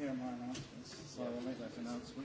here my announcements, so I will make that announcement.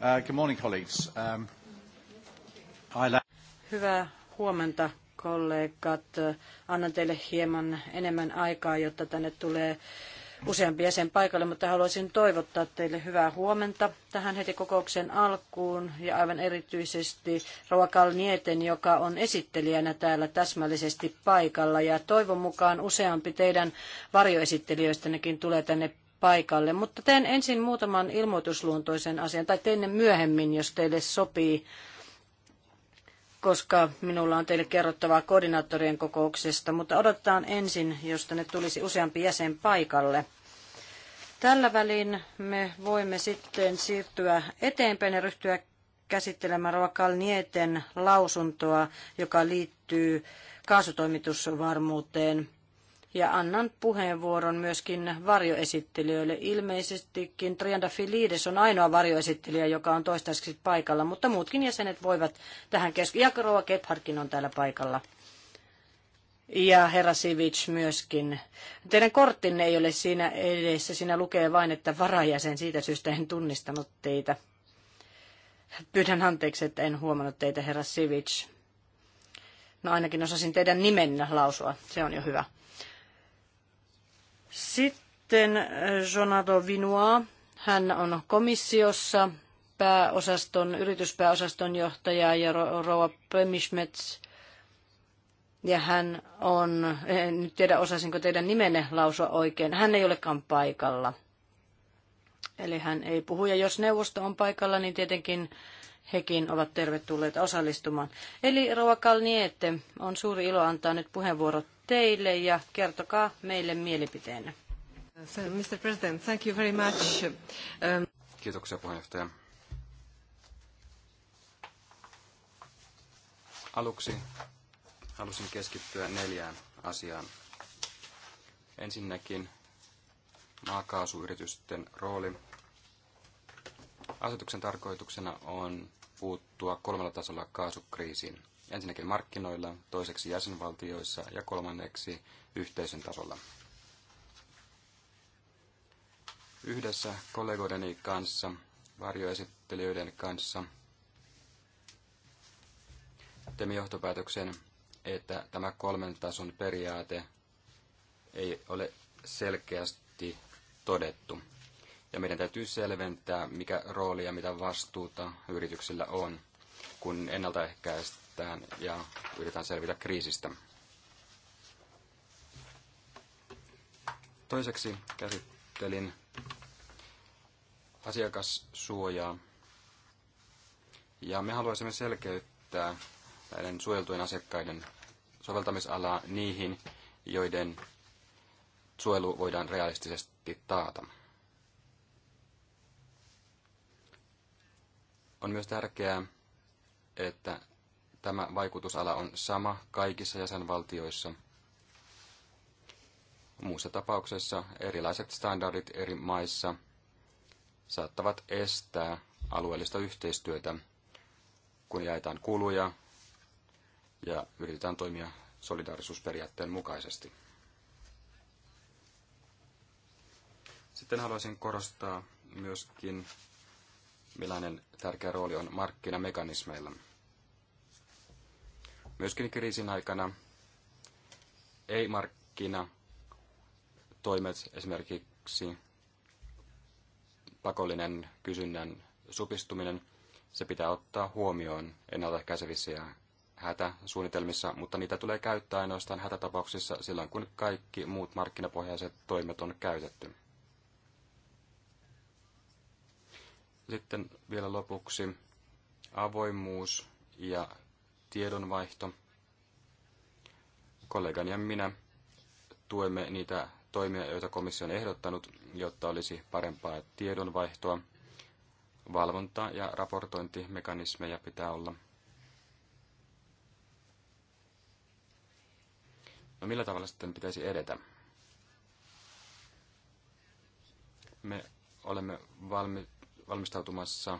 Uh, um, hyvää huomenta, kollegat. Annan teille hieman enemmän aikaa, jotta tänne tulee useampi jäsen paikalle, mutta haluaisin toivottaa teille hyvää huomenta tähän heti kokouksen alkuun ja aivan erityisesti Roa Kalnieten, joka on esittelijänä täällä täsmällisesti paikalla ja toivon mukaan useampi teidän varjoesittelijöistännekin tulee tänne paikalle. Mutta teen ensin muutaman ilmoitusluontoisen asian, tai teen ne myöhemmin, jos teille sopii, koska minulla on teille kerrottavaa koordinaattorien kokouksesta. Mutta odotetaan ensin, jos tänne tulisi useampi jäsen paikalle. Tällä välin me voimme sitten siirtyä eteenpäin ja ryhtyä käsittelemään Roakal Nieten lausuntoa, joka liittyy kaasutoimitusvarmuuteen – ja annan puheenvuoron myöskin varjoesittelijöille. Ilmeisestikin Trianda Filides on ainoa varjoesittelijä, joka on toistaiseksi paikalla, mutta muutkin jäsenet voivat tähän keskustella. Ja Rova Gebhardkin on täällä paikalla. Ja herra Sivic myöskin. Teidän korttinne ei ole siinä edessä. Siinä lukee vain, että varajäsen. Siitä syystä en tunnistanut teitä. Pyydän anteeksi, että en huomannut teitä, herra Sivic. No ainakin osasin teidän nimen lausua. Se on jo hyvä. Sitten äh, Jonado Vinois, hän on komissiossa pääosaston, yrityspääosaston johtaja ja Roa Premishmets. Ja hän on, eh, en nyt tiedä osaisinko teidän nimenne lausua oikein, hän ei olekaan paikalla. Eli hän ei puhu. Ja jos neuvosto on paikalla, niin tietenkin hekin ovat tervetulleita osallistumaan. Eli Roa Kalniette, on suuri ilo antaa nyt puheenvuorot teille ja kertokaa meille mielipiteenne. Mr. President, thank you very much. Um... Kiitoksia puheenjohtaja. Aluksi halusin keskittyä neljään asiaan. Ensinnäkin maakaasuyritysten rooli. Asetuksen tarkoituksena on puuttua kolmella tasolla kaasukriisiin. Ensinnäkin markkinoilla, toiseksi jäsenvaltioissa ja kolmanneksi yhteisön tasolla. Yhdessä kollegoideni kanssa, varjoesittelijöiden kanssa, teemme johtopäätöksen, että tämä kolmen tason periaate ei ole selkeästi todettu. Ja meidän täytyy selventää, mikä rooli ja mitä vastuuta yrityksillä on, kun ennaltaehkäistä tähän ja yritetään selvitä kriisistä. Toiseksi käsittelin asiakassuojaa. Ja me haluaisimme selkeyttää näiden suojeltujen asiakkaiden soveltamisalaa niihin, joiden suojelu voidaan realistisesti taata. On myös tärkeää, että Tämä vaikutusala on sama kaikissa jäsenvaltioissa. Muussa tapauksessa erilaiset standardit eri maissa saattavat estää alueellista yhteistyötä, kun jaetaan kuluja ja yritetään toimia solidaarisuusperiaatteen mukaisesti. Sitten haluaisin korostaa myöskin, millainen tärkeä rooli on markkinamekanismeilla. Myöskin kriisin aikana ei markkina toimet esimerkiksi pakollinen kysynnän supistuminen, se pitää ottaa huomioon ennaltaehkäisevissä ja hätäsuunnitelmissa, mutta niitä tulee käyttää ainoastaan hätätapauksissa silloin, kun kaikki muut markkinapohjaiset toimet on käytetty. Sitten vielä lopuksi avoimuus ja tiedonvaihto. Kollegan ja minä tuemme niitä toimia, joita komissio on ehdottanut, jotta olisi parempaa tiedonvaihtoa. Valvonta- ja raportointimekanismeja pitää olla. No millä tavalla sitten pitäisi edetä? Me olemme valmi- valmistautumassa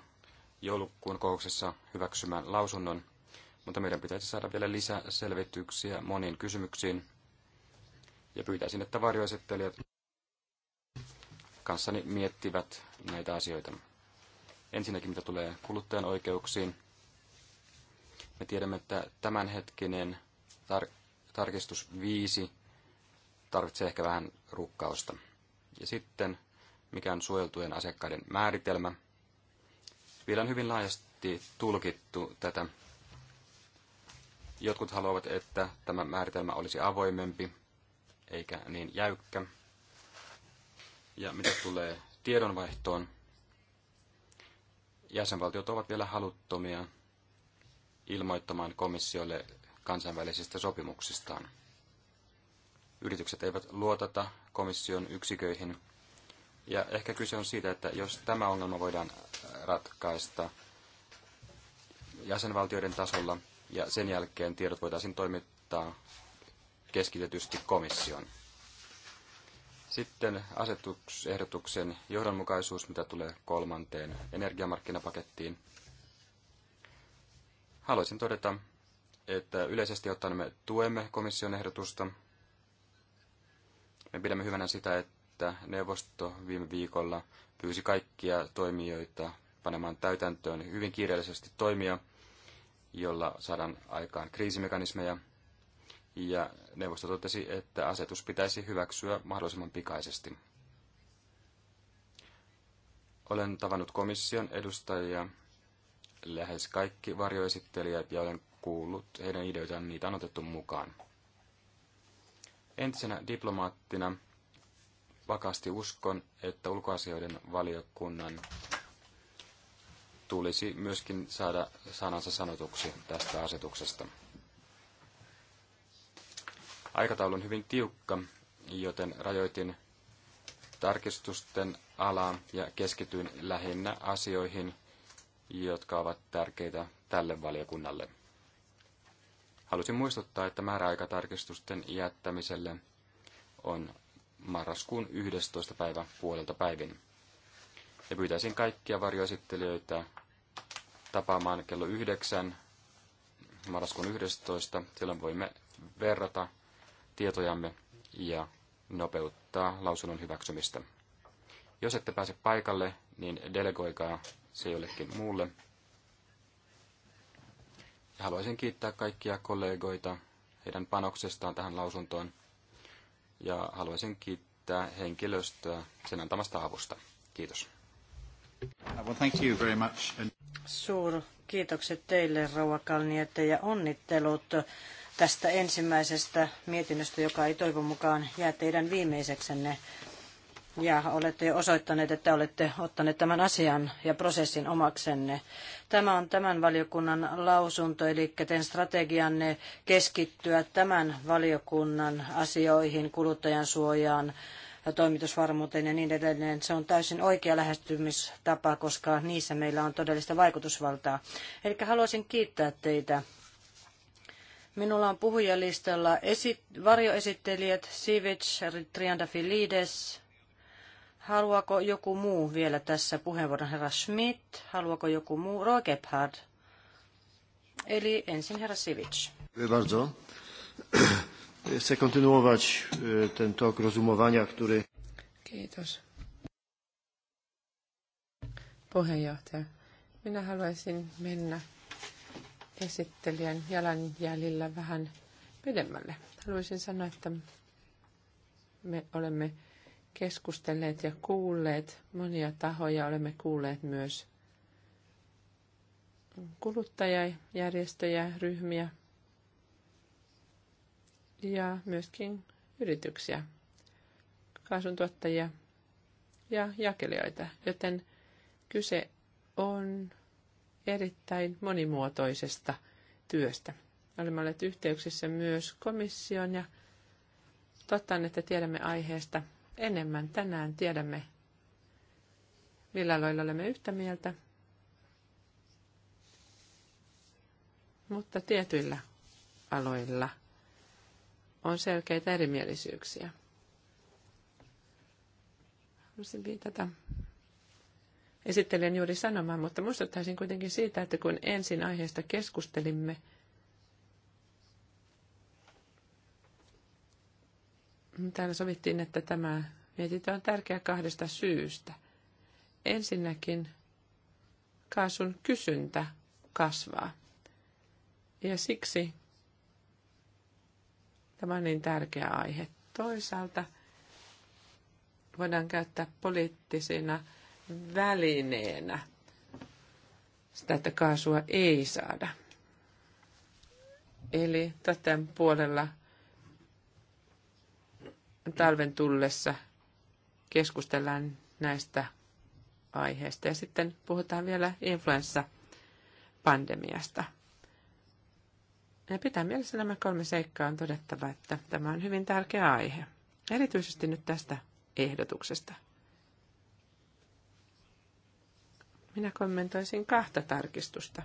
joulukuun kokouksessa hyväksymään lausunnon mutta meidän pitäisi saada vielä lisää selvityksiä moniin kysymyksiin. Ja pyytäisin, että varjoesittelijät kanssani miettivät näitä asioita. Ensinnäkin mitä tulee kuluttajan oikeuksiin. Me tiedämme, että tämänhetkinen tar- tarkistus 5 tarvitsee ehkä vähän rukkausta. Ja sitten, mikä on suojeltujen asiakkaiden määritelmä. Vielä on hyvin laajasti tulkittu tätä Jotkut haluavat, että tämä määritelmä olisi avoimempi eikä niin jäykkä. Ja mitä tulee tiedonvaihtoon, jäsenvaltiot ovat vielä haluttomia ilmoittamaan komissiolle kansainvälisistä sopimuksistaan. Yritykset eivät luotata komission yksiköihin. Ja ehkä kyse on siitä, että jos tämä ongelma voidaan ratkaista jäsenvaltioiden tasolla, ja sen jälkeen tiedot voitaisiin toimittaa keskitetysti komission. Sitten asetusehdotuksen johdonmukaisuus, mitä tulee kolmanteen energiamarkkinapakettiin. Haluaisin todeta, että yleisesti ottaen me tuemme komission ehdotusta. Me pidämme hyvänä sitä, että neuvosto viime viikolla pyysi kaikkia toimijoita panemaan täytäntöön hyvin kiireellisesti toimia, jolla saadaan aikaan kriisimekanismeja, ja neuvosto totesi, että asetus pitäisi hyväksyä mahdollisimman pikaisesti. Olen tavannut komission edustajia, lähes kaikki varjoesittelijät, ja olen kuullut heidän ideoitaan, niitä on otettu mukaan. Entisenä diplomaattina vakaasti uskon, että ulkoasioiden valiokunnan tulisi myöskin saada sanansa sanotuksi tästä asetuksesta. Aikataulu on hyvin tiukka, joten rajoitin tarkistusten alaa ja keskityin lähinnä asioihin, jotka ovat tärkeitä tälle valiokunnalle. Halusin muistuttaa, että määräaikatarkistusten jättämiselle on marraskuun 11. päivä puolelta päivin. Ja pyytäisin kaikkia varjoesittelijöitä tapaamaan kello 9 marraskuun 11. Silloin voimme verrata tietojamme ja nopeuttaa lausunnon hyväksymistä. Jos ette pääse paikalle, niin delegoikaa se jollekin muulle. Ja haluaisin kiittää kaikkia kollegoita heidän panoksestaan tähän lausuntoon. Ja haluaisin kiittää henkilöstöä sen antamasta avusta. Kiitos. Suur kiitokset teille, Rouva Kalniette, ja onnittelut tästä ensimmäisestä mietinnöstä, joka ei toivon mukaan jää teidän viimeiseksenne. Ja olette jo osoittaneet, että olette ottaneet tämän asian ja prosessin omaksenne. Tämä on tämän valiokunnan lausunto, eli teidän strategianne keskittyä tämän valiokunnan asioihin, kuluttajan suojaan, toimitusvarmuuteen ja niin edelleen. Se on täysin oikea lähestymistapa, koska niissä meillä on todellista vaikutusvaltaa. Eli haluaisin kiittää teitä Minulla on puhujalistalla esi- varjoesittelijät Sivic, Triandafilides. Haluaako joku muu vielä tässä puheenvuoron? Herra Schmidt, haluaako joku muu? Roy Gebhard. Eli ensin herra Sivic. Chcę kontynuować ten tok rozumowania, który... Kiitos. Puheenjohtaja, minä haluaisin mennä esittelijän jalanjäljillä vähän pidemmälle. Haluaisin sanoa, että me olemme keskustelleet ja kuulleet monia tahoja. Olemme kuulleet myös kuluttajajärjestöjä, ryhmiä, ja myöskin yrityksiä, kaasuntuottajia ja jakelijoita, joten kyse on erittäin monimuotoisesta työstä. Olemme olleet yhteyksissä myös komission ja totta on, että tiedämme aiheesta enemmän. Tänään tiedämme, millä aloilla olemme yhtä mieltä, mutta tietyillä aloilla – on selkeitä erimielisyyksiä. Haluaisin viitata esittelen juuri sanomaan, mutta muistuttaisin kuitenkin siitä, että kun ensin aiheesta keskustelimme, täällä sovittiin, että tämä mietintö on tärkeä kahdesta syystä. Ensinnäkin kaasun kysyntä kasvaa. Ja siksi Tämä on niin tärkeä aihe. Toisaalta voidaan käyttää poliittisina välineenä sitä, että kaasua ei saada. Eli tämän puolella talven tullessa keskustellaan näistä aiheista. Ja sitten puhutaan vielä influenssapandemiasta. Ja pitää mielessä nämä kolme seikkaa on todettava, että tämä on hyvin tärkeä aihe. Erityisesti nyt tästä ehdotuksesta. Minä kommentoisin kahta tarkistusta.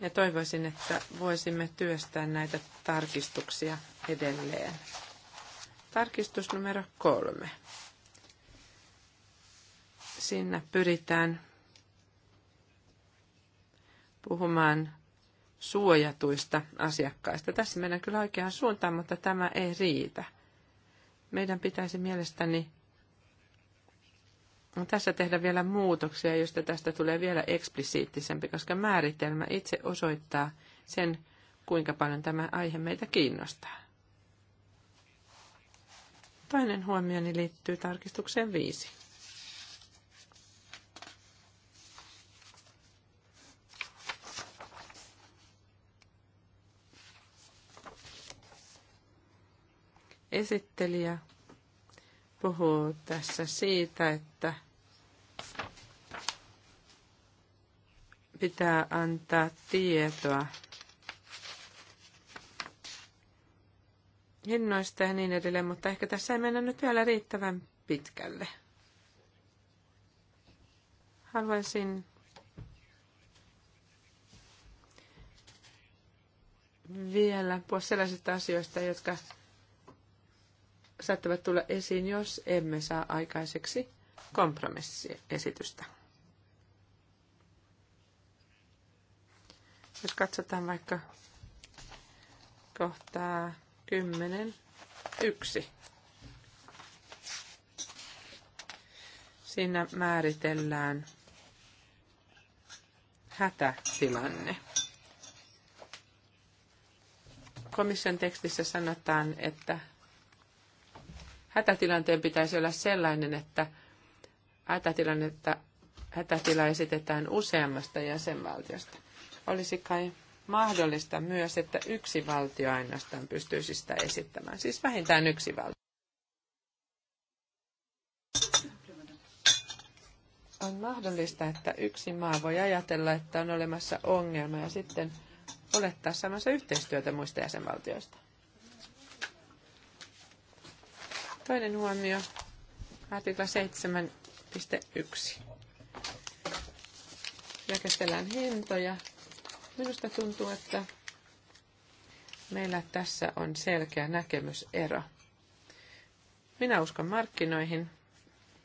Ja toivoisin, että voisimme työstää näitä tarkistuksia edelleen. Tarkistus numero kolme. Siinä pyritään puhumaan suojatuista asiakkaista. Tässä mennään kyllä oikeaan suuntaan, mutta tämä ei riitä. Meidän pitäisi mielestäni tässä tehdä vielä muutoksia, josta tästä tulee vielä eksplisiittisempi, koska määritelmä itse osoittaa sen, kuinka paljon tämä aihe meitä kiinnostaa. Toinen huomioni liittyy tarkistukseen viisi. Esittelijä puhuu tässä siitä, että pitää antaa tietoa hinnoista ja niin edelleen, mutta ehkä tässä ei mennä nyt vielä riittävän pitkälle. Haluaisin vielä puhua sellaisista asioista, jotka saattavat tulla esiin, jos emme saa aikaiseksi kompromissiesitystä. Jos katsotaan vaikka kohtaa 10.1. Siinä määritellään hätätilanne. Komission tekstissä sanotaan, että hätätilanteen pitäisi olla sellainen, että hätätilannetta, hätätila esitetään useammasta jäsenvaltiosta. Olisi kai mahdollista myös, että yksi valtio ainoastaan pystyisi sitä esittämään, siis vähintään yksi valtio. On mahdollista, että yksi maa voi ajatella, että on olemassa ongelma ja sitten olettaa samassa yhteistyötä muista jäsenvaltioista. Toinen huomio, artikla 7.1. Ja käsitellään hintoja. Minusta tuntuu, että meillä tässä on selkeä näkemysero. Minä uskon markkinoihin.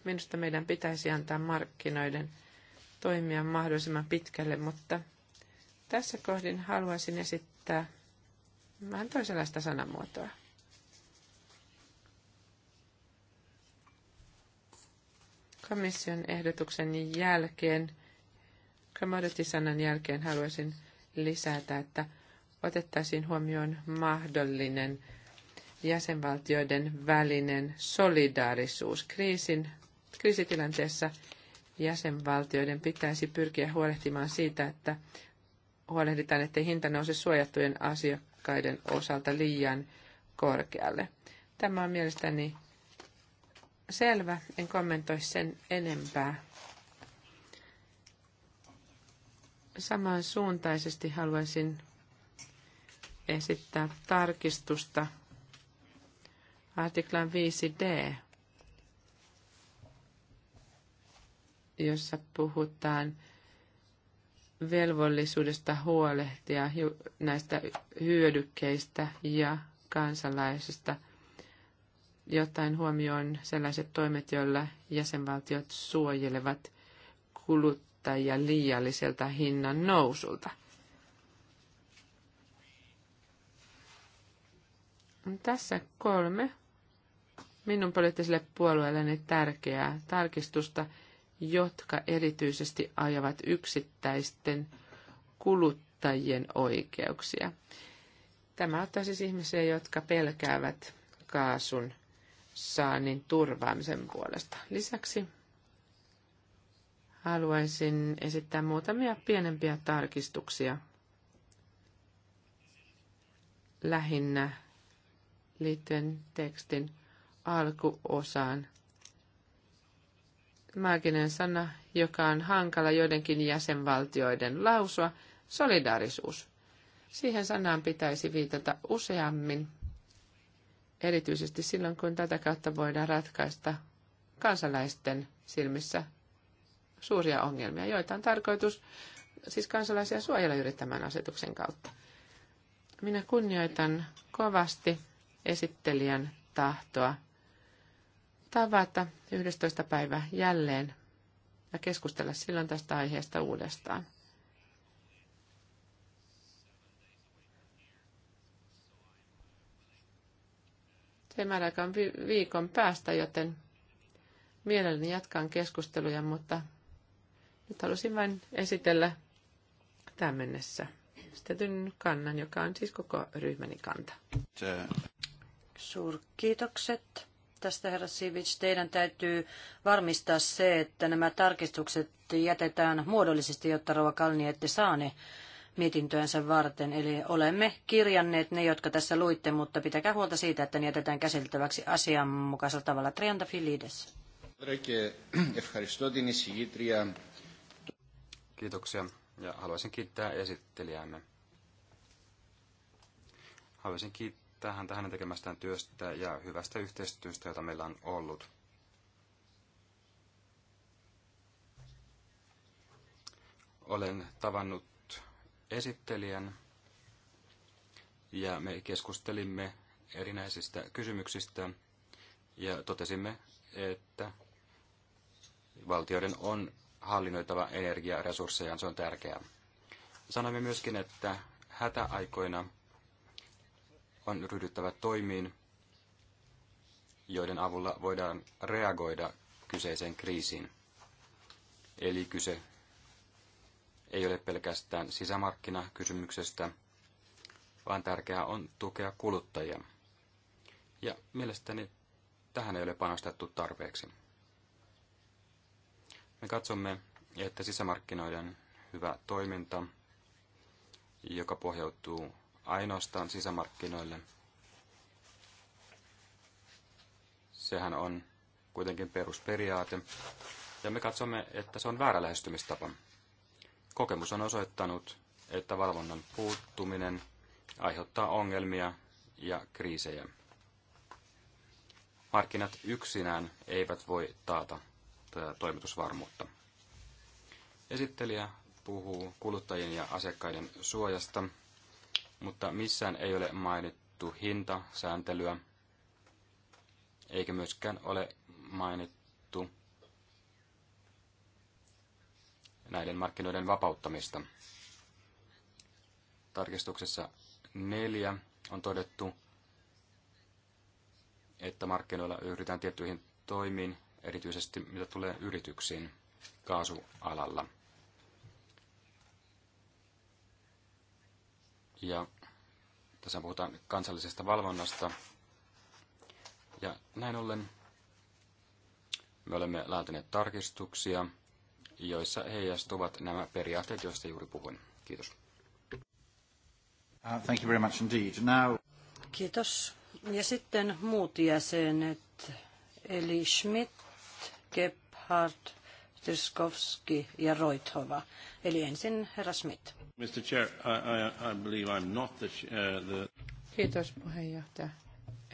Minusta meidän pitäisi antaa markkinoiden toimia mahdollisimman pitkälle, mutta tässä kohdin haluaisin esittää vähän toisenlaista sanamuotoa. Komission ehdotuksen jälkeen, commodity-sanan jälkeen haluaisin lisätä, että otettaisiin huomioon mahdollinen jäsenvaltioiden välinen solidaarisuus. Kriisin, kriisitilanteessa jäsenvaltioiden pitäisi pyrkiä huolehtimaan siitä, että huolehditaan, ettei hinta nouse suojattujen asiakkaiden osalta liian korkealle. Tämä on mielestäni Selvä, en kommentoi sen enempää. Samaan suuntaisesti haluaisin esittää tarkistusta artiklan 5d, jossa puhutaan velvollisuudesta huolehtia näistä hyödykkeistä ja kansalaisista – jotain huomioon sellaiset toimet, joilla jäsenvaltiot suojelevat kuluttajia liialliselta hinnan nousulta. Tässä kolme minun poliittiselle puolueelleni tärkeää tarkistusta, jotka erityisesti ajavat yksittäisten kuluttajien oikeuksia. Tämä ottaa siis ihmisiä, jotka pelkäävät kaasun saannin turvaamisen puolesta. Lisäksi haluaisin esittää muutamia pienempiä tarkistuksia lähinnä liittyen tekstin alkuosaan. Maaginen sana, joka on hankala joidenkin jäsenvaltioiden lausua, solidaarisuus. Siihen sanaan pitäisi viitata useammin erityisesti silloin, kun tätä kautta voidaan ratkaista kansalaisten silmissä suuria ongelmia, joita on tarkoitus siis kansalaisia suojella juuri tämän asetuksen kautta. Minä kunnioitan kovasti esittelijän tahtoa tavata 11. päivä jälleen ja keskustella silloin tästä aiheesta uudestaan. Se määräaika on vi- viikon päästä, joten mielelläni jatkan keskusteluja, mutta nyt halusin vain esitellä tämän mennessä esitetyn kannan, joka on siis koko ryhmäni kanta. Suurkiitokset tästä, herra Sivits. Teidän täytyy varmistaa se, että nämä tarkistukset jätetään muodollisesti, jotta Rova Kalni ette saa ne mietintöänsä varten. Eli olemme kirjanneet ne, jotka tässä luitte, mutta pitäkää huolta siitä, että ne jätetään käsiteltäväksi asianmukaisella tavalla. Trianta Filides. Kiitoksia ja haluaisin kiittää esittelijäämme. Haluaisin kiittää häntä hänen tekemästään työstä ja hyvästä yhteistyöstä, jota meillä on ollut. olen tavannut esittelijän ja me keskustelimme erinäisistä kysymyksistä ja totesimme, että valtioiden on hallinnoitava energiaresursseja se on tärkeää. Sanoimme myöskin, että hätäaikoina on ryhdyttävä toimiin, joiden avulla voidaan reagoida kyseiseen kriisiin. Eli kyse ei ole pelkästään sisämarkkinakysymyksestä, vaan tärkeää on tukea kuluttajia. Ja mielestäni tähän ei ole panostettu tarpeeksi. Me katsomme, että sisämarkkinoiden hyvä toiminta, joka pohjautuu ainoastaan sisämarkkinoille, sehän on kuitenkin perusperiaate, ja me katsomme, että se on väärä lähestymistapa. Kokemus on osoittanut, että valvonnan puuttuminen aiheuttaa ongelmia ja kriisejä. Markkinat yksinään eivät voi taata toimitusvarmuutta. Esittelijä puhuu kuluttajien ja asiakkaiden suojasta, mutta missään ei ole mainittu hinta, eikä myöskään ole mainittu näiden markkinoiden vapauttamista. Tarkistuksessa neljä on todettu, että markkinoilla yritetään tiettyihin toimiin, erityisesti mitä tulee yrityksiin kaasualalla. Ja tässä puhutaan kansallisesta valvonnasta. Ja näin ollen me olemme laatineet tarkistuksia – joissa heijastuvat nämä periaatteet, joista juuri puhuin. Kiitos. Uh, thank you very much indeed. Now... Kiitos. Ja sitten muut jäsenet, eli Schmidt, Gebhardt, Tyskowski ja Roithova. Eli ensin herra Schmidt. Mr. Chair, I, I, I believe I'm not the, uh, the... Kiitos puheenjohtaja.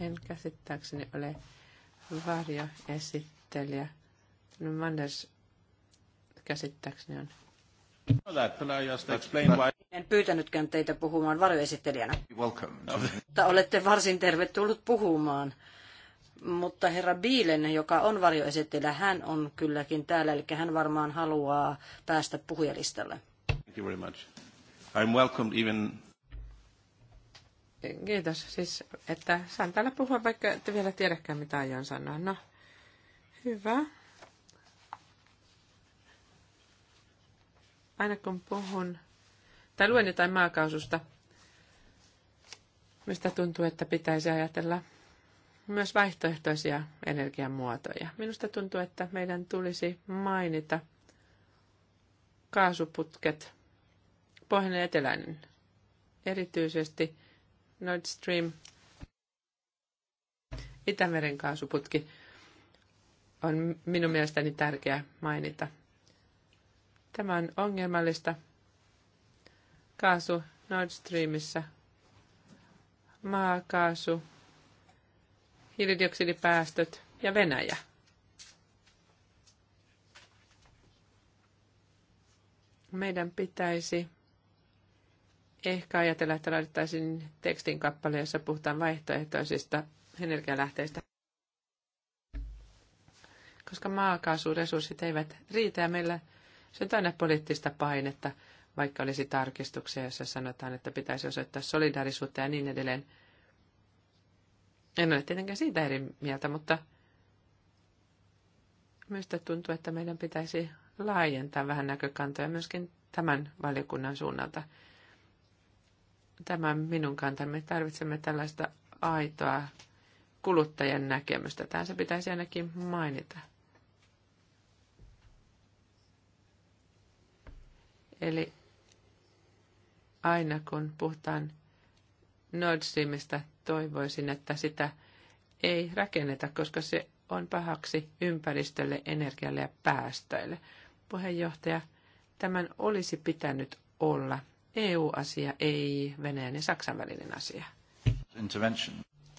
En käsittääkseni ole varjoesittelijä. Manders käsittääkseni on. En pyytänytkään teitä puhumaan varjoesittelijänä. Mutta olette varsin tervetullut puhumaan. Mutta herra Biilen, joka on varjoesittelijä, hän on kylläkin täällä, eli hän varmaan haluaa päästä puhujalistalle. Thank you very much. I'm even... Kiitos. Siis, että saan täällä puhua, vaikka te vielä tiedäkään, mitä aion sanoa. No, hyvä. aina kun puhun tai luen jotain maakaususta, mistä tuntuu, että pitäisi ajatella myös vaihtoehtoisia energiamuotoja. Minusta tuntuu, että meidän tulisi mainita kaasuputket pohjoinen eteläinen, erityisesti Nord Stream Itämeren kaasuputki on minun mielestäni tärkeä mainita. Tämä on ongelmallista. Kaasu Nord Streamissa, maakaasu, hiilidioksidipäästöt ja Venäjä. Meidän pitäisi ehkä ajatella, että laitettaisiin tekstin kappale, jossa puhutaan vaihtoehtoisista energialähteistä. Koska maakaasuresurssit eivät riitä ja meillä se on aina poliittista painetta, vaikka olisi tarkistuksia, jossa sanotaan, että pitäisi osoittaa solidaarisuutta ja niin edelleen. En ole tietenkään siitä eri mieltä, mutta Minusta tuntuu, että meidän pitäisi laajentaa vähän näkökantoja myöskin tämän valiokunnan suunnalta. Tämä minun kantani. Me tarvitsemme tällaista aitoa kuluttajan näkemystä. Tämä se pitäisi ainakin mainita. Eli aina kun puhutaan Nord Streamista, toivoisin, että sitä ei rakenneta, koska se on pahaksi ympäristölle, energialle ja päästöille. Puheenjohtaja, tämän olisi pitänyt olla EU-asia, ei Venäjän ja Saksan välinen asia. Intervention.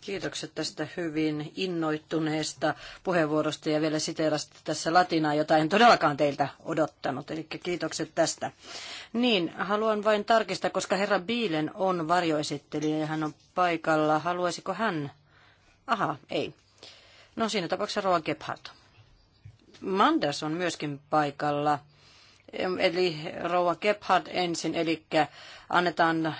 Kiitokset tästä hyvin innoittuneesta puheenvuorosta ja vielä siteerasta tässä latinaa, jota en todellakaan teiltä odottanut. Eli kiitokset tästä. Niin, haluan vain tarkistaa, koska herra Biilen on varjoesittelijä ja hän on paikalla. Haluaisiko hän? Aha, ei. No siinä tapauksessa Roa Gebhardt. Manders on myöskin paikalla. Eli Roa Gebhardt ensin, eli annetaan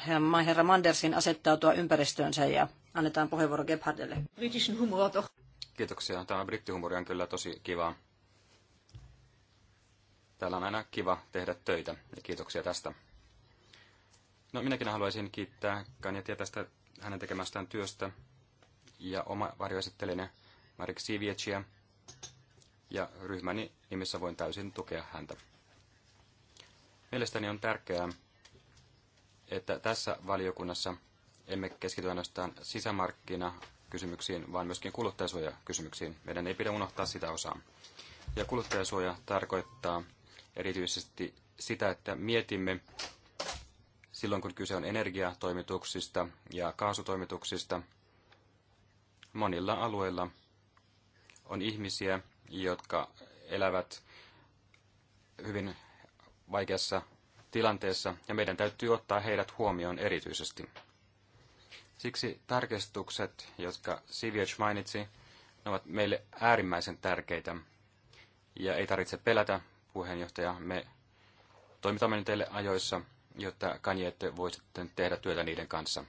herra Mandersin asettautua ympäristöönsä ja annetaan puheenvuoro Gebhardelle. Britischen Humor doch. Kiitoksia. Tämä brittihumori on kyllä tosi kiva. Täällä on aina kiva tehdä töitä ja kiitoksia tästä. No minäkin haluaisin kiittää Kanjetia tästä hänen tekemästään työstä ja oma varjoesittelijänä Marik Sivieciä ja ryhmäni nimissä voin täysin tukea häntä. Mielestäni on tärkeää, että tässä valiokunnassa emme keskity ainoastaan sisämarkkinakysymyksiin, vaan myöskin kuluttajasuojakysymyksiin. Meidän ei pidä unohtaa sitä osaa. Ja kuluttajasuoja tarkoittaa erityisesti sitä, että mietimme silloin, kun kyse on energiatoimituksista ja kaasutoimituksista, monilla alueilla on ihmisiä, jotka elävät hyvin vaikeassa tilanteessa, ja meidän täytyy ottaa heidät huomioon erityisesti. Siksi tarkistukset, jotka Sivioch mainitsi, ne ovat meille äärimmäisen tärkeitä. Ja ei tarvitse pelätä, puheenjohtaja, me toimitamme teille ajoissa, jotta kanjeette voi sitten tehdä työtä niiden kanssa.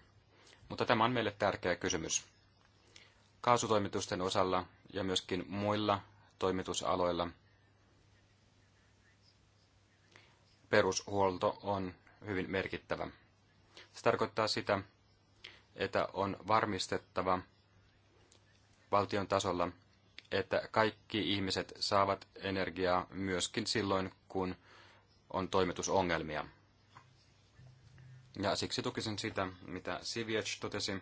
Mutta tämä on meille tärkeä kysymys. Kaasutoimitusten osalla ja myöskin muilla toimitusaloilla perushuolto on hyvin merkittävä. Se tarkoittaa sitä, että on varmistettava valtion tasolla, että kaikki ihmiset saavat energiaa myöskin silloin, kun on toimitusongelmia. Ja siksi tukisin sitä, mitä Siviec totesi.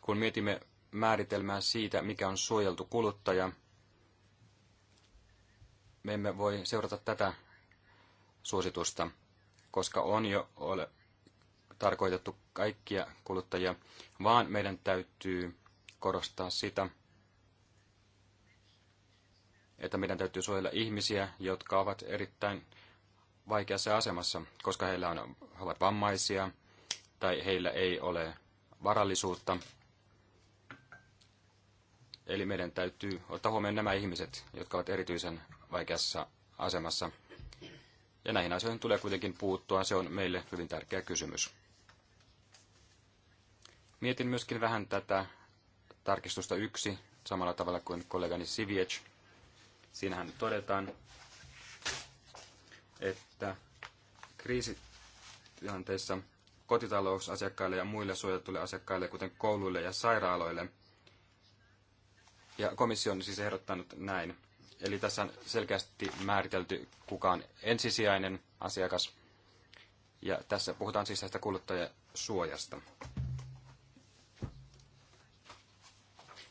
Kun mietimme määritelmää siitä, mikä on suojeltu kuluttaja, me emme voi seurata tätä suositusta koska on jo ole tarkoitettu kaikkia kuluttajia, vaan meidän täytyy korostaa sitä, että meidän täytyy suojella ihmisiä, jotka ovat erittäin vaikeassa asemassa, koska heillä on, he ovat vammaisia tai heillä ei ole varallisuutta. Eli meidän täytyy ottaa huomioon nämä ihmiset, jotka ovat erityisen vaikeassa asemassa. Ja näihin asioihin tulee kuitenkin puuttua, se on meille hyvin tärkeä kysymys. Mietin myöskin vähän tätä tarkistusta yksi samalla tavalla kuin kollegani Siviec. Siinähän todetaan, että kriisitilanteissa kotitalousasiakkaille ja muille suojatulle asiakkaille, kuten kouluille ja sairaaloille. Ja komissio on siis ehdottanut näin. Eli tässä on selkeästi määritelty, kuka on ensisijainen asiakas. Ja tässä puhutaan siis tästä kuluttajasuojasta.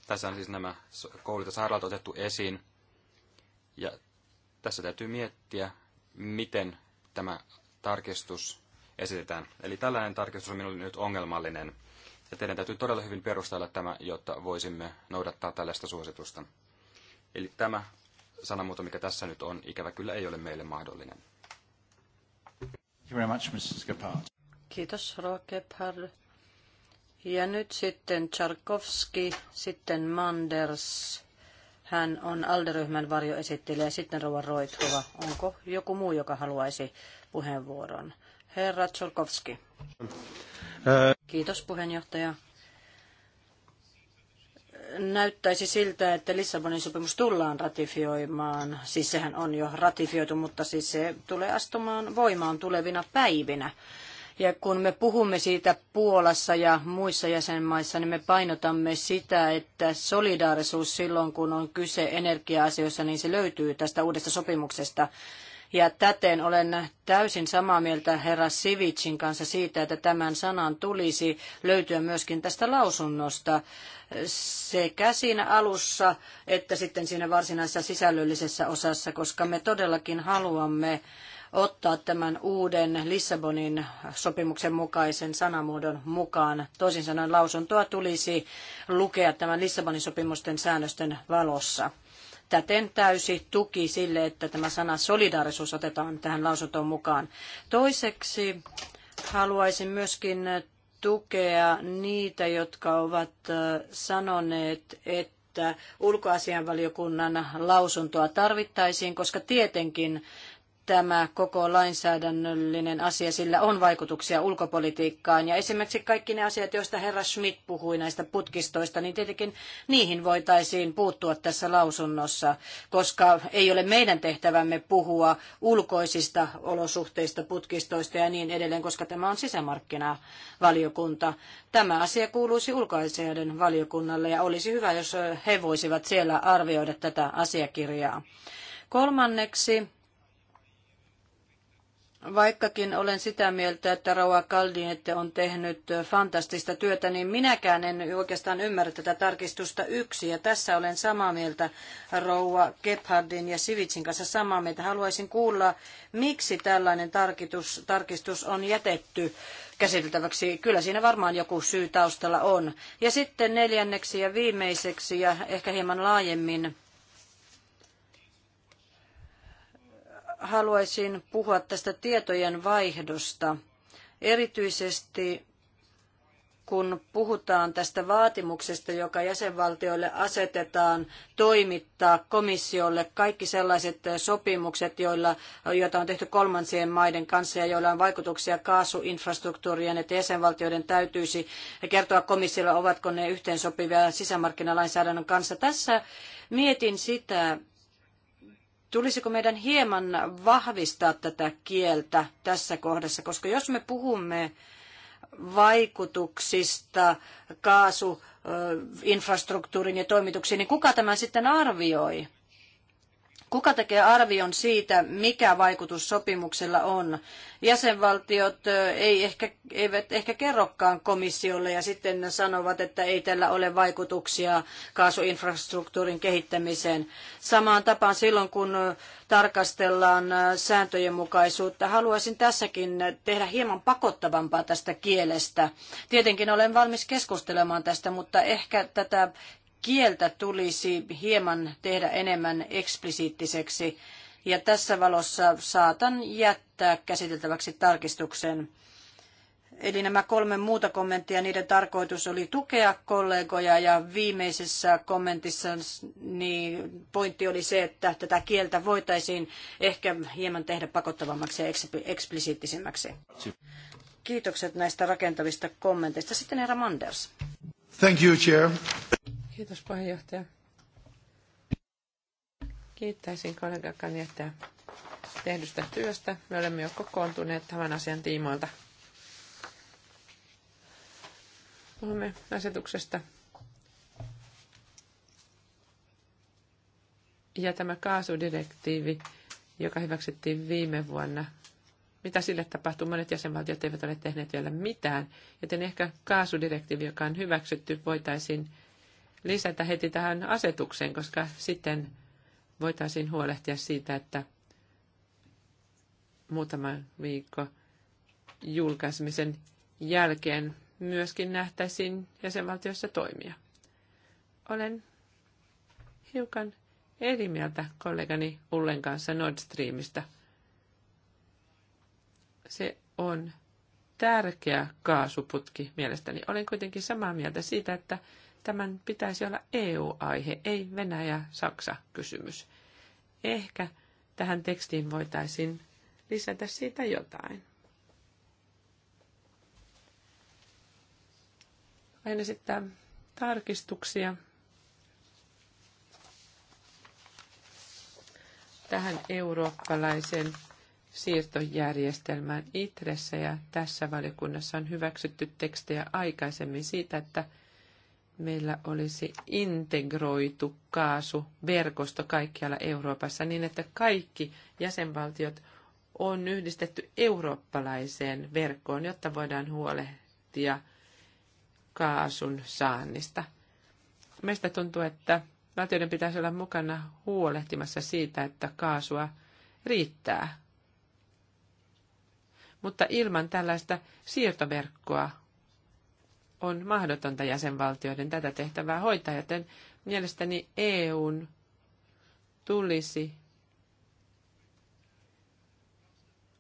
Tässä on siis nämä koulut ja otettu esiin. Ja tässä täytyy miettiä, miten tämä tarkistus esitetään. Eli tällainen tarkistus on minulle nyt ongelmallinen. Ja teidän täytyy todella hyvin perustella tämä, jotta voisimme noudattaa tällaista suositusta. Eli tämä sanamuoto, mikä tässä nyt on, ikävä kyllä ei ole meille mahdollinen. Kiitos, Rova Gebhard. Ja nyt sitten Tcharkovski, sitten Manders. Hän on Alderyhmän varjoesittelijä. Sitten Rova Roitkova. Onko joku muu, joka haluaisi puheenvuoron? Herra Tcharkovski. Äh. Kiitos puheenjohtaja näyttäisi siltä, että Lissabonin sopimus tullaan ratifioimaan. Siis sehän on jo ratifioitu, mutta siis se tulee astumaan voimaan tulevina päivinä. Ja kun me puhumme siitä Puolassa ja muissa jäsenmaissa, niin me painotamme sitä, että solidaarisuus silloin, kun on kyse energia-asioissa, niin se löytyy tästä uudesta sopimuksesta. Ja täten olen täysin samaa mieltä herra Sivicin kanssa siitä, että tämän sanan tulisi löytyä myöskin tästä lausunnosta sekä siinä alussa että sitten siinä varsinaisessa sisällöllisessä osassa, koska me todellakin haluamme ottaa tämän uuden Lissabonin sopimuksen mukaisen sanamuodon mukaan. Toisin sanoen lausuntoa tulisi lukea tämän Lissabonin sopimusten säännösten valossa täten täysi tuki sille, että tämä sana solidaarisuus otetaan tähän lausuntoon mukaan. Toiseksi haluaisin myöskin tukea niitä, jotka ovat sanoneet, että ulkoasianvaliokunnan lausuntoa tarvittaisiin, koska tietenkin tämä koko lainsäädännöllinen asia, sillä on vaikutuksia ulkopolitiikkaan. Ja esimerkiksi kaikki ne asiat, joista herra Schmidt puhui näistä putkistoista, niin tietenkin niihin voitaisiin puuttua tässä lausunnossa, koska ei ole meidän tehtävämme puhua ulkoisista olosuhteista, putkistoista ja niin edelleen, koska tämä on sisämarkkinavaliokunta. Tämä asia kuuluisi ulkoasioiden valiokunnalle ja olisi hyvä, jos he voisivat siellä arvioida tätä asiakirjaa. Kolmanneksi Vaikkakin olen sitä mieltä, että Raua Kaldinette on tehnyt fantastista työtä, niin minäkään en oikeastaan ymmärrä tätä tarkistusta yksi. Ja tässä olen samaa mieltä Rouva Gebhardin ja Sivitsin kanssa samaa mieltä. Haluaisin kuulla, miksi tällainen tarkistus, tarkistus on jätetty käsiteltäväksi. Kyllä siinä varmaan joku syy taustalla on. Ja sitten neljänneksi ja viimeiseksi ja ehkä hieman laajemmin haluaisin puhua tästä tietojen vaihdosta, erityisesti kun puhutaan tästä vaatimuksesta, joka jäsenvaltioille asetetaan toimittaa komissiolle kaikki sellaiset sopimukset, joilla, joita on tehty kolmansien maiden kanssa ja joilla on vaikutuksia kaasuinfrastruktuuriin, että jäsenvaltioiden täytyisi kertoa komissiolle, ovatko ne yhteensopivia sisämarkkinalainsäädännön kanssa. Tässä mietin sitä, Tulisiko meidän hieman vahvistaa tätä kieltä tässä kohdassa, koska jos me puhumme vaikutuksista kaasuinfrastruktuurin ja toimituksiin, niin kuka tämän sitten arvioi? Kuka tekee arvion siitä, mikä vaikutus sopimuksella on? Jäsenvaltiot ei ehkä, eivät ehkä kerrokaan komissiolle ja sitten sanovat, että ei tällä ole vaikutuksia kaasuinfrastruktuurin kehittämiseen. Samaan tapaan silloin, kun tarkastellaan sääntöjen mukaisuutta, haluaisin tässäkin tehdä hieman pakottavampaa tästä kielestä. Tietenkin olen valmis keskustelemaan tästä, mutta ehkä tätä kieltä tulisi hieman tehdä enemmän eksplisiittiseksi. Ja tässä valossa saatan jättää käsiteltäväksi tarkistuksen. Eli nämä kolme muuta kommenttia, niiden tarkoitus oli tukea kollegoja ja viimeisessä kommentissa niin pointti oli se, että tätä kieltä voitaisiin ehkä hieman tehdä pakottavammaksi ja eksplisiittisemmäksi. Kiitokset näistä rakentavista kommenteista. Sitten herra Manders. Thank you, Chair. Kiitos puheenjohtaja. Kiittäisin kollega Kanjettaja tehdystä työstä. Me olemme jo kokoontuneet tämän asian tiimoilta. Puhumme asetuksesta. Ja tämä kaasudirektiivi, joka hyväksyttiin viime vuonna, mitä sille tapahtuu? Monet jäsenvaltiot eivät ole tehneet vielä mitään, joten ehkä kaasudirektiivi, joka on hyväksytty, voitaisiin lisätä heti tähän asetukseen, koska sitten voitaisiin huolehtia siitä, että muutama viikko julkaisemisen jälkeen myöskin nähtäisiin jäsenvaltiossa toimia. Olen hiukan eri mieltä kollegani Ullen kanssa Nord Streamista. Se on tärkeä kaasuputki mielestäni. Olen kuitenkin samaa mieltä siitä, että tämän pitäisi olla EU-aihe, ei Venäjä-Saksa-kysymys. Ehkä tähän tekstiin voitaisiin lisätä siitä jotain. Aina sitten tarkistuksia tähän eurooppalaisen siirtojärjestelmään ITRESSä ja tässä valikunnassa on hyväksytty tekstejä aikaisemmin siitä, että – meillä olisi integroitu kaasuverkosto kaikkialla Euroopassa niin, että kaikki jäsenvaltiot on yhdistetty eurooppalaiseen verkkoon, jotta voidaan huolehtia kaasun saannista. Meistä tuntuu, että valtioiden pitäisi olla mukana huolehtimassa siitä, että kaasua riittää. Mutta ilman tällaista siirtoverkkoa on mahdotonta jäsenvaltioiden tätä tehtävää hoitaa, joten mielestäni EUn tulisi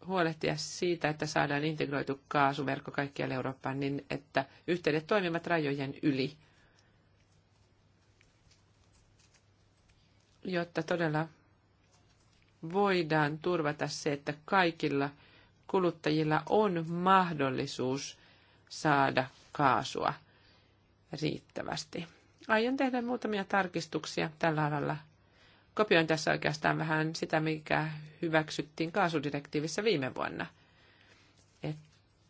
huolehtia siitä, että saadaan integroitu kaasuverkko kaikkialle Eurooppaan niin, että yhteydet toimivat rajojen yli, jotta todella voidaan turvata se, että kaikilla kuluttajilla on mahdollisuus saada kaasua riittävästi. Aion tehdä muutamia tarkistuksia tällä alalla. Kopioin tässä oikeastaan vähän sitä, mikä hyväksyttiin kaasudirektiivissä viime vuonna. Et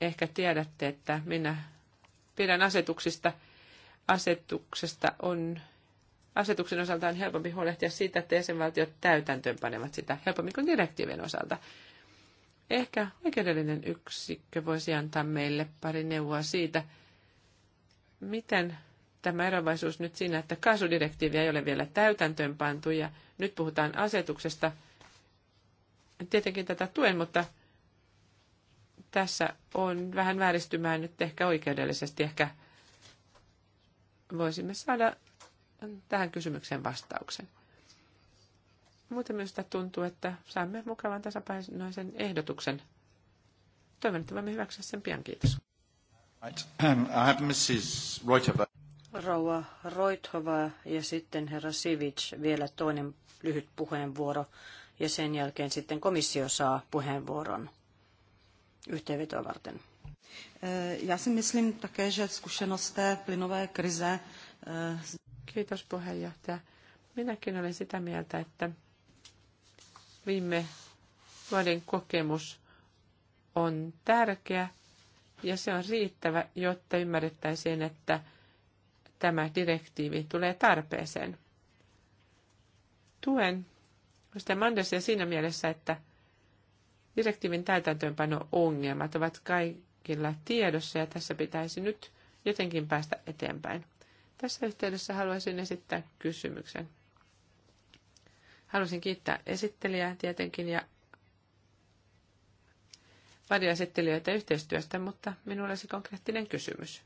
ehkä tiedätte, että minä pidän asetuksista. Asetuksesta on asetuksen osalta on helpompi huolehtia siitä, että jäsenvaltiot täytäntöönpanevat sitä helpommin kuin direktiivien osalta. Ehkä oikeudellinen yksikkö voisi antaa meille pari neuvoa siitä, Miten tämä eroavaisuus nyt siinä, että kaasudirektiivi ei ole vielä täytäntöönpantu ja nyt puhutaan asetuksesta. Tietenkin tätä tuen, mutta tässä on vähän vääristymää nyt ehkä oikeudellisesti. Ehkä voisimme saada tähän kysymykseen vastauksen. Muuten minusta tuntuu, että saamme mukavan tasapainoisen ehdotuksen. Toivon, että voimme hyväksyä sen pian. Kiitos. Right. Mrs. Um, Roitova. Rouva Roithova ja sitten herra Sivic vielä toinen lyhyt puheenvuoro ja sen jälkeen sitten komissio saa puheenvuoron yhteenvetoa varten. Eh, já si myslím také, že plynové krize... Eh, Kiitos puheenjohtaja. Minäkin olen sitä mieltä, että viime vuoden kokemus on tärkeä ja se on riittävä, jotta ymmärrettäisiin, että tämä direktiivi tulee tarpeeseen. Tuen sitä Mandersia siinä mielessä, että direktiivin täytäntöönpano-ongelmat ovat kaikilla tiedossa ja tässä pitäisi nyt jotenkin päästä eteenpäin. Tässä yhteydessä haluaisin esittää kysymyksen. Haluaisin kiittää esittelijää tietenkin ja varjoesittelijöitä yhteistyöstä, mutta minulla olisi konkreettinen kysymys.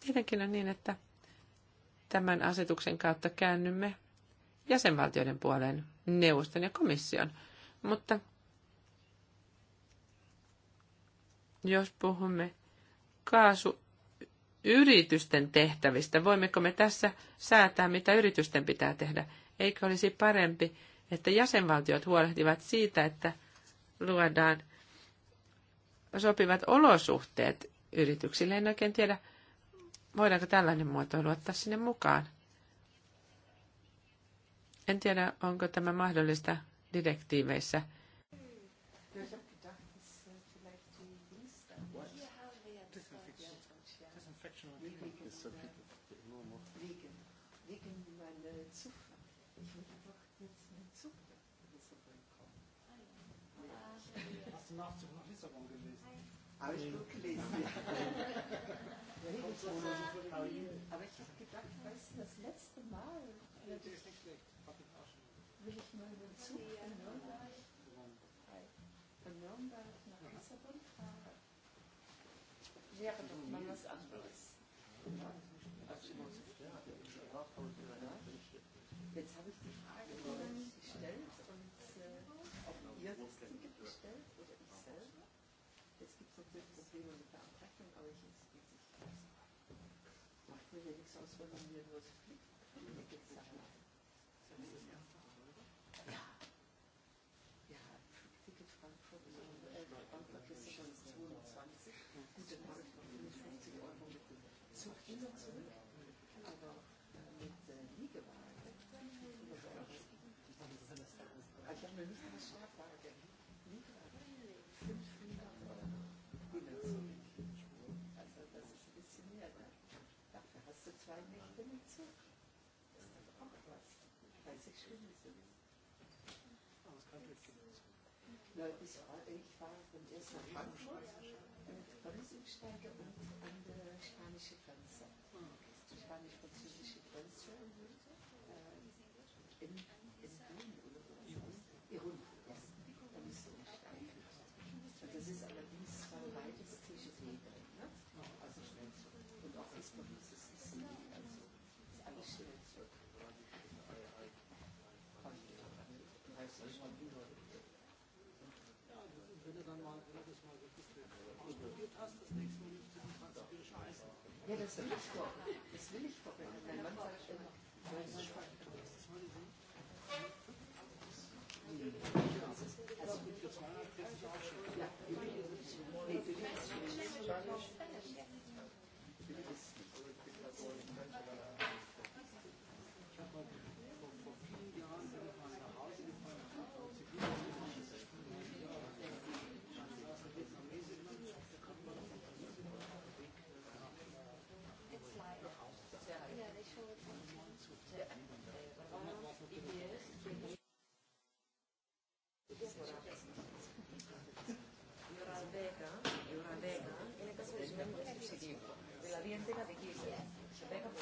Tietenkin on niin, että tämän asetuksen kautta käännymme jäsenvaltioiden puoleen, neuvoston ja komission. Mutta jos puhumme kaasuyritysten tehtävistä, voimmeko me tässä säätää, mitä yritysten pitää tehdä? Eikö olisi parempi, että jäsenvaltiot huolehtivat siitä, että – luodaan sopivat olosuhteet yrityksille. En oikein tiedä, voidaanko tällainen muotoilu ottaa sinne mukaan. En tiedä, onko tämä mahdollista direktiiveissä – 1989 nach Lissabon gelesen. Habe ich gut gelesen. Aber ich habe gedacht, weißt du, das letzte Mal. Nee, ist nicht ich auch Will ich mal den Zug von Nürnberg, von Nürnberg nach Lissabon fahren? Wäre doch mal was anderes. mit Problemen mit der Abrechnung, aber ich geht sich aus. Macht mir ja nichts aus, wenn man mir nur so viel Klinik zahlt. Ja. Ja, Flugticket Frankfurt, äh, Frankfurt ist 22. Gute Nacht. Na, ich war, ich war von erst nach Frankfurt und Paris umsteige und an der ah, spanische Grenze. Spanisch-französische Grenze. Äh, in Ja, das will ich doch. Das will ich doch. Wenn man sagt, das ist experience ができる人です。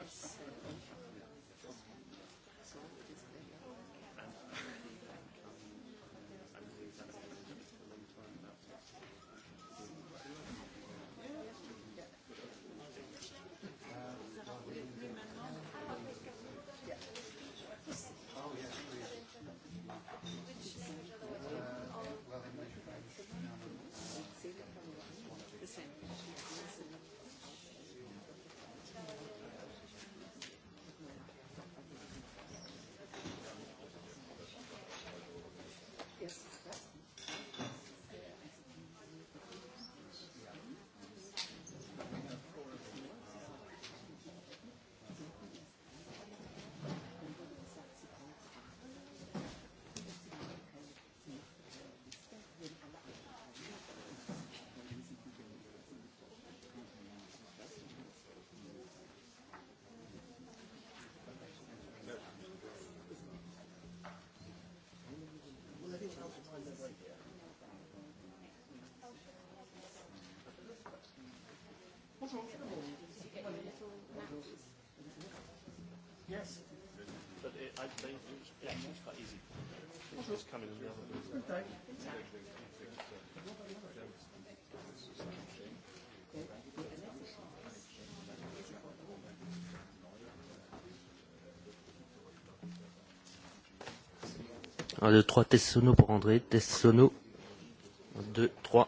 Yes. But it, I think it's yeah, it's quite easy. It's just coming as well. Okay. Un, deux, trois, test sono pour André, test sono. Un, deux, trois.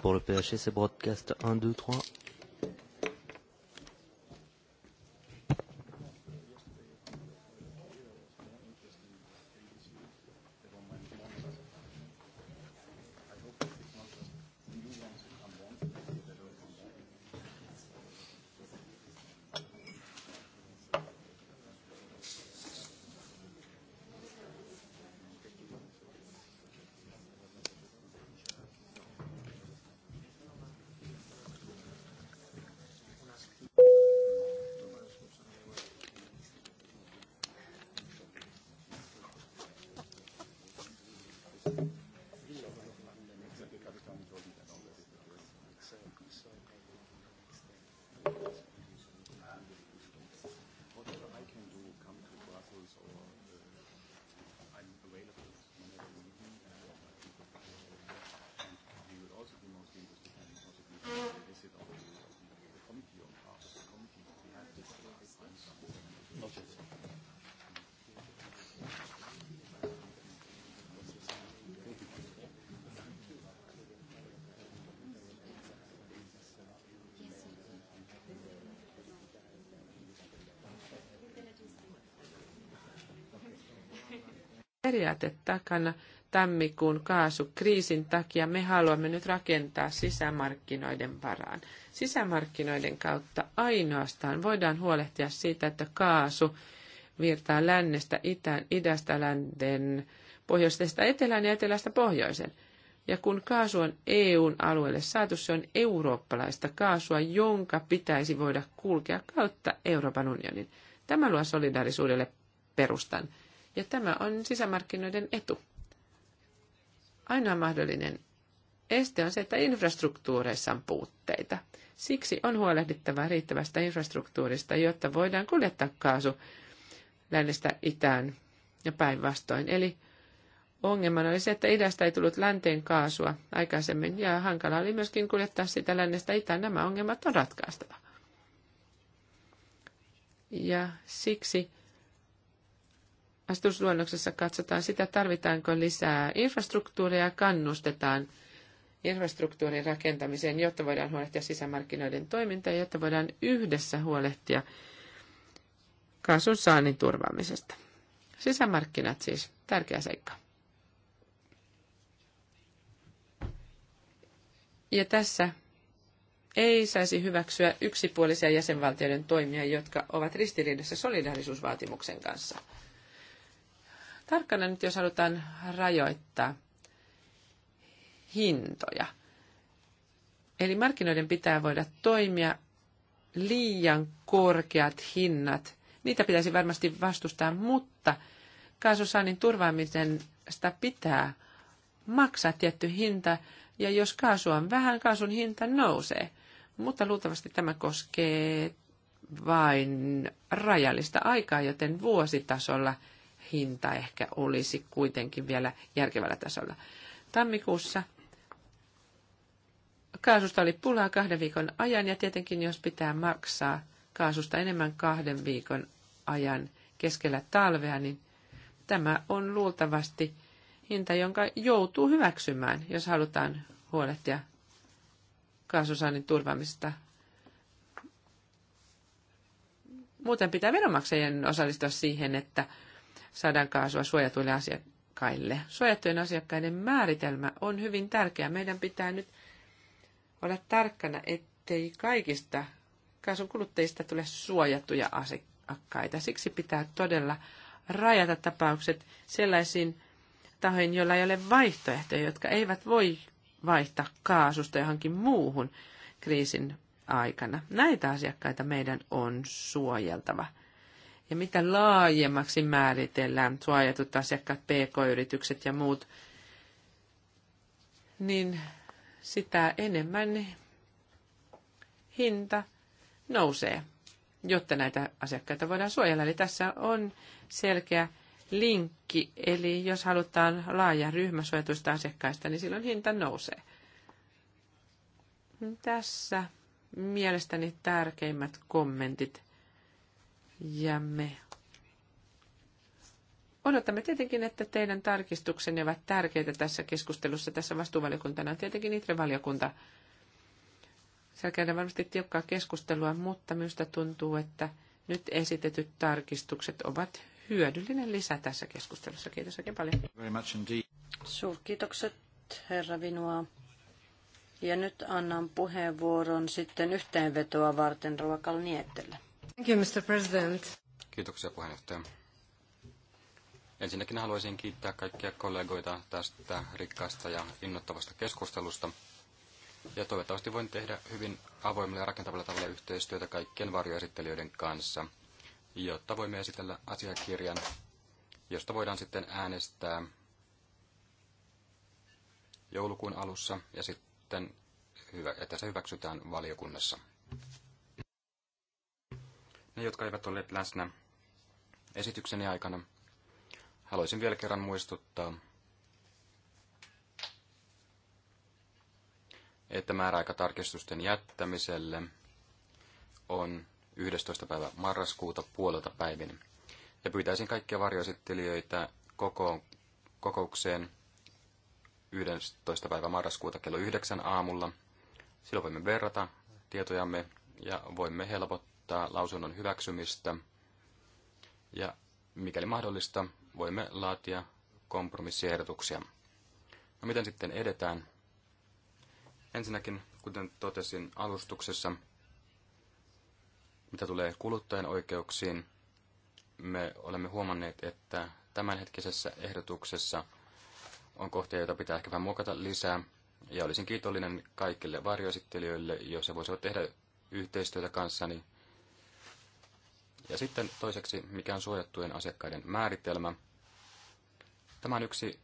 pour le phs c'est broadcast 1, 2, 3. periaate takana tammikuun kaasukriisin takia me haluamme nyt rakentaa sisämarkkinoiden varaan. Sisämarkkinoiden kautta ainoastaan voidaan huolehtia siitä, että kaasu virtaa lännestä itään, idästä länteen, pohjoisesta etelään ja etelästä pohjoisen. Ja kun kaasu on EUn alueelle saatu, se on eurooppalaista kaasua, jonka pitäisi voida kulkea kautta Euroopan unionin. Tämä luo solidaarisuudelle perustan. Ja tämä on sisämarkkinoiden etu. Ainoa mahdollinen este on se, että infrastruktuureissa on puutteita. Siksi on huolehdittava riittävästä infrastruktuurista, jotta voidaan kuljettaa kaasu lännestä itään ja päinvastoin. Eli ongelmana oli se, että idästä ei tullut länteen kaasua aikaisemmin ja hankala oli myöskin kuljettaa sitä lännestä itään. Nämä ongelmat on ratkaistava. Ja siksi Asetusluonnoksessa katsotaan sitä, tarvitaanko lisää infrastruktuuria ja kannustetaan infrastruktuurin rakentamiseen, jotta voidaan huolehtia sisämarkkinoiden toimintaa ja jotta voidaan yhdessä huolehtia kaasun saannin turvaamisesta. Sisämarkkinat siis, tärkeä seikka. Ja tässä ei saisi hyväksyä yksipuolisia jäsenvaltioiden toimia, jotka ovat ristiriidassa solidaarisuusvaatimuksen kanssa tarkkana nyt, jos halutaan rajoittaa hintoja. Eli markkinoiden pitää voida toimia liian korkeat hinnat. Niitä pitäisi varmasti vastustaa, mutta kaasusaannin turvaamisen sitä pitää maksaa tietty hinta, ja jos kaasu on vähän, kaasun hinta nousee. Mutta luultavasti tämä koskee vain rajallista aikaa, joten vuositasolla – hinta ehkä olisi kuitenkin vielä järkevällä tasolla. Tammikuussa kaasusta oli pulaa kahden viikon ajan ja tietenkin jos pitää maksaa kaasusta enemmän kahden viikon ajan keskellä talvea, niin tämä on luultavasti hinta, jonka joutuu hyväksymään, jos halutaan huolehtia kaasusaannin turvaamista. Muuten pitää veronmaksajien osallistua siihen, että saadaan kaasua suojatuille asiakkaille. Suojattujen asiakkaiden määritelmä on hyvin tärkeä. Meidän pitää nyt olla tarkkana, ettei kaikista kaasun kuluttajista tule suojattuja asiakkaita. Siksi pitää todella rajata tapaukset sellaisiin tahoihin, joilla ei ole vaihtoehtoja, jotka eivät voi vaihtaa kaasusta johonkin muuhun kriisin aikana. Näitä asiakkaita meidän on suojeltava. Ja mitä laajemmaksi määritellään suojatut asiakkaat, pk-yritykset ja muut, niin sitä enemmän hinta nousee, jotta näitä asiakkaita voidaan suojella. Eli tässä on selkeä linkki, eli jos halutaan laaja ryhmä suojatuista asiakkaista, niin silloin hinta nousee. Tässä mielestäni tärkeimmät kommentit ja me odotamme tietenkin, että teidän tarkistuksenne ovat tärkeitä tässä keskustelussa. Tässä vastuuvaliokuntana on tietenkin ITRE-valiokunta. Siellä käydään varmasti tiukkaa keskustelua, mutta minusta tuntuu, että nyt esitetyt tarkistukset ovat hyödyllinen lisä tässä keskustelussa. Kiitos oikein paljon. Suurkiitokset, herra Vinua. Ja nyt annan puheenvuoron sitten yhteenvetoa varten Niettelle. Thank you, Mr. President. Kiitoksia puheenjohtaja. Ensinnäkin haluaisin kiittää kaikkia kollegoita tästä rikkaasta ja innoittavasta keskustelusta. Ja toivottavasti voin tehdä hyvin avoimella ja rakentavalla tavalla yhteistyötä kaikkien varjoesittelijöiden kanssa, jotta voimme esitellä asiakirjan, josta voidaan sitten äänestää joulukuun alussa ja sitten hyvä, että se hyväksytään valiokunnassa ne, jotka eivät olleet läsnä esitykseni aikana, haluaisin vielä kerran muistuttaa, että määräaikatarkistusten jättämiselle on 11. päivä marraskuuta puolelta päivin. Ja pyytäisin kaikkia varjoesittelijöitä koko, kokoukseen 11. päivä marraskuuta kello 9 aamulla. Silloin voimme verrata tietojamme ja voimme helpottaa ehdottaa lausunnon hyväksymistä. Ja mikäli mahdollista, voimme laatia kompromissiehdotuksia. No miten sitten edetään? Ensinnäkin, kuten totesin alustuksessa, mitä tulee kuluttajan oikeuksiin, me olemme huomanneet, että tämänhetkisessä ehdotuksessa on kohtia, joita pitää ehkä vähän muokata lisää. Ja olisin kiitollinen kaikille varjoesittelijöille, jos he voisivat tehdä yhteistyötä kanssani ja sitten toiseksi, mikä on suojattujen asiakkaiden määritelmä. Tämä on yksi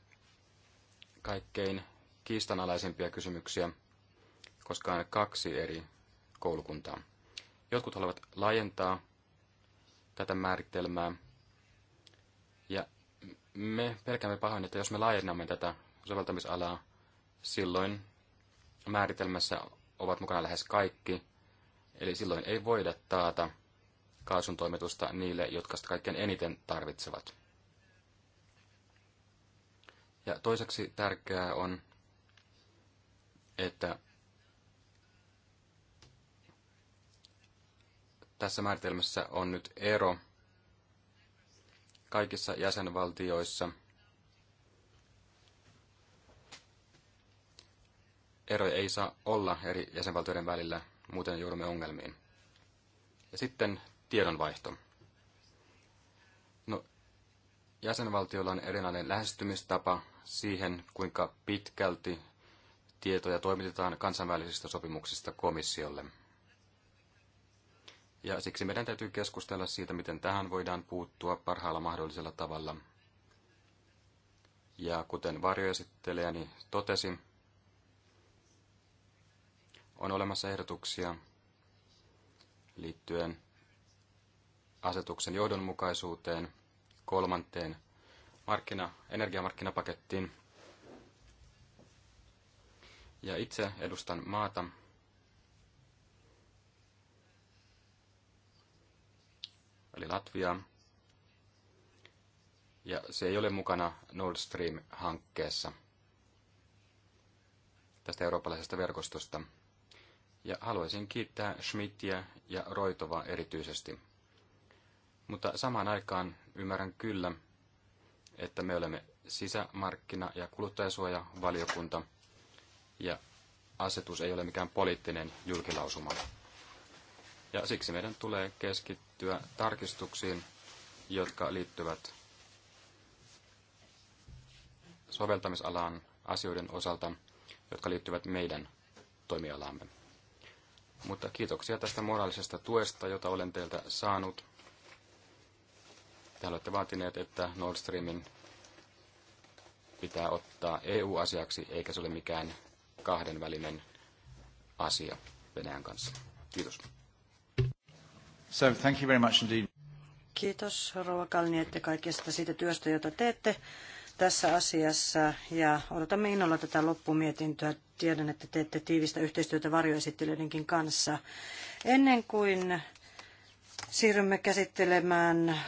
kaikkein kiistanalaisimpia kysymyksiä, koska on kaksi eri koulukuntaa. Jotkut haluavat laajentaa tätä määritelmää, ja me pelkäämme pahoin, että jos me laajennamme tätä soveltamisalaa, silloin määritelmässä ovat mukana lähes kaikki, eli silloin ei voida taata kaasun toimitusta niille, jotka sitä kaikkein eniten tarvitsevat. Ja toiseksi tärkeää on, että tässä määritelmässä on nyt ero kaikissa jäsenvaltioissa. Ero ei saa olla eri jäsenvaltioiden välillä, muuten joudumme ongelmiin. Ja sitten tiedonvaihto. No, jäsenvaltioilla on erilainen lähestymistapa siihen, kuinka pitkälti tietoja toimitetaan kansainvälisistä sopimuksista komissiolle. Ja siksi meidän täytyy keskustella siitä, miten tähän voidaan puuttua parhaalla mahdollisella tavalla. Ja kuten varjoesittelijäni totesi, on olemassa ehdotuksia liittyen asetuksen johdonmukaisuuteen, kolmanteen markkina, energiamarkkinapakettiin. Ja itse edustan maata, eli Latviaa, ja se ei ole mukana Nord Stream-hankkeessa tästä eurooppalaisesta verkostosta. Ja haluaisin kiittää Schmidtiä ja Roitovaa erityisesti. Mutta samaan aikaan ymmärrän kyllä, että me olemme sisämarkkina- ja kuluttajasuojavaliokunta, ja asetus ei ole mikään poliittinen julkilausuma. Ja siksi meidän tulee keskittyä tarkistuksiin, jotka liittyvät soveltamisalaan asioiden osalta, jotka liittyvät meidän toimialaamme. Mutta kiitoksia tästä moraalisesta tuesta, jota olen teiltä saanut te olette vaatineet, että Nord Streamin pitää ottaa EU-asiaksi, eikä se ole mikään kahdenvälinen asia Venäjän kanssa. Kiitos. So, thank you very much indeed. Kiitos Rova että kaikesta siitä työstä, jota teette tässä asiassa ja odotamme innolla tätä loppumietintöä. Tiedän, että teette tiivistä yhteistyötä varjoesittelijöidenkin kanssa. Ennen kuin siirrymme käsittelemään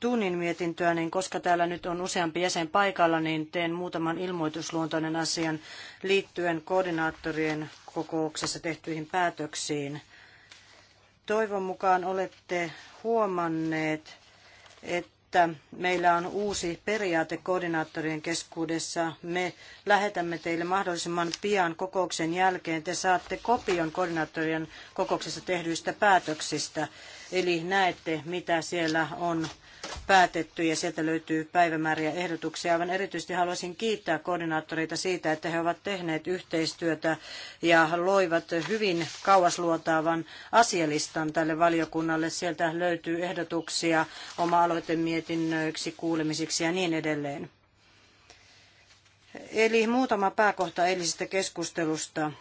Tunnin mietintöä, niin koska täällä nyt on useampi jäsen paikalla, niin teen muutaman ilmoitusluontoinen asian liittyen koordinaattorien kokouksessa tehtyihin päätöksiin. Toivon mukaan olette huomanneet, että meillä on uusi periaate koordinaattorien keskuudessa. Me lähetämme teille mahdollisimman pian kokouksen jälkeen. Te saatte kopion koordinaattorien kokouksessa tehdyistä päätöksistä. Eli näette, mitä siellä on päätetty ja sieltä löytyy päivämääriä ehdotuksia. Aivan erityisesti haluaisin kiittää koordinaattoreita siitä, että he ovat tehneet yhteistyötä ja loivat hyvin kauasluotaavan asialistan tälle valiokunnalle. Sieltä löytyy ehdotuksia oma-aloitemietinnöiksi, kuulemisiksi ja niin edelleen. Eli muutama pääkohta eilisestä keskustelusta.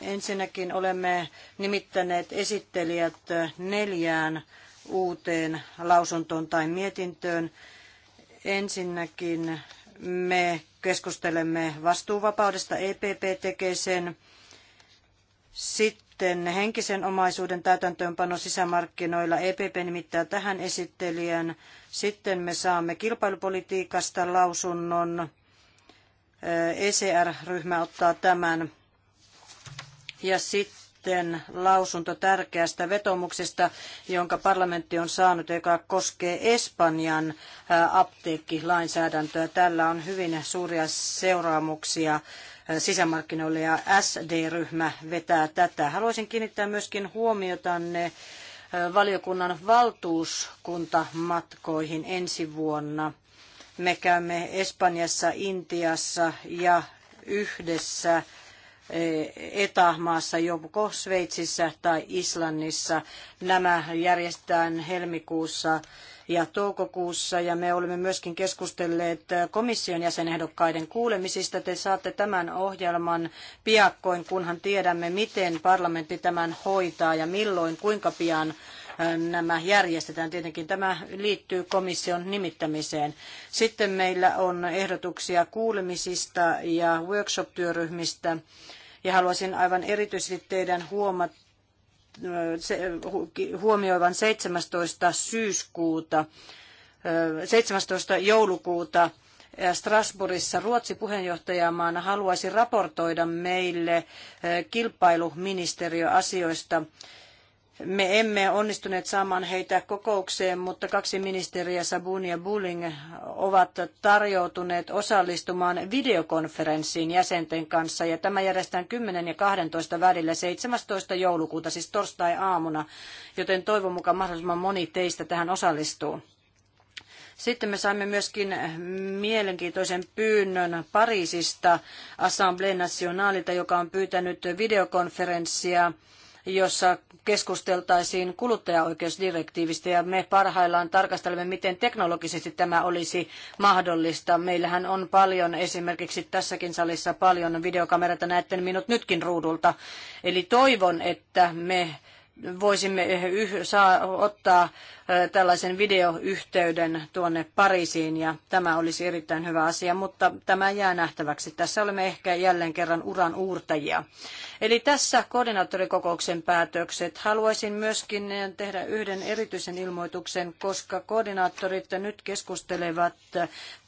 Ensinnäkin olemme nimittäneet esittelijät neljään uuteen lausuntoon tai mietintöön. Ensinnäkin me keskustelemme vastuuvapaudesta, EPP tekee sen. Sitten henkisen omaisuuden täytäntöönpano sisämarkkinoilla, EPP nimittää tähän esittelijän. Sitten me saamme kilpailupolitiikasta lausunnon, ECR-ryhmä ottaa tämän. Ja sitten sitten lausunto tärkeästä vetomuksesta, jonka parlamentti on saanut, joka koskee Espanjan apteekkilainsäädäntöä. Tällä on hyvin suuria seuraamuksia sisämarkkinoille ja SD-ryhmä vetää tätä. Haluaisin kiinnittää myöskin huomiotanne valiokunnan valtuuskuntamatkoihin ensi vuonna. Me käymme Espanjassa, Intiassa ja yhdessä Eh, etämaassa, joko Sveitsissä tai Islannissa. Nämä järjestetään helmikuussa ja toukokuussa ja me olemme myöskin keskustelleet eh, komission jäsenehdokkaiden kuulemisista. Te saatte tämän ohjelman piakkoin, kunhan tiedämme, miten parlamentti tämän hoitaa ja milloin, kuinka pian nämä järjestetään. Tietenkin tämä liittyy komission nimittämiseen. Sitten meillä on ehdotuksia kuulemisista ja workshop-työryhmistä. Ja haluaisin aivan erityisesti teidän huomat, huomioivan 17. syyskuuta, 17. joulukuuta Strasbourgissa Ruotsi puheenjohtajamaana haluaisi raportoida meille kilpailuministeriöasioista me emme onnistuneet saamaan heitä kokoukseen, mutta kaksi ministeriä, Sabun ja Bulling, ovat tarjoutuneet osallistumaan videokonferenssiin jäsenten kanssa. Ja tämä järjestetään 10 ja 12 välillä 17. joulukuuta, siis torstai-aamuna, joten toivon mukaan mahdollisimman moni teistä tähän osallistuu. Sitten me saimme myöskin mielenkiintoisen pyynnön Pariisista Assemblée Nationalilta, joka on pyytänyt videokonferenssia – jossa keskusteltaisiin kuluttajaoikeusdirektiivistä ja me parhaillaan tarkastelemme, miten teknologisesti tämä olisi mahdollista. Meillähän on paljon esimerkiksi tässäkin salissa paljon videokamerata, näette minut nytkin ruudulta. Eli toivon, että me voisimme yh, saa, ottaa tällaisen videoyhteyden tuonne Pariisiin ja tämä olisi erittäin hyvä asia, mutta tämä jää nähtäväksi. Tässä olemme ehkä jälleen kerran uran uurtajia. Eli tässä koordinaattorikokouksen päätökset. Haluaisin myöskin tehdä yhden erityisen ilmoituksen, koska koordinaattorit nyt keskustelevat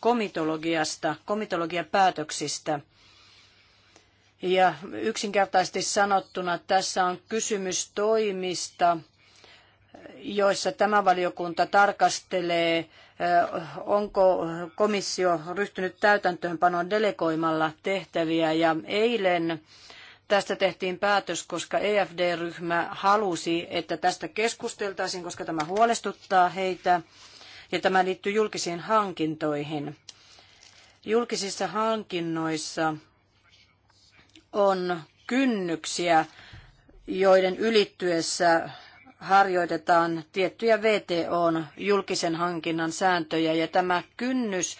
komitologiasta, komitologiapäätöksistä. päätöksistä ja yksinkertaisesti sanottuna tässä on kysymys toimista, joissa tämä valiokunta tarkastelee, onko komissio ryhtynyt täytäntöönpanon delegoimalla tehtäviä. Ja eilen tästä tehtiin päätös, koska EFD-ryhmä halusi, että tästä keskusteltaisiin, koska tämä huolestuttaa heitä. Ja tämä liittyy julkisiin hankintoihin. Julkisissa hankinnoissa on kynnyksiä, joiden ylittyessä harjoitetaan tiettyjä VTOn julkisen hankinnan sääntöjä ja tämä kynnys,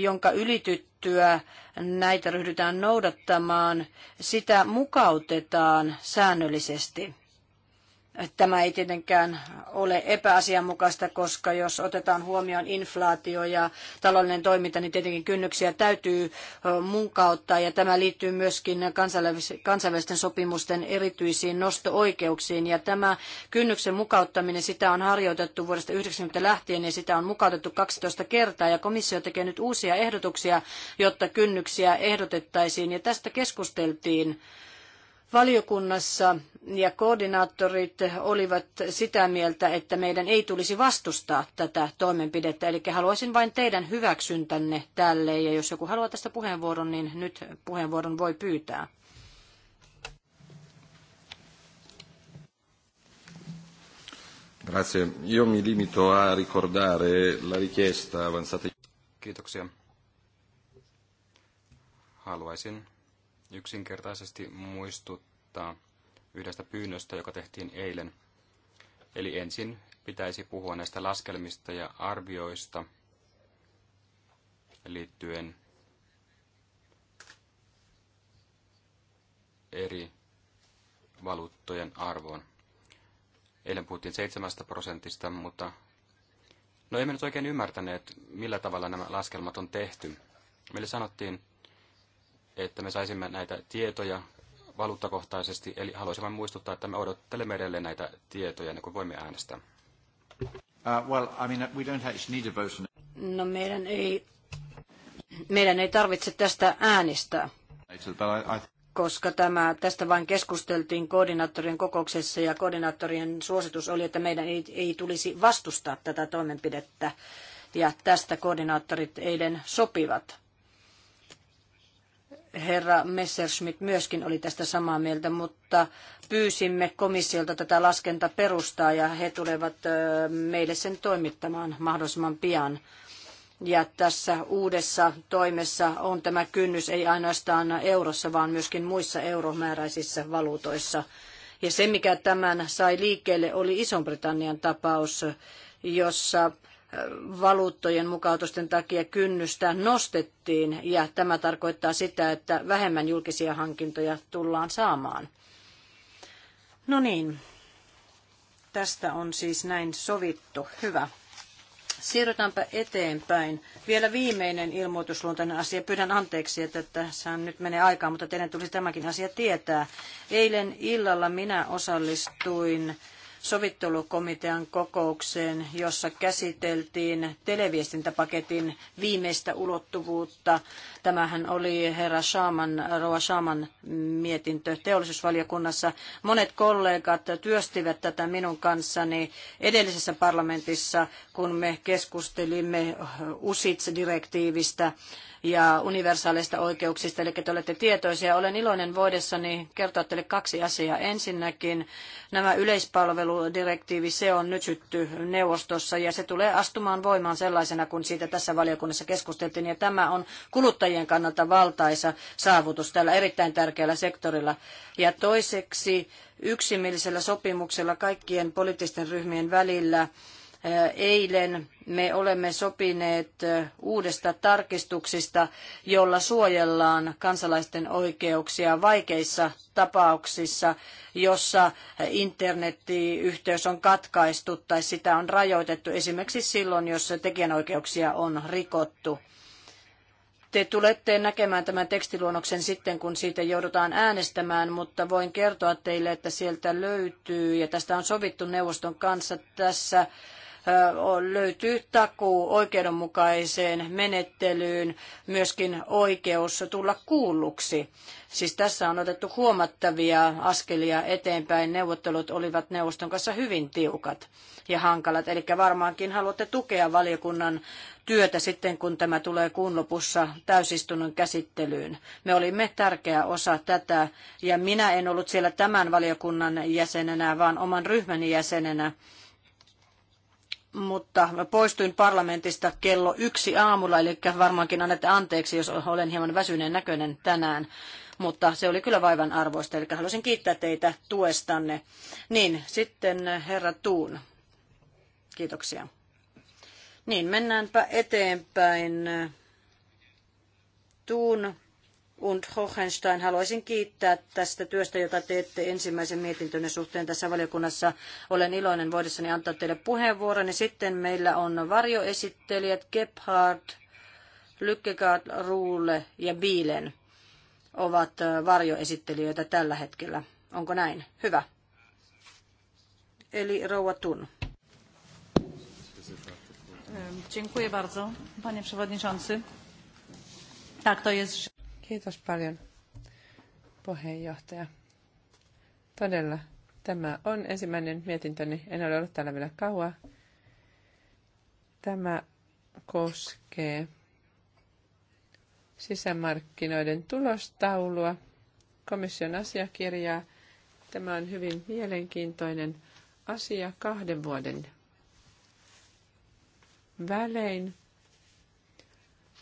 jonka ylityttyä näitä ryhdytään noudattamaan, sitä mukautetaan säännöllisesti. Tämä ei tietenkään ole epäasianmukaista, koska jos otetaan huomioon inflaatio ja taloudellinen toiminta, niin tietenkin kynnyksiä täytyy mukauttaa. Ja tämä liittyy myöskin kansainvälisten sopimusten erityisiin nosto-oikeuksiin. Ja tämä kynnyksen mukauttaminen, sitä on harjoitettu vuodesta 1990 lähtien ja sitä on mukautettu 12 kertaa. Ja komissio tekee nyt uusia ehdotuksia, jotta kynnyksiä ehdotettaisiin. Ja tästä keskusteltiin valiokunnassa ja koordinaattorit olivat sitä mieltä, että meidän ei tulisi vastustaa tätä toimenpidettä. Eli haluaisin vain teidän hyväksyntänne tälle, ja jos joku haluaa tästä puheenvuoron, niin nyt puheenvuoron voi pyytää. Grazie. Io mi limito a ricordare la richiesta avanzata. Kiitoksia. Haluaisin yksinkertaisesti muistuttaa yhdestä pyynnöstä, joka tehtiin eilen. Eli ensin pitäisi puhua näistä laskelmista ja arvioista liittyen eri valuuttojen arvoon. Eilen puhuttiin 7 prosentista, mutta no emme nyt oikein ymmärtäneet, millä tavalla nämä laskelmat on tehty. Meille sanottiin, että me saisimme näitä tietoja valuuttakohtaisesti, eli haluaisin vain muistuttaa, että me odottelemme edelleen näitä tietoja niin kuin voimme äänestää. Uh, well, I mean, we don't actually need a vote. No meidän ei, meidän ei tarvitse tästä äänestää, koska tämä, tästä vain keskusteltiin koordinaattorien kokouksessa ja koordinaattorien suositus oli, että meidän ei, ei tulisi vastustaa tätä toimenpidettä ja tästä koordinaattorit eilen sopivat herra Messerschmidt myöskin oli tästä samaa mieltä, mutta pyysimme komissiolta tätä laskentaperustaa ja he tulevat meille sen toimittamaan mahdollisimman pian. Ja tässä uudessa toimessa on tämä kynnys ei ainoastaan eurossa, vaan myöskin muissa euromääräisissä valuutoissa. Ja se, mikä tämän sai liikkeelle, oli Ison-Britannian tapaus, jossa valuuttojen mukautusten takia kynnystä nostettiin ja tämä tarkoittaa sitä, että vähemmän julkisia hankintoja tullaan saamaan. No niin, tästä on siis näin sovittu. Hyvä. Siirrytäänpä eteenpäin. Vielä viimeinen ilmoitusluontainen asia. Pyydän anteeksi, että tässä nyt menee aikaa, mutta teidän tulisi tämäkin asia tietää. Eilen illalla minä osallistuin sovittelukomitean kokoukseen, jossa käsiteltiin televiestintäpaketin viimeistä ulottuvuutta. Tämähän oli herra Shaaman, Roa Shaaman mietintö teollisuusvaliokunnassa. Monet kollegat työstivät tätä minun kanssani edellisessä parlamentissa, kun me keskustelimme USITS-direktiivistä ja universaaleista oikeuksista, eli te olette tietoisia. Olen iloinen voidessani kertoa teille kaksi asiaa. Ensinnäkin nämä yleispalveludirektiivi, se on nyt sytty neuvostossa ja se tulee astumaan voimaan sellaisena, kun siitä tässä valiokunnassa keskusteltiin. Ja tämä on kuluttajien kannalta valtaisa saavutus tällä erittäin tärkeällä sektorilla. Ja toiseksi yksimielisellä sopimuksella kaikkien poliittisten ryhmien välillä Eilen me olemme sopineet uudesta tarkistuksista, jolla suojellaan kansalaisten oikeuksia vaikeissa tapauksissa, jossa internetyhteys on katkaistu tai sitä on rajoitettu esimerkiksi silloin, jos tekijänoikeuksia on rikottu. Te tulette näkemään tämän tekstiluonnoksen sitten, kun siitä joudutaan äänestämään, mutta voin kertoa teille, että sieltä löytyy, ja tästä on sovittu neuvoston kanssa tässä löytyy takuu oikeudenmukaiseen menettelyyn, myöskin oikeus tulla kuulluksi. Siis tässä on otettu huomattavia askelia eteenpäin. Neuvottelut olivat neuvoston kanssa hyvin tiukat ja hankalat. Eli varmaankin haluatte tukea valiokunnan työtä sitten, kun tämä tulee kuun lopussa täysistunnon käsittelyyn. Me olimme tärkeä osa tätä ja minä en ollut siellä tämän valiokunnan jäsenenä, vaan oman ryhmäni jäsenenä mutta poistuin parlamentista kello yksi aamulla, eli varmaankin annette anteeksi, jos olen hieman väsyneen näköinen tänään. Mutta se oli kyllä vaivan arvoista, eli haluaisin kiittää teitä tuestanne. Niin, sitten herra Tuun. Kiitoksia. Niin, mennäänpä eteenpäin. Tuun und Hohenstein, haluaisin kiittää tästä työstä, jota teette ensimmäisen mietintönne suhteen tässä valiokunnassa. Olen iloinen voidessani antaa teille puheenvuoron. Ja sitten meillä on varjoesittelijät Gebhard, Lykkegaard, Ruule ja Biilen ovat varjoesittelijöitä tällä hetkellä. Onko näin? Hyvä. Eli Rouva Tun. Dziękuję bardzo, panie przewodniczący. Tak, to jest... Kiitos paljon, puheenjohtaja. Todella, tämä on ensimmäinen mietintöni. En ole ollut täällä vielä kauan. Tämä koskee sisämarkkinoiden tulostaulua, komission asiakirjaa. Tämä on hyvin mielenkiintoinen asia kahden vuoden välein.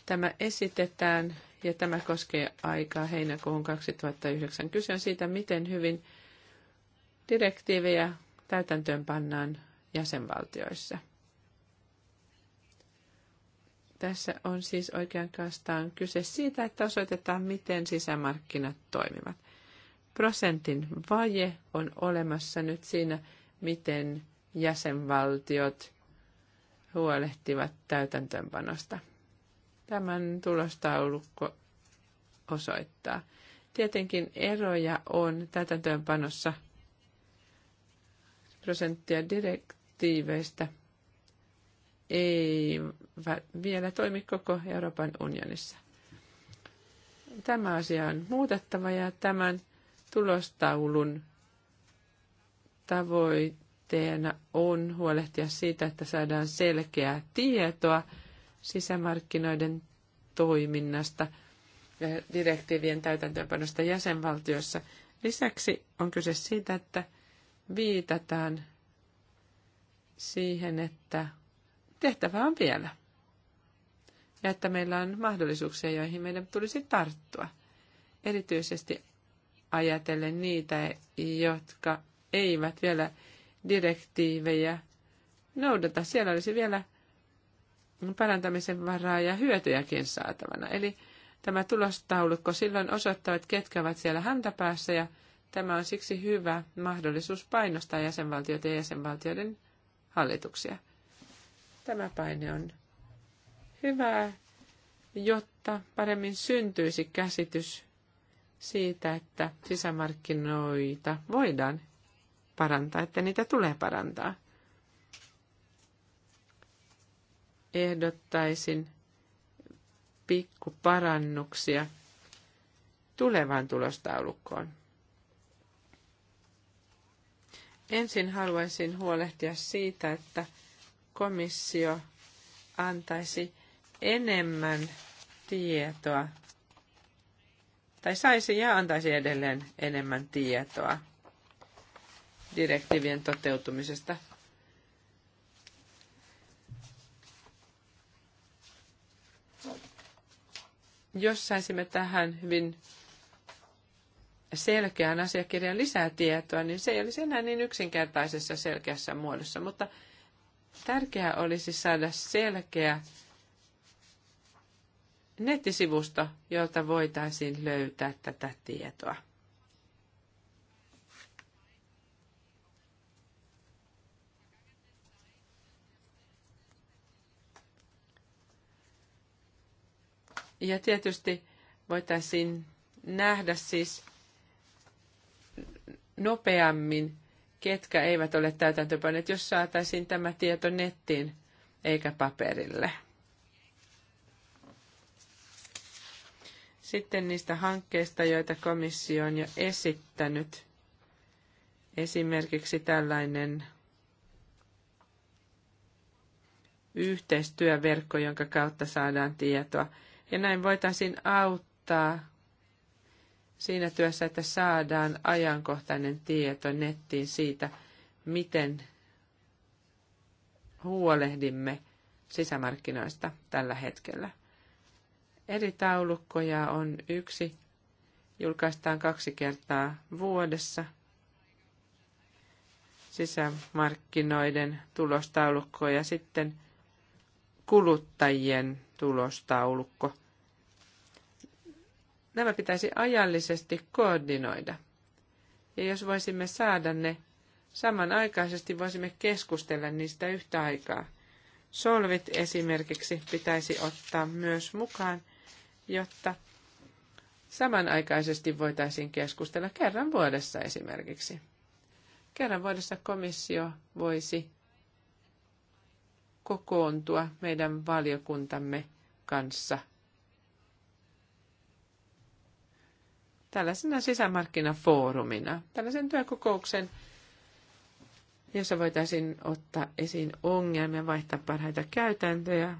Tämä esitetään ja tämä koskee aikaa heinäkuuhun 2009. Kyse on siitä, miten hyvin direktiivejä täytäntöön pannaan jäsenvaltioissa. Tässä on siis oikeastaan kyse siitä, että osoitetaan, miten sisämarkkinat toimivat. Prosentin vaje on olemassa nyt siinä, miten jäsenvaltiot huolehtivat täytäntöönpanosta tämän tulostaulukko osoittaa. Tietenkin eroja on täytäntöönpanossa prosenttia direktiiveistä ei vielä toimi koko Euroopan unionissa. Tämä asia on muutettava ja tämän tulostaulun tavoitteena on huolehtia siitä, että saadaan selkeää tietoa – sisämarkkinoiden toiminnasta ja direktiivien täytäntöönpanosta jäsenvaltioissa. Lisäksi on kyse siitä, että viitataan siihen, että tehtävää on vielä. Ja että meillä on mahdollisuuksia, joihin meidän tulisi tarttua. Erityisesti ajatellen niitä, jotka eivät vielä direktiivejä noudata. Siellä olisi vielä parantamisen varaa ja hyötyjäkin saatavana. Eli tämä tulostaulukko silloin osoittaa, että ketkä ovat siellä häntäpäässä ja tämä on siksi hyvä mahdollisuus painostaa jäsenvaltioita ja jäsenvaltioiden hallituksia. Tämä paine on hyvää, jotta paremmin syntyisi käsitys siitä, että sisämarkkinoita voidaan parantaa, että niitä tulee parantaa. ehdottaisin pikkuparannuksia tulevaan tulostaulukkoon. Ensin haluaisin huolehtia siitä, että komissio antaisi enemmän tietoa, tai saisi ja antaisi edelleen enemmän tietoa direktiivien toteutumisesta Jos saisimme tähän hyvin selkeän asiakirjan lisää tietoa, niin se ei olisi enää niin yksinkertaisessa selkeässä muodossa, mutta tärkeää olisi saada selkeä nettisivusto, jolta voitaisiin löytää tätä tietoa. Ja tietysti voitaisiin nähdä siis nopeammin, ketkä eivät ole täytäntöpaneet, jos saataisiin tämä tieto nettiin eikä paperille. Sitten niistä hankkeista, joita komissio on jo esittänyt. Esimerkiksi tällainen yhteistyöverkko, jonka kautta saadaan tietoa. Ja näin voitaisiin auttaa siinä työssä, että saadaan ajankohtainen tieto nettiin siitä, miten huolehdimme sisämarkkinoista tällä hetkellä. Eri taulukkoja on yksi, julkaistaan kaksi kertaa vuodessa. Sisämarkkinoiden tulostaulukkoja sitten kuluttajien tulostaulukko. Nämä pitäisi ajallisesti koordinoida. Ja jos voisimme saada ne samanaikaisesti, voisimme keskustella niistä yhtä aikaa. Solvit esimerkiksi pitäisi ottaa myös mukaan, jotta samanaikaisesti voitaisiin keskustella kerran vuodessa esimerkiksi. Kerran vuodessa komissio voisi kokoontua meidän valiokuntamme kanssa. Tällaisena sisämarkkinafoorumina, tällaisen työkokouksen, jossa voitaisiin ottaa esiin ongelmia, vaihtaa parhaita käytäntöjä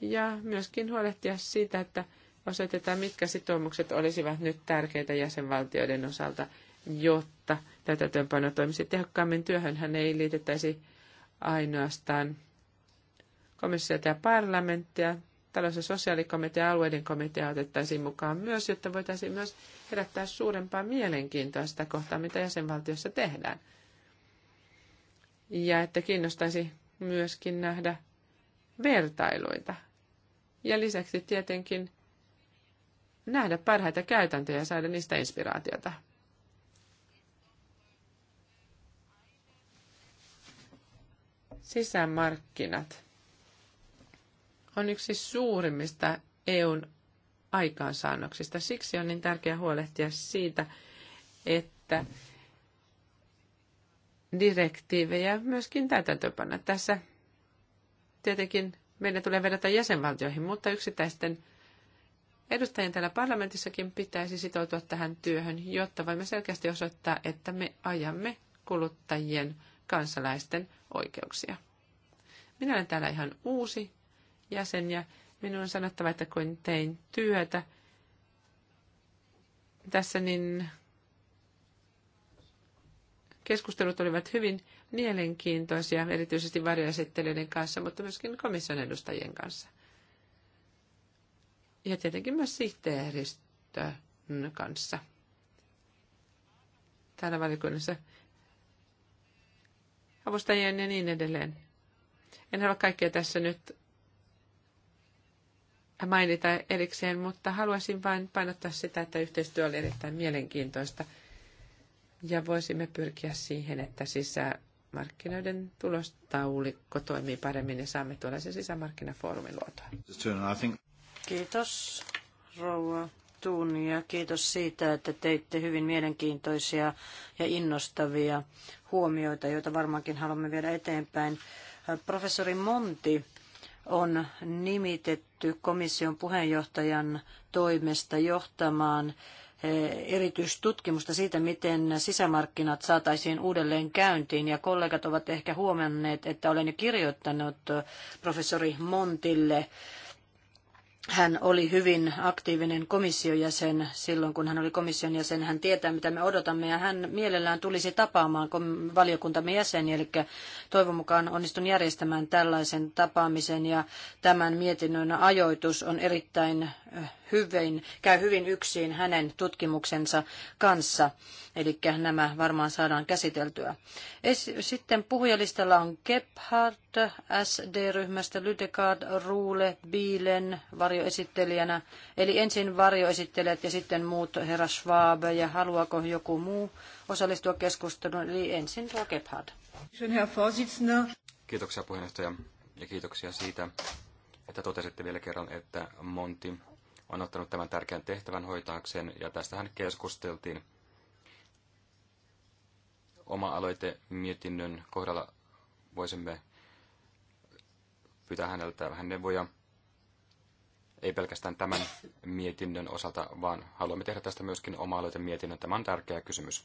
ja myöskin huolehtia siitä, että osoitetaan, mitkä sitoumukset olisivat nyt tärkeitä jäsenvaltioiden osalta, jotta tätä työpano toimisi tehokkaammin. Työhönhän ei liitettäisi ainoastaan komissiota ja parlamenttia. Talous- ja sosiaalikomitea ja alueiden komitea otettaisiin mukaan myös, jotta voitaisiin myös herättää suurempaa mielenkiintoa sitä kohtaa, mitä jäsenvaltiossa tehdään. Ja että kiinnostaisi myöskin nähdä vertailuita. Ja lisäksi tietenkin nähdä parhaita käytäntöjä ja saada niistä inspiraatiota. Sisämarkkinat on yksi suurimmista EUn aikaansaannoksista. Siksi on niin tärkeää huolehtia siitä, että direktiivejä myöskin täytäntöpanna. Tässä tietenkin meidän tulee vedota jäsenvaltioihin, mutta yksittäisten edustajien täällä parlamentissakin pitäisi sitoutua tähän työhön, jotta voimme selkeästi osoittaa, että me ajamme kuluttajien kansalaisten oikeuksia. Minä olen täällä ihan uusi jäsen ja minun on sanottava, että kun tein työtä tässä, niin keskustelut olivat hyvin mielenkiintoisia, erityisesti varjoesittelijöiden kanssa, mutta myöskin komission edustajien kanssa. Ja tietenkin myös sihteeristön kanssa täällä valikunnassa avustajien ja niin edelleen. En halua kaikkea tässä nyt mainita erikseen, mutta haluaisin vain painottaa sitä, että yhteistyö oli erittäin mielenkiintoista. Ja voisimme pyrkiä siihen, että sisämarkkinoiden tulostaulikko toimii paremmin ja saamme tuollaisen sisämarkkinafoorumin luotua. Kiitos, rouva Tuun, ja kiitos siitä, että teitte hyvin mielenkiintoisia ja innostavia huomioita, joita varmaankin haluamme viedä eteenpäin. Professori Monti, on nimitetty komission puheenjohtajan toimesta johtamaan eh, erityistutkimusta siitä, miten sisämarkkinat saataisiin uudelleen käyntiin. Ja kollegat ovat ehkä huomanneet, että olen jo kirjoittanut professori Montille hän oli hyvin aktiivinen komission jäsen silloin, kun hän oli komission jäsen. Hän tietää, mitä me odotamme, ja hän mielellään tulisi tapaamaan valiokuntamme jäseniä, eli toivon mukaan onnistun järjestämään tällaisen tapaamisen, ja tämän mietinnön ajoitus on erittäin eh, hyvin, käy hyvin yksin hänen tutkimuksensa kanssa, eli nämä varmaan saadaan käsiteltyä. Sitten puhujalistalla on Gebhardt SD-ryhmästä, Lydegard, Ruule, Bielen varjoesittelijänä, eli ensin varjoesittelijät ja sitten muut, herra Schwab, ja haluaako joku muu osallistua keskusteluun, eli ensin tuo Gebhardt. Kiitoksia puheenjohtaja ja kiitoksia siitä, että totesitte vielä kerran, että Monti on ottanut tämän tärkeän tehtävän hoitaakseen, ja tästähän keskusteltiin oma-aloite mietinnön kohdalla voisimme pyytää häneltä vähän neuvoja, ei pelkästään tämän mietinnön osalta, vaan haluamme tehdä tästä myöskin oma mietinnön. Tämä on tärkeä kysymys.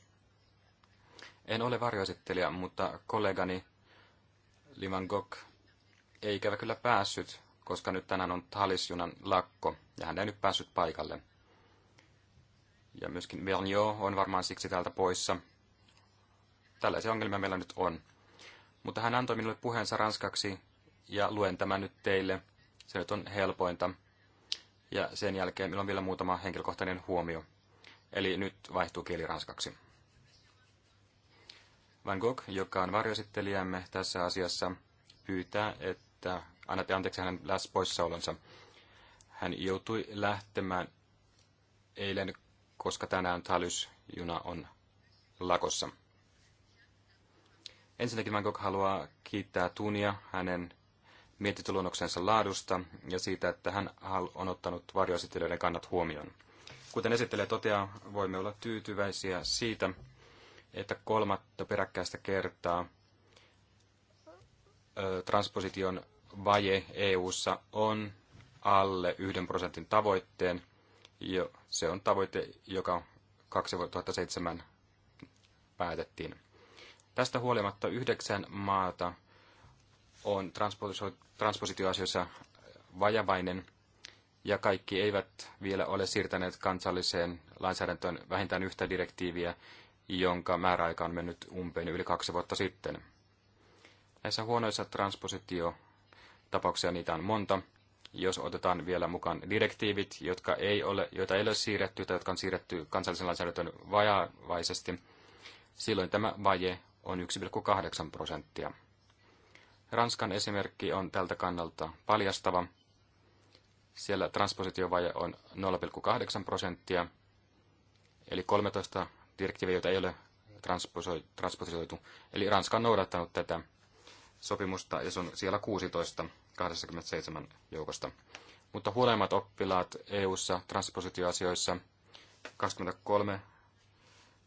En ole varjoesittelijä, mutta kollegani Livan Gok ei ikävä kyllä päässyt koska nyt tänään on talisjunan lakko, ja hän ei nyt päässyt paikalle. Ja myöskin Vernio on varmaan siksi täältä poissa. Tällaisia ongelmia meillä nyt on. Mutta hän antoi minulle puheensa ranskaksi, ja luen tämän nyt teille. Se nyt on helpointa. Ja sen jälkeen meillä on vielä muutama henkilökohtainen huomio. Eli nyt vaihtuu kieli ranskaksi. Van Gogh, joka on varjoesittelijämme tässä asiassa, pyytää, että annatte anteeksi hänen läspoissaolonsa. Hän joutui lähtemään eilen, koska tänään Talys-juna on lakossa. Ensinnäkin Van Gogh haluaa kiittää Tunia hänen mietintöluonnoksensa laadusta ja siitä, että hän on ottanut varjoesittelijöiden kannat huomioon. Kuten esittelijä toteaa, voimme olla tyytyväisiä siitä, että kolmatta peräkkäistä kertaa transposition vaje EU:ssa on alle yhden prosentin tavoitteen. Jo, se on tavoite, joka 2007 päätettiin. Tästä huolimatta yhdeksän maata on transpositioasioissa vajavainen ja kaikki eivät vielä ole siirtäneet kansalliseen lainsäädäntöön vähintään yhtä direktiiviä, jonka määräaika on mennyt umpeen yli kaksi vuotta sitten. Näissä huonoissa transpositio tapauksia, niitä on monta. Jos otetaan vielä mukaan direktiivit, jotka ei ole, joita ei ole siirretty tai jotka on siirretty kansallisen lainsäädäntöön vajaavaisesti, silloin tämä vaje on 1,8 prosenttia. Ranskan esimerkki on tältä kannalta paljastava. Siellä transpositiovaje on 0,8 prosenttia, eli 13 direktiiviä, joita ei ole transposoitu. Eli Ranska on noudattanut tätä sopimusta, ja se on siellä 16 27 joukosta. Mutta huolemmat oppilaat EU-ssa transpositioasioissa 23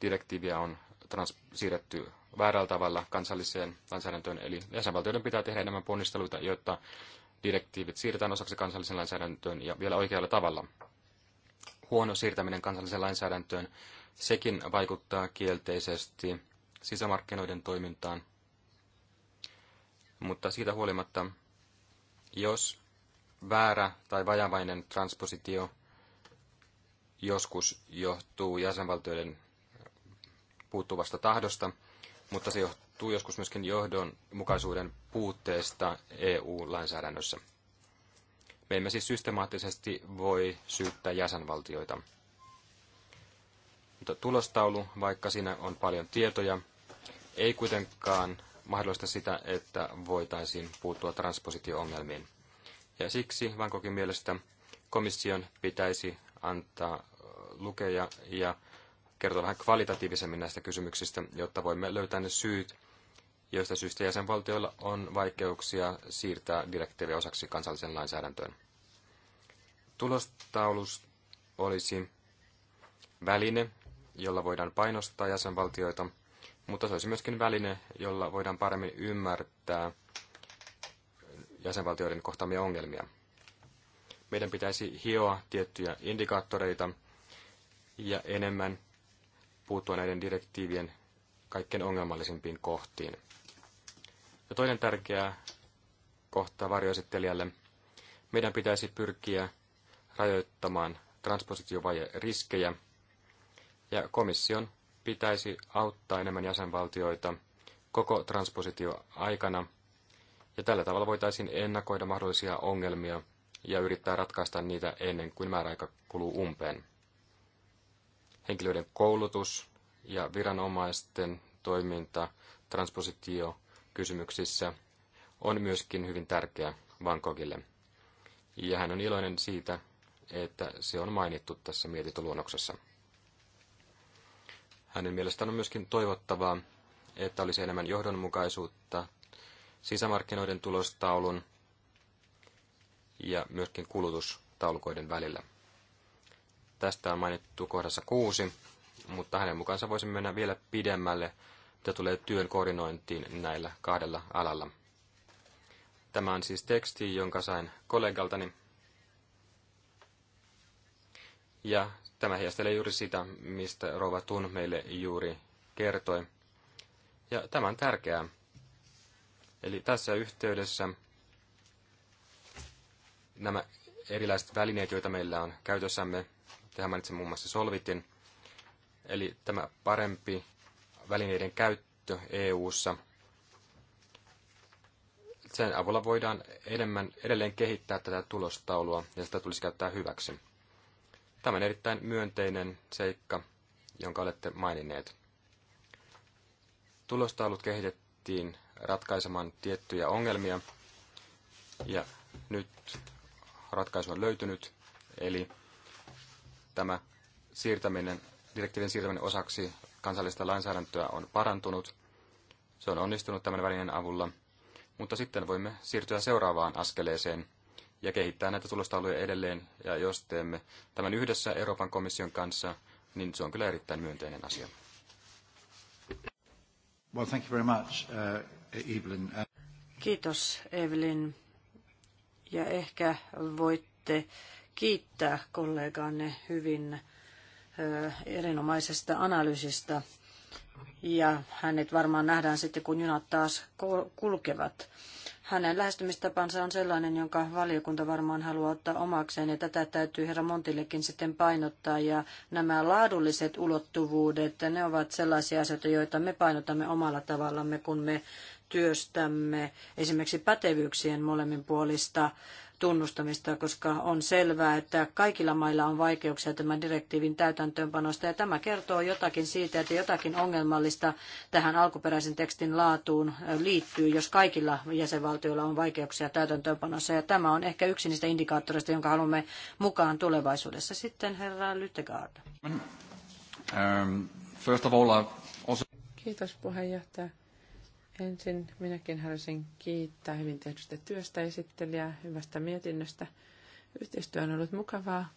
direktiiviä on trans- siirretty väärällä tavalla kansalliseen lainsäädäntöön, eli jäsenvaltioiden pitää tehdä enemmän ponnisteluita, jotta direktiivit siirretään osaksi kansalliseen lainsäädäntöön ja vielä oikealla tavalla. Huono siirtäminen kansalliseen lainsäädäntöön, sekin vaikuttaa kielteisesti sisämarkkinoiden toimintaan mutta siitä huolimatta, jos väärä tai vajavainen transpositio joskus johtuu jäsenvaltioiden puuttuvasta tahdosta, mutta se johtuu joskus myöskin johdonmukaisuuden puutteesta EU-lainsäädännössä. Me emme siis systemaattisesti voi syyttää jäsenvaltioita. Mutta tulostaulu, vaikka siinä on paljon tietoja, ei kuitenkaan mahdollista sitä, että voitaisiin puuttua transpositio-ongelmiin. Ja siksi Vankokin mielestä komission pitäisi antaa lukeja ja kertoa vähän kvalitatiivisemmin näistä kysymyksistä, jotta voimme löytää ne syyt, joista syystä jäsenvaltioilla on vaikeuksia siirtää direktiivi osaksi kansallisen lainsäädäntöön. Tulostaulus olisi väline, jolla voidaan painostaa jäsenvaltioita – mutta se olisi myöskin väline, jolla voidaan paremmin ymmärtää jäsenvaltioiden kohtaamia ongelmia. Meidän pitäisi hioa tiettyjä indikaattoreita ja enemmän puuttua näiden direktiivien kaikkein ongelmallisimpiin kohtiin. Ja toinen tärkeä kohta varjoesittelijälle. Meidän pitäisi pyrkiä rajoittamaan transpositiovaje riskejä ja komission pitäisi auttaa enemmän jäsenvaltioita koko transpositioaikana, ja tällä tavalla voitaisiin ennakoida mahdollisia ongelmia ja yrittää ratkaista niitä ennen kuin määräaika kuluu umpeen. Henkilöiden koulutus ja viranomaisten toiminta transpositio kysymyksissä on myöskin hyvin tärkeä Bangkokille. Ja hän on iloinen siitä, että se on mainittu tässä mietintöluonnoksessa. Hänen mielestään on myöskin toivottavaa, että olisi enemmän johdonmukaisuutta sisämarkkinoiden tulostaulun ja myöskin kulutustaulukoiden välillä. Tästä on mainittu kohdassa kuusi, mutta hänen mukaansa voisi mennä vielä pidemmälle, mitä tulee työn koordinointiin näillä kahdella alalla. Tämä on siis teksti, jonka sain kollegaltani. Ja Tämä heijastelee juuri sitä, mistä Rova Tun meille juuri kertoi. Ja tämä on tärkeää. Eli tässä yhteydessä nämä erilaiset välineet, joita meillä on käytössämme, tähän mainitsin muun muassa Solvitin, eli tämä parempi välineiden käyttö EU-ssa, sen avulla voidaan enemmän edelleen kehittää tätä tulostaulua ja sitä tulisi käyttää hyväksi. Tämä on erittäin myönteinen seikka, jonka olette maininneet. Tulostaulut kehitettiin ratkaisemaan tiettyjä ongelmia, ja nyt ratkaisu on löytynyt, eli tämä siirtäminen, direktiivin siirtäminen osaksi kansallista lainsäädäntöä on parantunut. Se on onnistunut tämän välinen avulla, mutta sitten voimme siirtyä seuraavaan askeleeseen – ja kehittää näitä tulostauluja edelleen. Ja jos teemme tämän yhdessä Euroopan komission kanssa, niin se on kyllä erittäin myönteinen asia. Well, thank you very much, uh, Evelyn. Uh, Kiitos Evelyn. Ja ehkä voitte kiittää kollegaanne hyvin uh, erinomaisesta analyysistä. Ja hänet varmaan nähdään sitten, kun junat taas kulkevat. Hänen lähestymistapansa on sellainen, jonka valiokunta varmaan haluaa ottaa omakseen, ja tätä täytyy herra Montillekin sitten painottaa. Ja nämä laadulliset ulottuvuudet, ne ovat sellaisia asioita, joita me painotamme omalla tavallamme, kun me työstämme esimerkiksi pätevyyksien molemmin puolista tunnustamista, koska on selvää, että kaikilla mailla on vaikeuksia tämän direktiivin täytäntöönpanosta. Ja tämä kertoo jotakin siitä, että jotakin ongelmallista tähän alkuperäisen tekstin laatuun liittyy, jos kaikilla jäsenvaltioilla on vaikeuksia täytäntöönpanossa. Ja tämä on ehkä yksi niistä indikaattoreista, jonka haluamme mukaan tulevaisuudessa. Sitten herra Lyttegaard. Um, Kiitos puheenjohtaja. Ensin minäkin haluaisin kiittää hyvin tehdystä työstä esittelijää, hyvästä mietinnöstä. Yhteistyö on ollut mukavaa.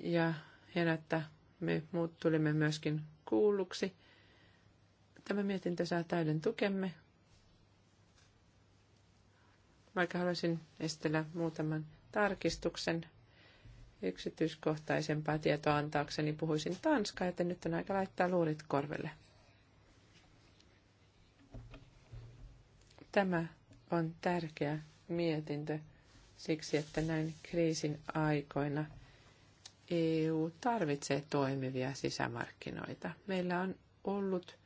Ja hienoa, että me muut tulimme myöskin kuulluksi. Tämä mietintö saa täyden tukemme. Vaikka haluaisin esitellä muutaman tarkistuksen yksityiskohtaisempaa tietoa antaakseni, puhuisin tanskaa, joten nyt on aika laittaa luurit korville. Tämä on tärkeä mietintö siksi, että näin kriisin aikoina EU tarvitsee toimivia sisämarkkinoita. Meillä on ollut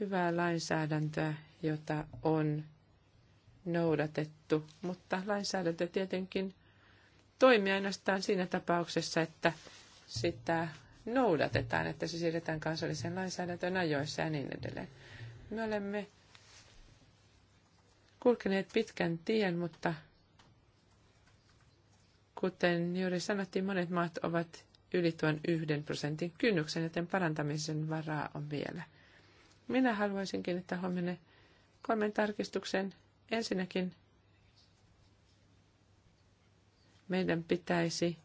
hyvää lainsäädäntöä, jota on noudatettu, mutta lainsäädäntö tietenkin toimii ainoastaan siinä tapauksessa, että sitä noudatetaan, että se siirretään kansalliseen lainsäädäntöön ajoissa ja niin edelleen. Me olemme kulkeneet pitkän tien, mutta kuten juuri sanottiin, monet maat ovat yli tuon yhden prosentin kynnyksen, joten parantamisen varaa on vielä. Minä haluaisinkin, että huomenna kolmen tarkistuksen. Ensinnäkin meidän pitäisi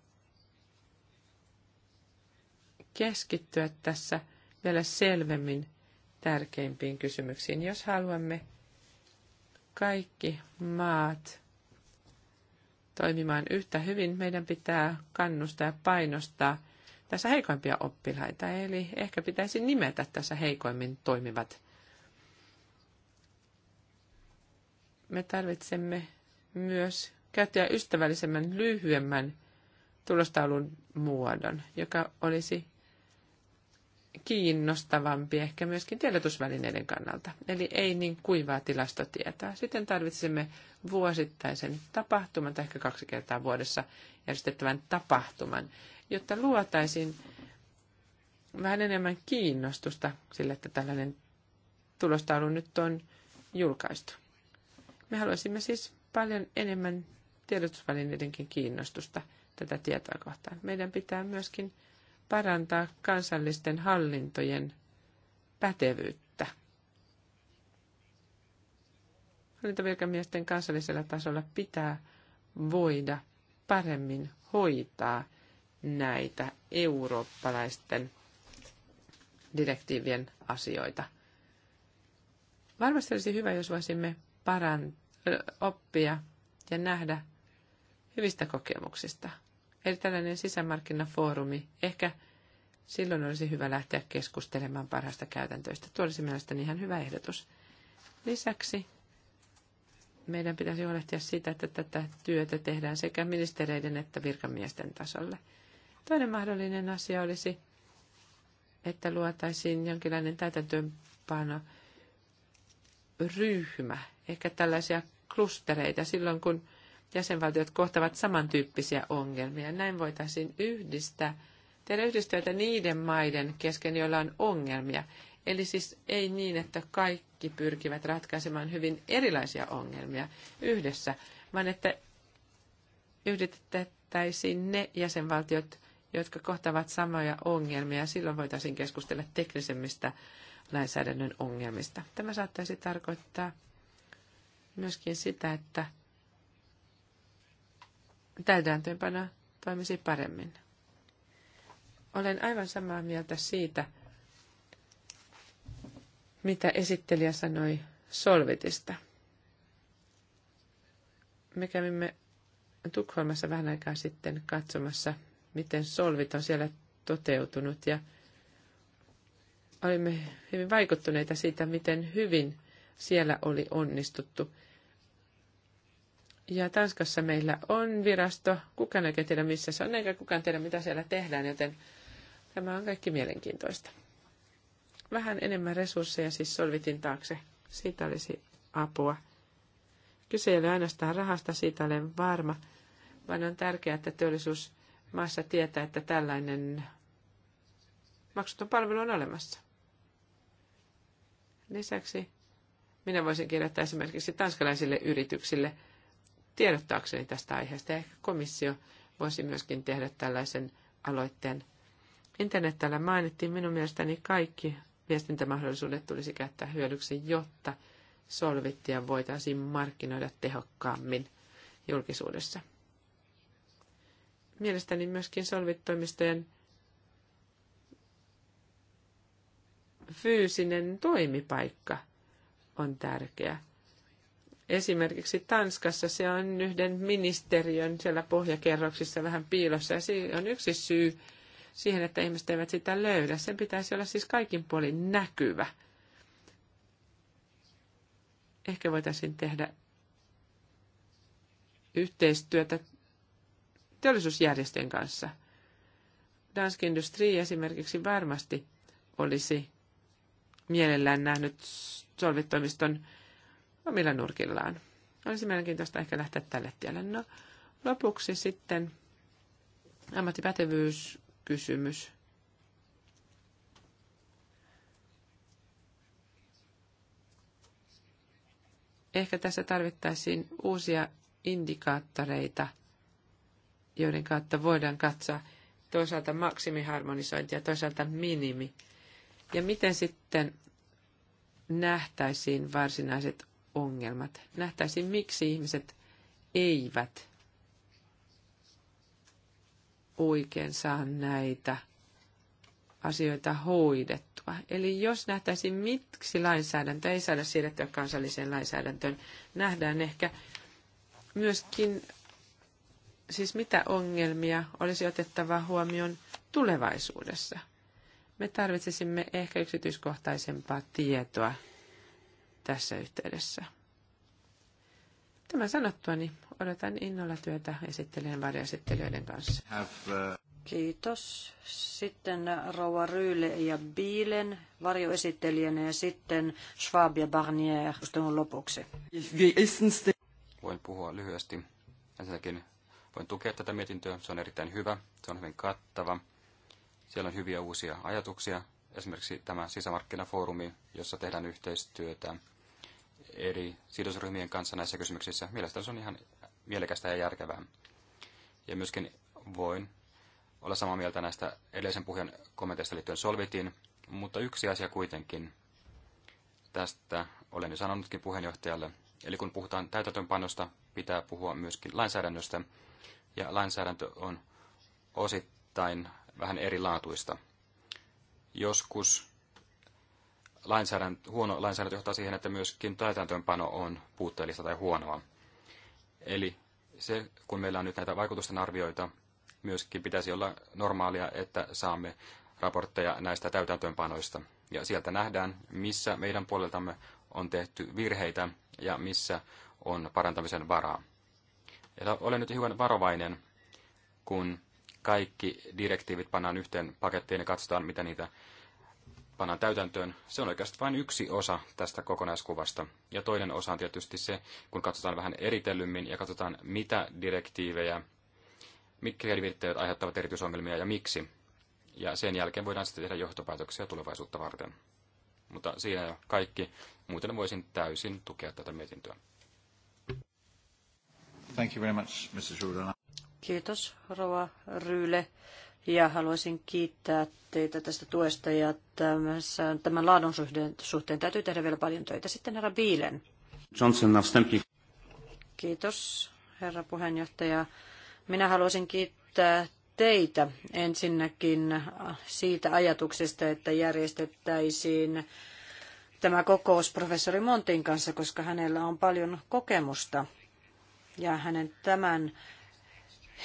keskittyä tässä vielä selvemmin tärkeimpiin kysymyksiin, jos haluamme – kaikki maat toimimaan yhtä hyvin. Meidän pitää kannustaa ja painostaa tässä heikoimpia oppilaita, eli ehkä pitäisi nimetä tässä heikoimmin toimivat. Me tarvitsemme myös käyttää ystävällisemmän lyhyemmän tulostaulun muodon, joka olisi kiinnostavampi ehkä myöskin tiedotusvälineiden kannalta. Eli ei niin kuivaa tilastotietoa. Sitten tarvitsemme vuosittaisen tapahtuman tai ehkä kaksi kertaa vuodessa järjestettävän tapahtuman, jotta luotaisiin vähän enemmän kiinnostusta sille, että tällainen tulostaulu nyt on julkaistu. Me haluaisimme siis paljon enemmän tiedotusvälineidenkin kiinnostusta tätä tietoa kohtaan. Meidän pitää myöskin – parantaa kansallisten hallintojen pätevyyttä. Hallintovirkamiesten kansallisella tasolla pitää voida paremmin hoitaa näitä eurooppalaisten direktiivien asioita. Varmasti olisi hyvä, jos voisimme paran, oppia ja nähdä hyvistä kokemuksista – Eli tällainen sisämarkkinafoorumi, ehkä silloin olisi hyvä lähteä keskustelemaan parhaista käytäntöistä. Tuo olisi mielestäni ihan hyvä ehdotus. Lisäksi meidän pitäisi huolehtia siitä, että tätä työtä tehdään sekä ministereiden että virkamiesten tasolle. Toinen mahdollinen asia olisi, että luotaisiin jonkinlainen täytäntöönpano ryhmä, ehkä tällaisia klustereita silloin, kun jäsenvaltiot kohtavat samantyyppisiä ongelmia. Näin voitaisiin yhdistää, tehdä yhdistyötä niiden maiden kesken, joilla on ongelmia. Eli siis ei niin, että kaikki pyrkivät ratkaisemaan hyvin erilaisia ongelmia yhdessä, vaan että yhditettäisiin ne jäsenvaltiot, jotka kohtavat samoja ongelmia. Silloin voitaisiin keskustella teknisemmistä lainsäädännön ongelmista. Tämä saattaisi tarkoittaa myöskin sitä, että täytäntöönpano toimisi paremmin. Olen aivan samaa mieltä siitä, mitä esittelijä sanoi Solvitista. Me kävimme Tukholmassa vähän aikaa sitten katsomassa, miten Solvit on siellä toteutunut ja olimme hyvin vaikuttuneita siitä, miten hyvin siellä oli onnistuttu – ja Tanskassa meillä on virasto. Kukaan ei tiedä, missä se on, eikä kukaan tiedä, mitä siellä tehdään, joten tämä on kaikki mielenkiintoista. Vähän enemmän resursseja siis solvitin taakse. Siitä olisi apua. Kyse ei ole ainoastaan rahasta, siitä olen varma, vaan on tärkeää, että teollisuus maassa tietää, että tällainen maksuton palvelu on olemassa. Lisäksi minä voisin kirjoittaa esimerkiksi tanskalaisille yrityksille – tiedottaakseni tästä aiheesta. Ehkä komissio voisi myöskin tehdä tällaisen aloitteen. Internet täällä mainittiin. Minun mielestäni kaikki viestintämahdollisuudet tulisi käyttää hyödyksi, jotta solvittia voitaisiin markkinoida tehokkaammin julkisuudessa. Mielestäni myöskin solvittoimistojen fyysinen toimipaikka on tärkeä. Esimerkiksi Tanskassa se on yhden ministeriön siellä pohjakerroksissa vähän piilossa ja se on yksi syy siihen, että ihmiset eivät sitä löydä. Sen pitäisi olla siis kaikin puolin näkyvä. Ehkä voitaisiin tehdä yhteistyötä teollisuusjärjestöjen kanssa. Dansk Industri esimerkiksi varmasti olisi mielellään nähnyt solvitoimiston omilla no, nurkillaan. Olisi mielenkiintoista ehkä lähteä tälle tielle. No, lopuksi sitten ammattipätevyyskysymys. Ehkä tässä tarvittaisiin uusia indikaattoreita, joiden kautta voidaan katsoa toisaalta maksimiharmonisointi ja toisaalta minimi. Ja miten sitten nähtäisiin varsinaiset ongelmat. Nähtäisiin, miksi ihmiset eivät oikein saa näitä asioita hoidettua. Eli jos nähtäisiin, miksi lainsäädäntö ei saada siirrettyä kansalliseen lainsäädäntöön, nähdään ehkä myöskin, siis mitä ongelmia olisi otettava huomioon tulevaisuudessa. Me tarvitsisimme ehkä yksityiskohtaisempaa tietoa tässä yhteydessä. Tämä sanottuani odotan innolla työtä esittelijän varjaesittelijöiden kanssa. Uh, Kiitos. Sitten Rauha Ryyle ja Biilen varjoesittelijänä ja sitten Schwab ja Barnier lopuksi. Voin puhua lyhyesti. Ensinnäkin voin tukea tätä mietintöä. Se on erittäin hyvä. Se on hyvin kattava. Siellä on hyviä uusia ajatuksia. Esimerkiksi tämä sisämarkkinafoorumi, jossa tehdään yhteistyötä eri sidosryhmien kanssa näissä kysymyksissä. Mielestäni se on ihan mielekästä ja järkevää. Ja myöskin voin olla samaa mieltä näistä edellisen puheen kommenteista liittyen Solvitiin, mutta yksi asia kuitenkin. Tästä olen jo sanonutkin puheenjohtajalle. Eli kun puhutaan täytäntöönpanosta, pitää puhua myöskin lainsäädännöstä. Ja lainsäädäntö on osittain vähän erilaatuista. Joskus lainsäädäntö, huono lainsäädäntö johtaa siihen, että myöskin täytäntöönpano on puutteellista tai huonoa. Eli se, kun meillä on nyt näitä vaikutusten arvioita, myöskin pitäisi olla normaalia, että saamme raportteja näistä täytäntöönpanoista. Ja sieltä nähdään, missä meidän puoleltamme on tehty virheitä ja missä on parantamisen varaa. Ja olen nyt hiukan varovainen, kun kaikki direktiivit pannaan yhteen pakettiin ja katsotaan, mitä niitä pannaan täytäntöön, se on oikeastaan vain yksi osa tästä kokonaiskuvasta. Ja toinen osa on tietysti se, kun katsotaan vähän eritellymmin ja katsotaan, mitä direktiivejä, mitkä direktiivit aiheuttavat erityisongelmia ja miksi. Ja sen jälkeen voidaan sitten tehdä johtopäätöksiä tulevaisuutta varten. Mutta siinä jo kaikki. Muuten voisin täysin tukea tätä mietintöä. Thank you very much, Mr. Kiitos, Rova Ryyle ja haluaisin kiittää teitä tästä tuesta ja tämässä, tämän laadun suhteen, suhteen täytyy tehdä vielä paljon töitä. Sitten herra Biilen. Johnson, Kiitos, herra puheenjohtaja. Minä haluaisin kiittää teitä ensinnäkin siitä ajatuksesta, että järjestettäisiin tämä kokous professori Montin kanssa, koska hänellä on paljon kokemusta ja hänen tämän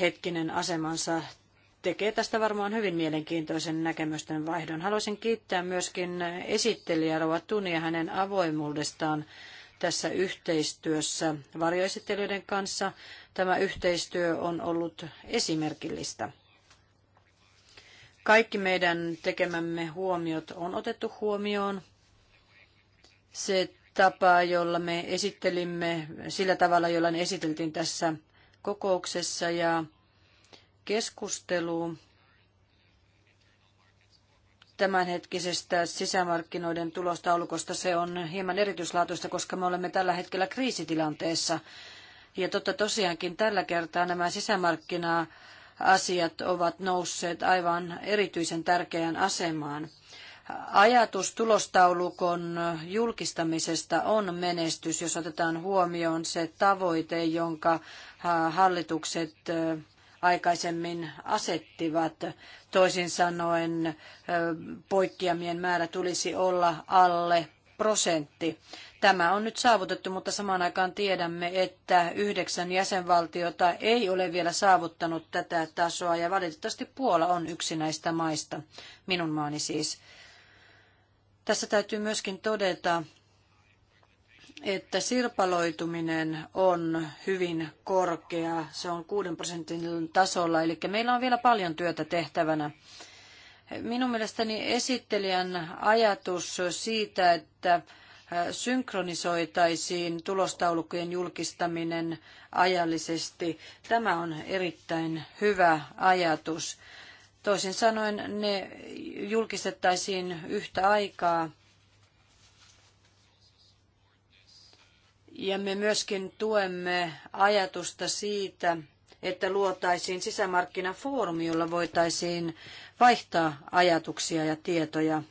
hetkinen asemansa tekee tästä varmaan hyvin mielenkiintoisen näkemysten vaihdon. Haluaisin kiittää myöskin esittelijä Rova Tunia hänen avoimuudestaan tässä yhteistyössä varjoesittelyiden kanssa. Tämä yhteistyö on ollut esimerkillistä. Kaikki meidän tekemämme huomiot on otettu huomioon. Se tapa, jolla me esittelimme, sillä tavalla, jolla ne esiteltiin tässä kokouksessa ja keskustelu tämänhetkisestä sisämarkkinoiden tulostaulukosta. Se on hieman erityislaatuista, koska me olemme tällä hetkellä kriisitilanteessa. Ja totta tosiaankin tällä kertaa nämä sisämarkkina-asiat ovat nousseet aivan erityisen tärkeään asemaan. Ajatus tulostaulukon julkistamisesta on menestys, jos otetaan huomioon se tavoite, jonka hallitukset aikaisemmin asettivat. Toisin sanoen poikkeamien määrä tulisi olla alle prosentti. Tämä on nyt saavutettu, mutta samaan aikaan tiedämme, että yhdeksän jäsenvaltiota ei ole vielä saavuttanut tätä tasoa ja valitettavasti Puola on yksi näistä maista, minun maani siis. Tässä täytyy myöskin todeta, että sirpaloituminen on hyvin korkea. Se on 6 prosentin tasolla, eli meillä on vielä paljon työtä tehtävänä. Minun mielestäni esittelijän ajatus siitä, että synkronisoitaisiin tulostaulukkojen julkistaminen ajallisesti, tämä on erittäin hyvä ajatus. Toisin sanoen ne julkistettaisiin yhtä aikaa – Ja me myöskin tuemme ajatusta siitä, että luotaisiin sisämarkkinafoorumi, jolla voitaisiin vaihtaa ajatuksia ja tietoja.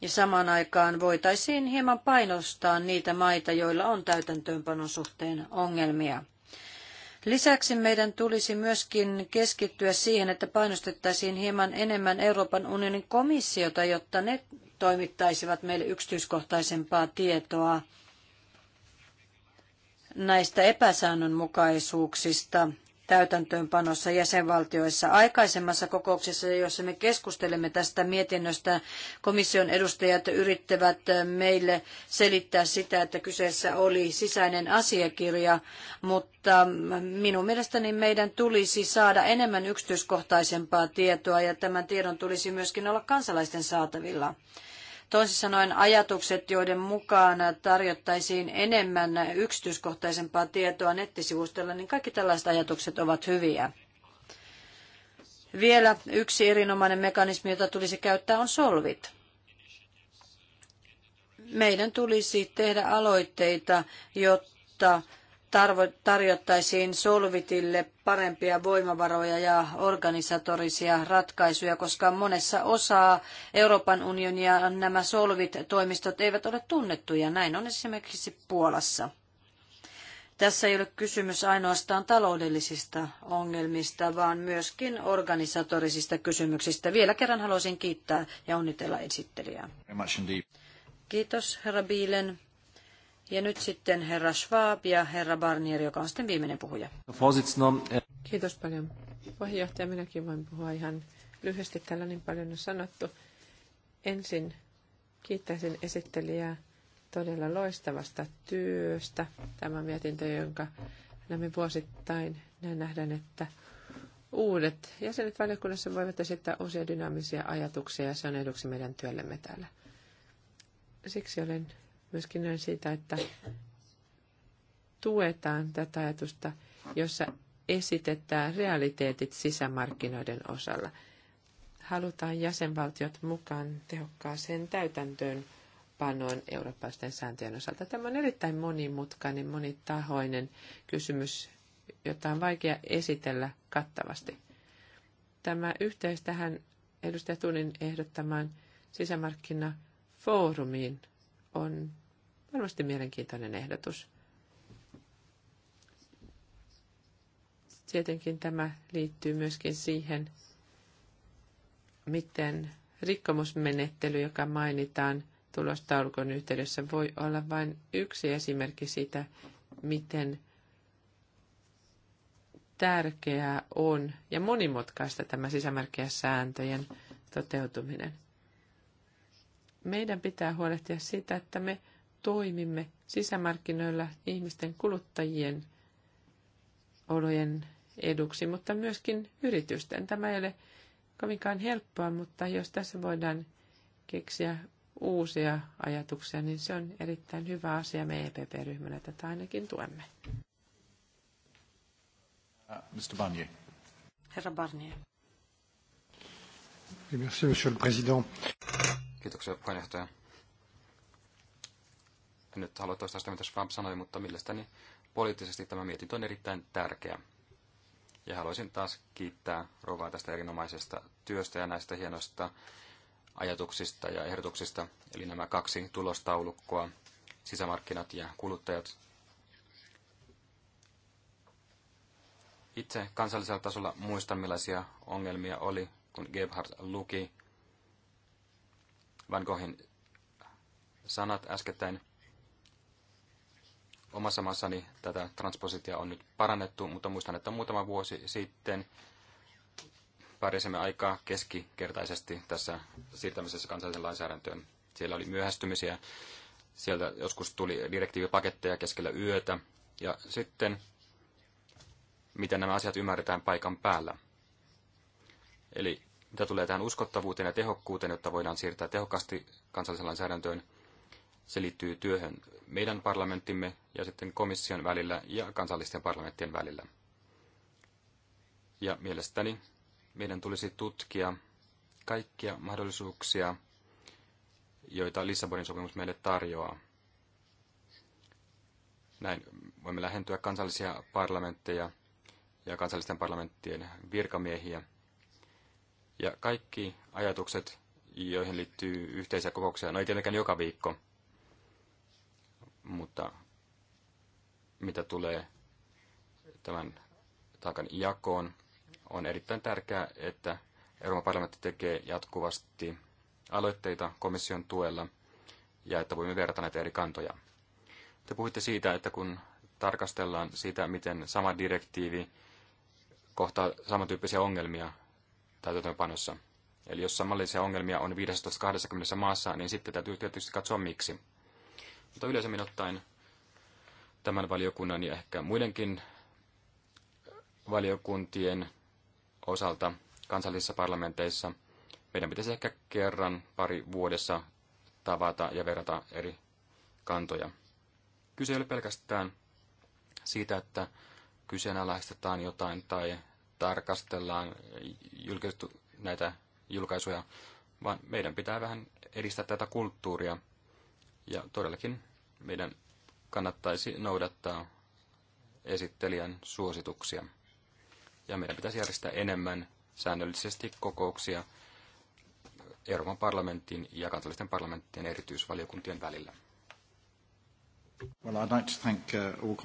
Ja samaan aikaan voitaisiin hieman painostaa niitä maita, joilla on täytäntöönpanon suhteen ongelmia. Lisäksi meidän tulisi myöskin keskittyä siihen, että painostettaisiin hieman enemmän Euroopan unionin komissiota, jotta ne toimittaisivat meille yksityiskohtaisempaa tietoa näistä epäsäännönmukaisuuksista täytäntöönpanossa jäsenvaltioissa. Aikaisemmassa kokouksessa, jossa me keskustelemme tästä mietinnöstä, komission edustajat yrittävät meille selittää sitä, että kyseessä oli sisäinen asiakirja, mutta minun mielestäni meidän tulisi saada enemmän yksityiskohtaisempaa tietoa ja tämän tiedon tulisi myöskin olla kansalaisten saatavilla. Toisin sanoen ajatukset, joiden mukaan tarjottaisiin enemmän yksityiskohtaisempaa tietoa nettisivustolla, niin kaikki tällaiset ajatukset ovat hyviä. Vielä yksi erinomainen mekanismi, jota tulisi käyttää, on solvit meidän tulisi tehdä aloitteita, jotta tarjottaisiin Solvitille parempia voimavaroja ja organisatorisia ratkaisuja, koska monessa osaa Euroopan unionia nämä Solvit-toimistot eivät ole tunnettuja. Näin on esimerkiksi Puolassa. Tässä ei ole kysymys ainoastaan taloudellisista ongelmista, vaan myöskin organisatorisista kysymyksistä. Vielä kerran haluaisin kiittää ja onnitella esittelijää. Kiitos, herra Biilen. Ja nyt sitten herra Schwab ja herra Barnier, joka on sitten viimeinen puhuja. Kiitos paljon. Puheenjohtaja, minäkin voin puhua ihan lyhyesti. Täällä niin paljon on sanottu. Ensin kiittäisin esittelijää todella loistavasta työstä. Tämä mietintö, jonka näemme vuosittain, näin nähdään, että uudet jäsenet valiokunnassa voivat esittää uusia dynaamisia ajatuksia ja se on eduksi meidän työllemme täällä. Siksi olen myöskin näin siitä, että tuetaan tätä ajatusta, jossa esitetään realiteetit sisämarkkinoiden osalla. Halutaan jäsenvaltiot mukaan tehokkaaseen täytäntöön panoon eurooppalaisten sääntöjen osalta. Tämä on erittäin monimutkainen, monitahoinen kysymys, jota on vaikea esitellä kattavasti. Tämä yhteys tähän edustaja Tunin ehdottamaan sisämarkkinafoorumiin on Varmasti mielenkiintoinen ehdotus. Tietenkin tämä liittyy myöskin siihen, miten rikkomusmenettely, joka mainitaan tulostaulukon yhteydessä, voi olla vain yksi esimerkki siitä, miten tärkeää on ja monimutkaista tämä sisämarkkinasääntöjen sääntöjen toteutuminen. Meidän pitää huolehtia siitä, että me toimimme sisämarkkinoilla ihmisten kuluttajien olojen eduksi, mutta myöskin yritysten. Tämä ei ole kovinkaan helppoa, mutta jos tässä voidaan keksiä uusia ajatuksia, niin se on erittäin hyvä asia. Me EPP-ryhmänä tätä ainakin tuemme. Uh, Mr. Barnier. Herra Barnier. Merci, monsieur le président. Kiitoksia puheenjohtaja. En nyt halua toistaa sitä, mitä Trump sanoi, mutta mielestäni poliittisesti tämä mietintö on erittäin tärkeä. Ja haluaisin taas kiittää Rovaa tästä erinomaisesta työstä ja näistä hienoista ajatuksista ja ehdotuksista. Eli nämä kaksi tulostaulukkoa, sisämarkkinat ja kuluttajat. Itse kansallisella tasolla muistan, millaisia ongelmia oli, kun Gebhardt luki Van Goghin sanat äskettäin omassa maassani tätä transpositia on nyt parannettu, mutta muistan, että muutama vuosi sitten pärjäsimme aika keskikertaisesti tässä siirtämisessä kansalliseen lainsäädäntöön. Siellä oli myöhästymisiä, sieltä joskus tuli direktiivipaketteja keskellä yötä, ja sitten miten nämä asiat ymmärretään paikan päällä. Eli mitä tulee tähän uskottavuuteen ja tehokkuuteen, jotta voidaan siirtää tehokkaasti kansalliseen lainsäädäntöön, se liittyy työhön meidän parlamenttimme ja sitten komission välillä ja kansallisten parlamenttien välillä. Ja mielestäni meidän tulisi tutkia kaikkia mahdollisuuksia, joita Lissabonin sopimus meille tarjoaa. Näin voimme lähentyä kansallisia parlamentteja ja kansallisten parlamenttien virkamiehiä. Ja kaikki ajatukset, joihin liittyy yhteisiä kokouksia, no ei tietenkään joka viikko, mutta mitä tulee tämän taakan jakoon, on erittäin tärkeää, että Euroopan parlamentti tekee jatkuvasti aloitteita komission tuella ja että voimme verrata näitä eri kantoja. Te puhuitte siitä, että kun tarkastellaan sitä, miten sama direktiivi kohtaa samantyyppisiä ongelmia täytäntöönpanossa. Eli jos samanlaisia ongelmia on 15-20 maassa, niin sitten täytyy tietysti katsoa miksi. Mutta yleisemmin ottaen tämän valiokunnan ja ehkä muidenkin valiokuntien osalta kansallisissa parlamenteissa meidän pitäisi ehkä kerran pari vuodessa tavata ja verrata eri kantoja. Kyse ei ole pelkästään siitä, että kyseenalaistetaan jotain tai tarkastellaan julkaistu, näitä julkaisuja, vaan meidän pitää vähän edistää tätä kulttuuria, ja todellakin meidän kannattaisi noudattaa esittelijän suosituksia. Ja meidän pitäisi järjestää enemmän säännöllisesti kokouksia Euroopan parlamentin ja kansallisten parlamenttien erityisvaliokuntien välillä. Well, I'd like to thank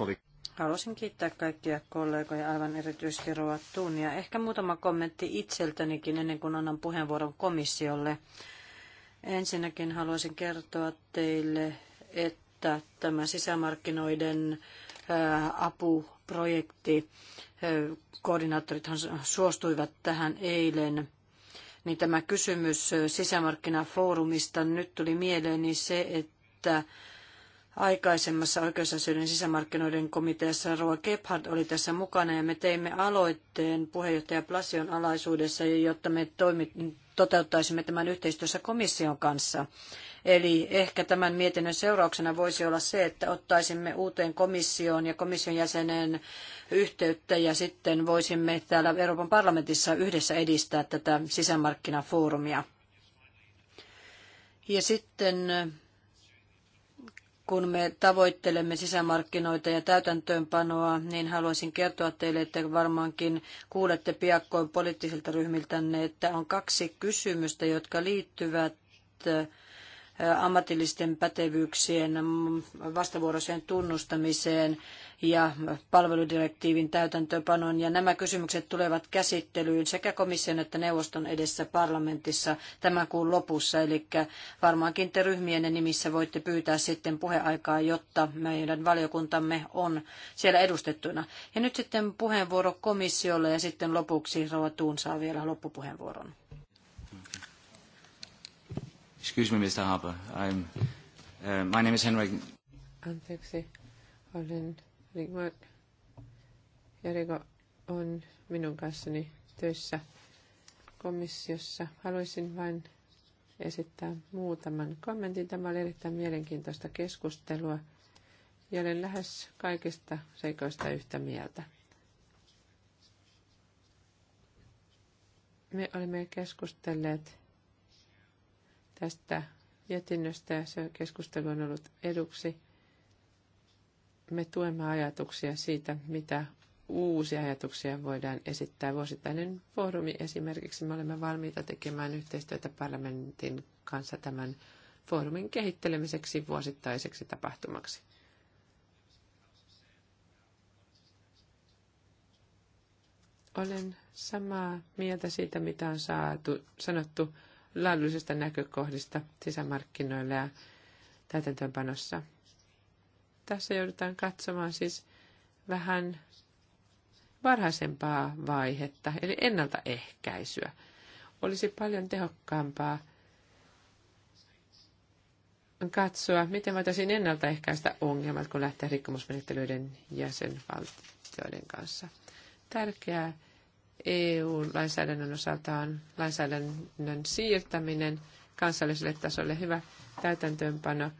uh, all Haluaisin kiittää kaikkia kollegoja, aivan erityisesti Roa ja Ehkä muutama kommentti itseltänikin ennen kuin annan puheenvuoron komissiolle. Ensinnäkin haluaisin kertoa teille, että tämä sisämarkkinoiden apuprojekti, koordinaattorithan suostuivat tähän eilen, niin tämä kysymys sisämarkkinafoorumista nyt tuli mieleeni niin se, että aikaisemmassa oikeusasioiden sisämarkkinoiden komiteassa Roa Gebhard oli tässä mukana ja me teimme aloitteen puheenjohtaja Plasion alaisuudessa, jotta me toimit, toteuttaisimme tämän yhteistyössä komission kanssa. Eli ehkä tämän mietinnön seurauksena voisi olla se, että ottaisimme uuteen komissioon ja komission jäsenen yhteyttä ja sitten voisimme täällä Euroopan parlamentissa yhdessä edistää tätä sisämarkkinafoorumia. Ja sitten kun me tavoittelemme sisämarkkinoita ja täytäntöönpanoa, niin haluaisin kertoa teille, että varmaankin kuulette piakkoin poliittisilta ryhmiltänne, että on kaksi kysymystä, jotka liittyvät ammatillisten pätevyyksien vastavuoroiseen tunnustamiseen ja palveludirektiivin täytäntöönpanoon. Ja nämä kysymykset tulevat käsittelyyn sekä komission että neuvoston edessä parlamentissa tämän kuun lopussa. Eli varmaankin te ryhmienne nimissä voitte pyytää sitten puheaikaa, jotta meidän valiokuntamme on siellä edustettuna. Ja nyt sitten puheenvuoro komissiolle ja sitten lopuksi Rova Tuun saa vielä loppupuheenvuoron. Excuse me, Mr. Harper. I'm, uh, my name is Henrik. Anteeksi, olen Rigmar. Jarego on minun kanssani töissä komissiossa. Haluaisin vain esittää muutaman kommentin. Tämä oli erittäin mielenkiintoista keskustelua ja olen lähes kaikista seikoista yhtä mieltä. Me olemme keskustelleet tästä jätinnöstä. Se keskustelu on ollut eduksi. Me tuemme ajatuksia siitä, mitä uusia ajatuksia voidaan esittää. Vuosittainen foorumi esimerkiksi. Me olemme valmiita tekemään yhteistyötä parlamentin kanssa tämän foorumin kehittelemiseksi vuosittaiseksi tapahtumaksi. Olen samaa mieltä siitä, mitä on saatu, sanottu laadullisista näkökohdista sisämarkkinoilla ja täytäntöönpanossa. Tässä joudutaan katsomaan siis vähän varhaisempaa vaihetta, eli ennaltaehkäisyä. Olisi paljon tehokkaampaa katsoa, miten voitaisiin ennaltaehkäistä ongelmat, kun lähtee rikkomusmenettelyiden jäsenvaltioiden kanssa. Tärkeää EU-lainsäädännön osalta on lainsäädännön siirtäminen kansalliselle tasolle hyvä täytäntöönpano.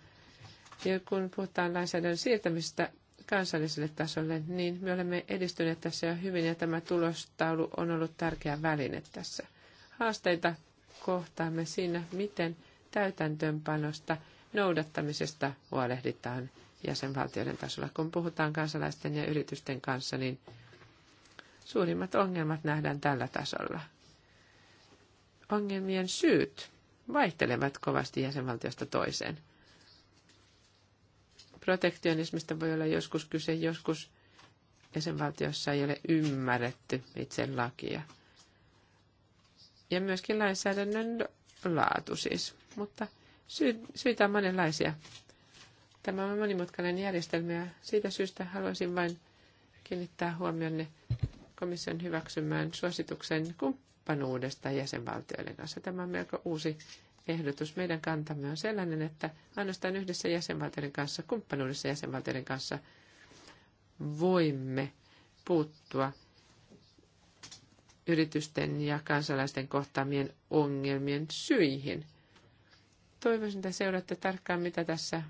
Ja kun puhutaan lainsäädännön siirtämisestä kansalliselle tasolle, niin me olemme edistyneet tässä jo hyvin ja tämä tulostaulu on ollut tärkeä väline tässä. Haasteita kohtaamme siinä, miten täytäntöönpanosta noudattamisesta huolehditaan jäsenvaltioiden tasolla. Kun puhutaan kansalaisten ja yritysten kanssa, niin Suurimmat ongelmat nähdään tällä tasolla. Ongelmien syyt vaihtelevat kovasti jäsenvaltiosta toiseen. Protektionismista voi olla joskus kyse, joskus jäsenvaltiossa ei ole ymmärretty itse lakia. Ja myöskin lainsäädännön laatu siis. Mutta sy- syitä on monenlaisia. Tämä on monimutkainen järjestelmä ja siitä syystä haluaisin vain kiinnittää huomionne komission hyväksymään suosituksen kumppanuudesta jäsenvaltioiden kanssa. Tämä on melko uusi ehdotus. Meidän kantamme on sellainen, että ainoastaan yhdessä jäsenvaltioiden kanssa, kumppanuudessa jäsenvaltioiden kanssa voimme puuttua yritysten ja kansalaisten kohtaamien ongelmien syihin. Toivoisin, että seuraatte tarkkaan, mitä tässä,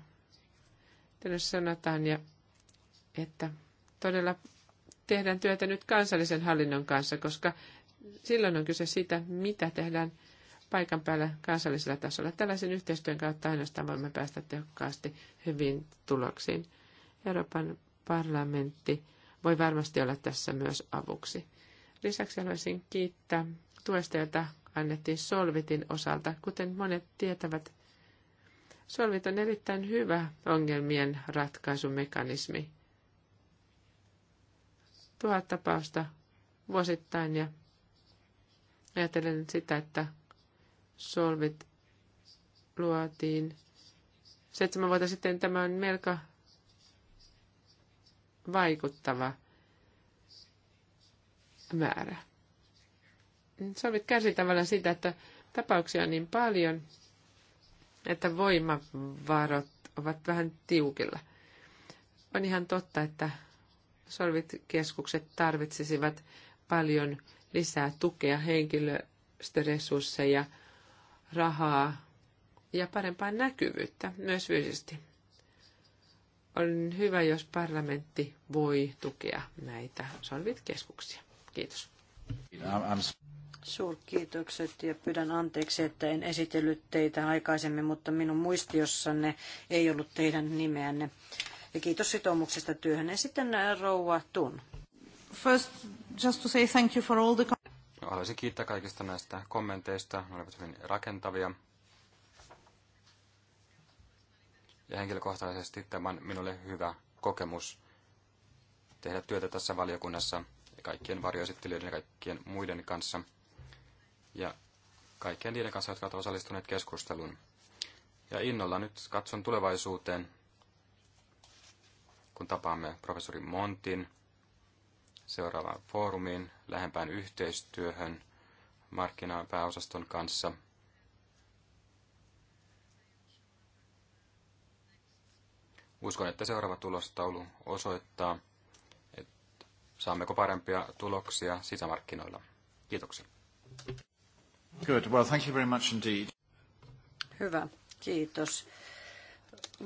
sanotaan, ja että todella tehdään työtä nyt kansallisen hallinnon kanssa, koska silloin on kyse siitä, mitä tehdään paikan päällä kansallisella tasolla. Tällaisen yhteistyön kautta ainoastaan voimme päästä tehokkaasti hyvin tuloksiin. Euroopan parlamentti voi varmasti olla tässä myös avuksi. Lisäksi haluaisin kiittää tuesta, jota annettiin Solvitin osalta. Kuten monet tietävät, Solvit on erittäin hyvä ongelmien ratkaisumekanismi tuhat tapausta vuosittain ja ajattelen sitä, että solvit luotiin seitsemän vuotta sitten. Tämä on melko vaikuttava määrä. Solvit kärsii tavallaan sitä, että tapauksia on niin paljon, että voimavarot ovat vähän tiukilla. On ihan totta, että keskukset tarvitsisivat paljon lisää tukea, henkilöstöresursseja, rahaa ja parempaa näkyvyyttä myös fyysisesti. On hyvä, jos parlamentti voi tukea näitä Solvit-keskuksia. Kiitos. Suurkiitokset ja pyydän anteeksi, että en esitellyt teitä aikaisemmin, mutta minun muistiossanne ei ollut teidän nimeänne kiitos sitoumuksesta työhön. Ja sitten Rouva Tun. First, just to say thank you for all the... Haluaisin kiittää kaikista näistä kommenteista. Ne olivat hyvin rakentavia. Ja henkilökohtaisesti tämä on minulle hyvä kokemus tehdä työtä tässä valiokunnassa kaikkien varjoesittelijöiden ja kaikkien muiden kanssa. Ja kaikkien niiden kanssa, jotka ovat osallistuneet keskusteluun. Ja innolla nyt katson tulevaisuuteen kun tapaamme professori Montin seuraavaan foorumiin, lähempään yhteistyöhön markkinapääosaston kanssa. Uskon, että seuraava tulostaulu osoittaa, että saammeko parempia tuloksia sisämarkkinoilla. Kiitoksia. Good. Well, thank you very much indeed. Hyvä, kiitos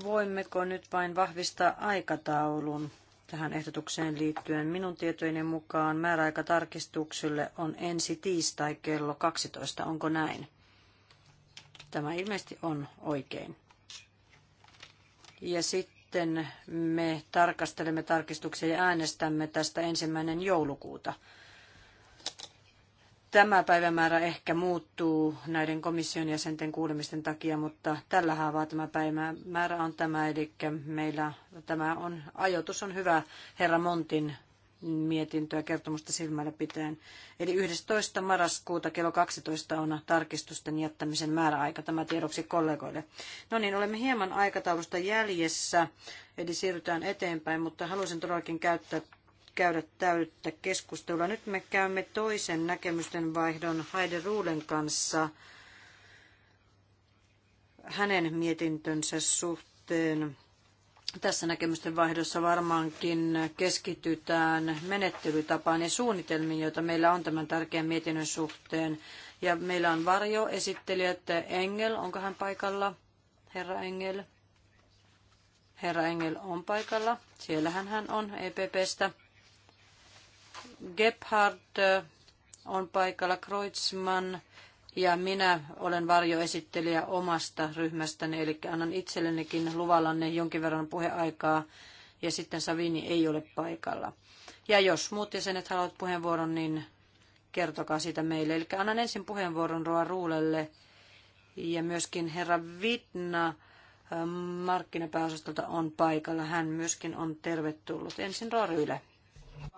voimmeko nyt vain vahvistaa aikataulun tähän ehdotukseen liittyen? Minun tietojeni mukaan määräaika tarkistukselle on ensi tiistai kello 12. Onko näin? Tämä ilmeisesti on oikein. Ja sitten me tarkastelemme tarkistuksia ja äänestämme tästä ensimmäinen joulukuuta. Tämä päivämäärä ehkä muuttuu näiden komission jäsenten kuulemisten takia, mutta tällä haavaa tämä päivämäärä on tämä, eli meillä tämä on, ajoitus on hyvä herra Montin mietintöä kertomusta silmällä pitäen. Eli 11. marraskuuta kello 12 on tarkistusten jättämisen määräaika. Tämä tiedoksi kollegoille. No niin, olemme hieman aikataulusta jäljessä, eli siirrytään eteenpäin, mutta halusin todellakin käyttää käydä täyttä keskustelua. Nyt me käymme toisen näkemysten vaihdon Haide Ruulen kanssa hänen mietintönsä suhteen. Tässä näkemysten vaihdossa varmaankin keskitytään menettelytapaan ja suunnitelmiin, joita meillä on tämän tärkeän mietinnön suhteen. Ja meillä on varjo että Engel, onko hän paikalla? Herra Engel. Herra Engel on paikalla. Siellähän hän on EPPstä. Gebhard äh, on paikalla, Kreutzmann ja minä olen varjoesittelijä omasta ryhmästäni, eli annan itsellenikin luvallanne jonkin verran puheaikaa, ja sitten Savini ei ole paikalla. Ja jos muut jäsenet haluavat puheenvuoron, niin kertokaa sitä meille. Eli annan ensin puheenvuoron Roa Ruulelle ja myöskin herra Vitna äh, markkinapääosastolta on paikalla. Hän myöskin on tervetullut. Ensin Roa Ryyle.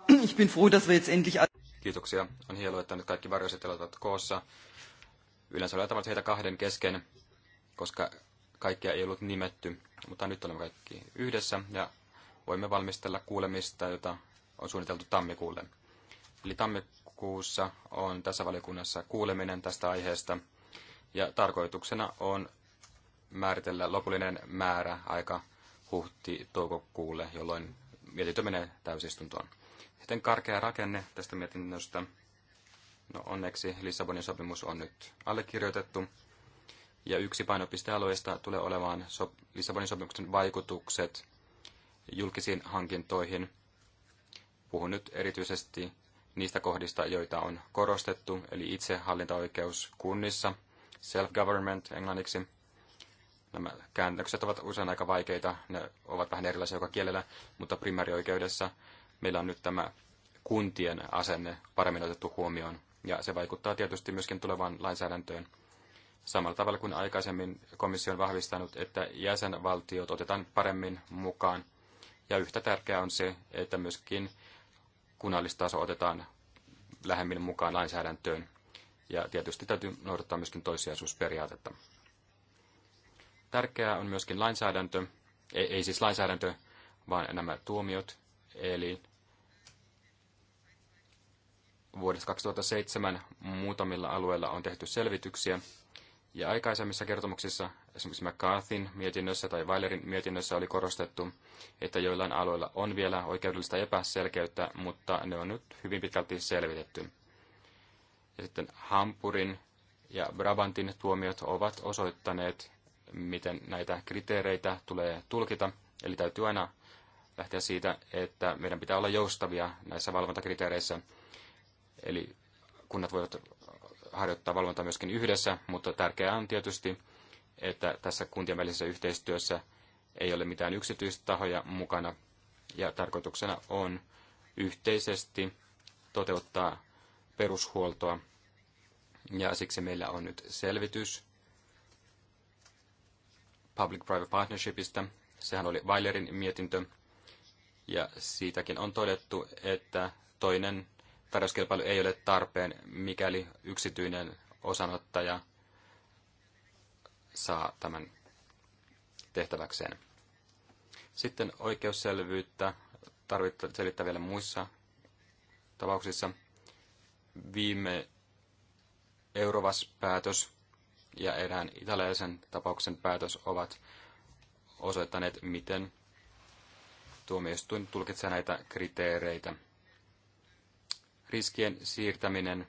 Ich bin froh, dass wir jetzt endlich... Kiitoksia. On hienoa, että nyt kaikki varjositelot ovat koossa. Yleensä olen heitä kahden kesken, koska kaikkia ei ollut nimetty. Mutta nyt olemme kaikki yhdessä ja voimme valmistella kuulemista, jota on suunniteltu tammikuulle. Eli tammikuussa on tässä valiokunnassa kuuleminen tästä aiheesta. Ja tarkoituksena on määritellä lopullinen määrä aika huhti-toukokuulle, jolloin mietintö menee täysistuntoon. Sitten karkea rakenne tästä mietinnöstä. No onneksi Lissabonin sopimus on nyt allekirjoitettu. Ja yksi painopistealueista tulee olemaan sop- Lissabonin sopimuksen vaikutukset julkisiin hankintoihin. Puhun nyt erityisesti niistä kohdista, joita on korostettu, eli itsehallintaoikeus kunnissa, self-government englanniksi. Nämä käännökset ovat usein aika vaikeita, ne ovat vähän erilaisia joka kielellä, mutta primäärioikeudessa meillä on nyt tämä kuntien asenne paremmin otettu huomioon, ja se vaikuttaa tietysti myöskin tulevaan lainsäädäntöön. Samalla tavalla kuin aikaisemmin komissio on vahvistanut, että jäsenvaltiot otetaan paremmin mukaan, ja yhtä tärkeää on se, että myöskin kunnallistaso otetaan lähemmin mukaan lainsäädäntöön, ja tietysti täytyy noudattaa myöskin toissijaisuusperiaatetta. Tärkeää on myöskin lainsäädäntö, ei, ei siis lainsäädäntö, vaan nämä tuomiot, eli Vuodesta 2007 muutamilla alueilla on tehty selvityksiä, ja aikaisemmissa kertomuksissa, esimerkiksi McCarthyn mietinnössä tai Weilerin mietinnössä oli korostettu, että joillain alueilla on vielä oikeudellista epäselkeyttä, mutta ne on nyt hyvin pitkälti selvitetty. Ja sitten Hampurin ja Brabantin tuomiot ovat osoittaneet, miten näitä kriteereitä tulee tulkita. Eli täytyy aina lähteä siitä, että meidän pitää olla joustavia näissä valvontakriteereissä, Eli kunnat voivat harjoittaa valvontaa myöskin yhdessä, mutta tärkeää on tietysti, että tässä kuntien välisessä yhteistyössä ei ole mitään yksityistä tahoja mukana, ja tarkoituksena on yhteisesti toteuttaa perushuoltoa, ja siksi meillä on nyt selvitys Public-Private Partnershipista. Sehän oli Weilerin mietintö, ja siitäkin on todettu, että toinen tarjouskilpailu ei ole tarpeen, mikäli yksityinen osanottaja saa tämän tehtäväkseen. Sitten oikeusselvyyttä tarvitaan selittää vielä muissa tapauksissa. Viime Eurovas-päätös ja erään italialaisen tapauksen päätös ovat osoittaneet, miten tuomioistuin tulkitsee näitä kriteereitä riskien siirtäminen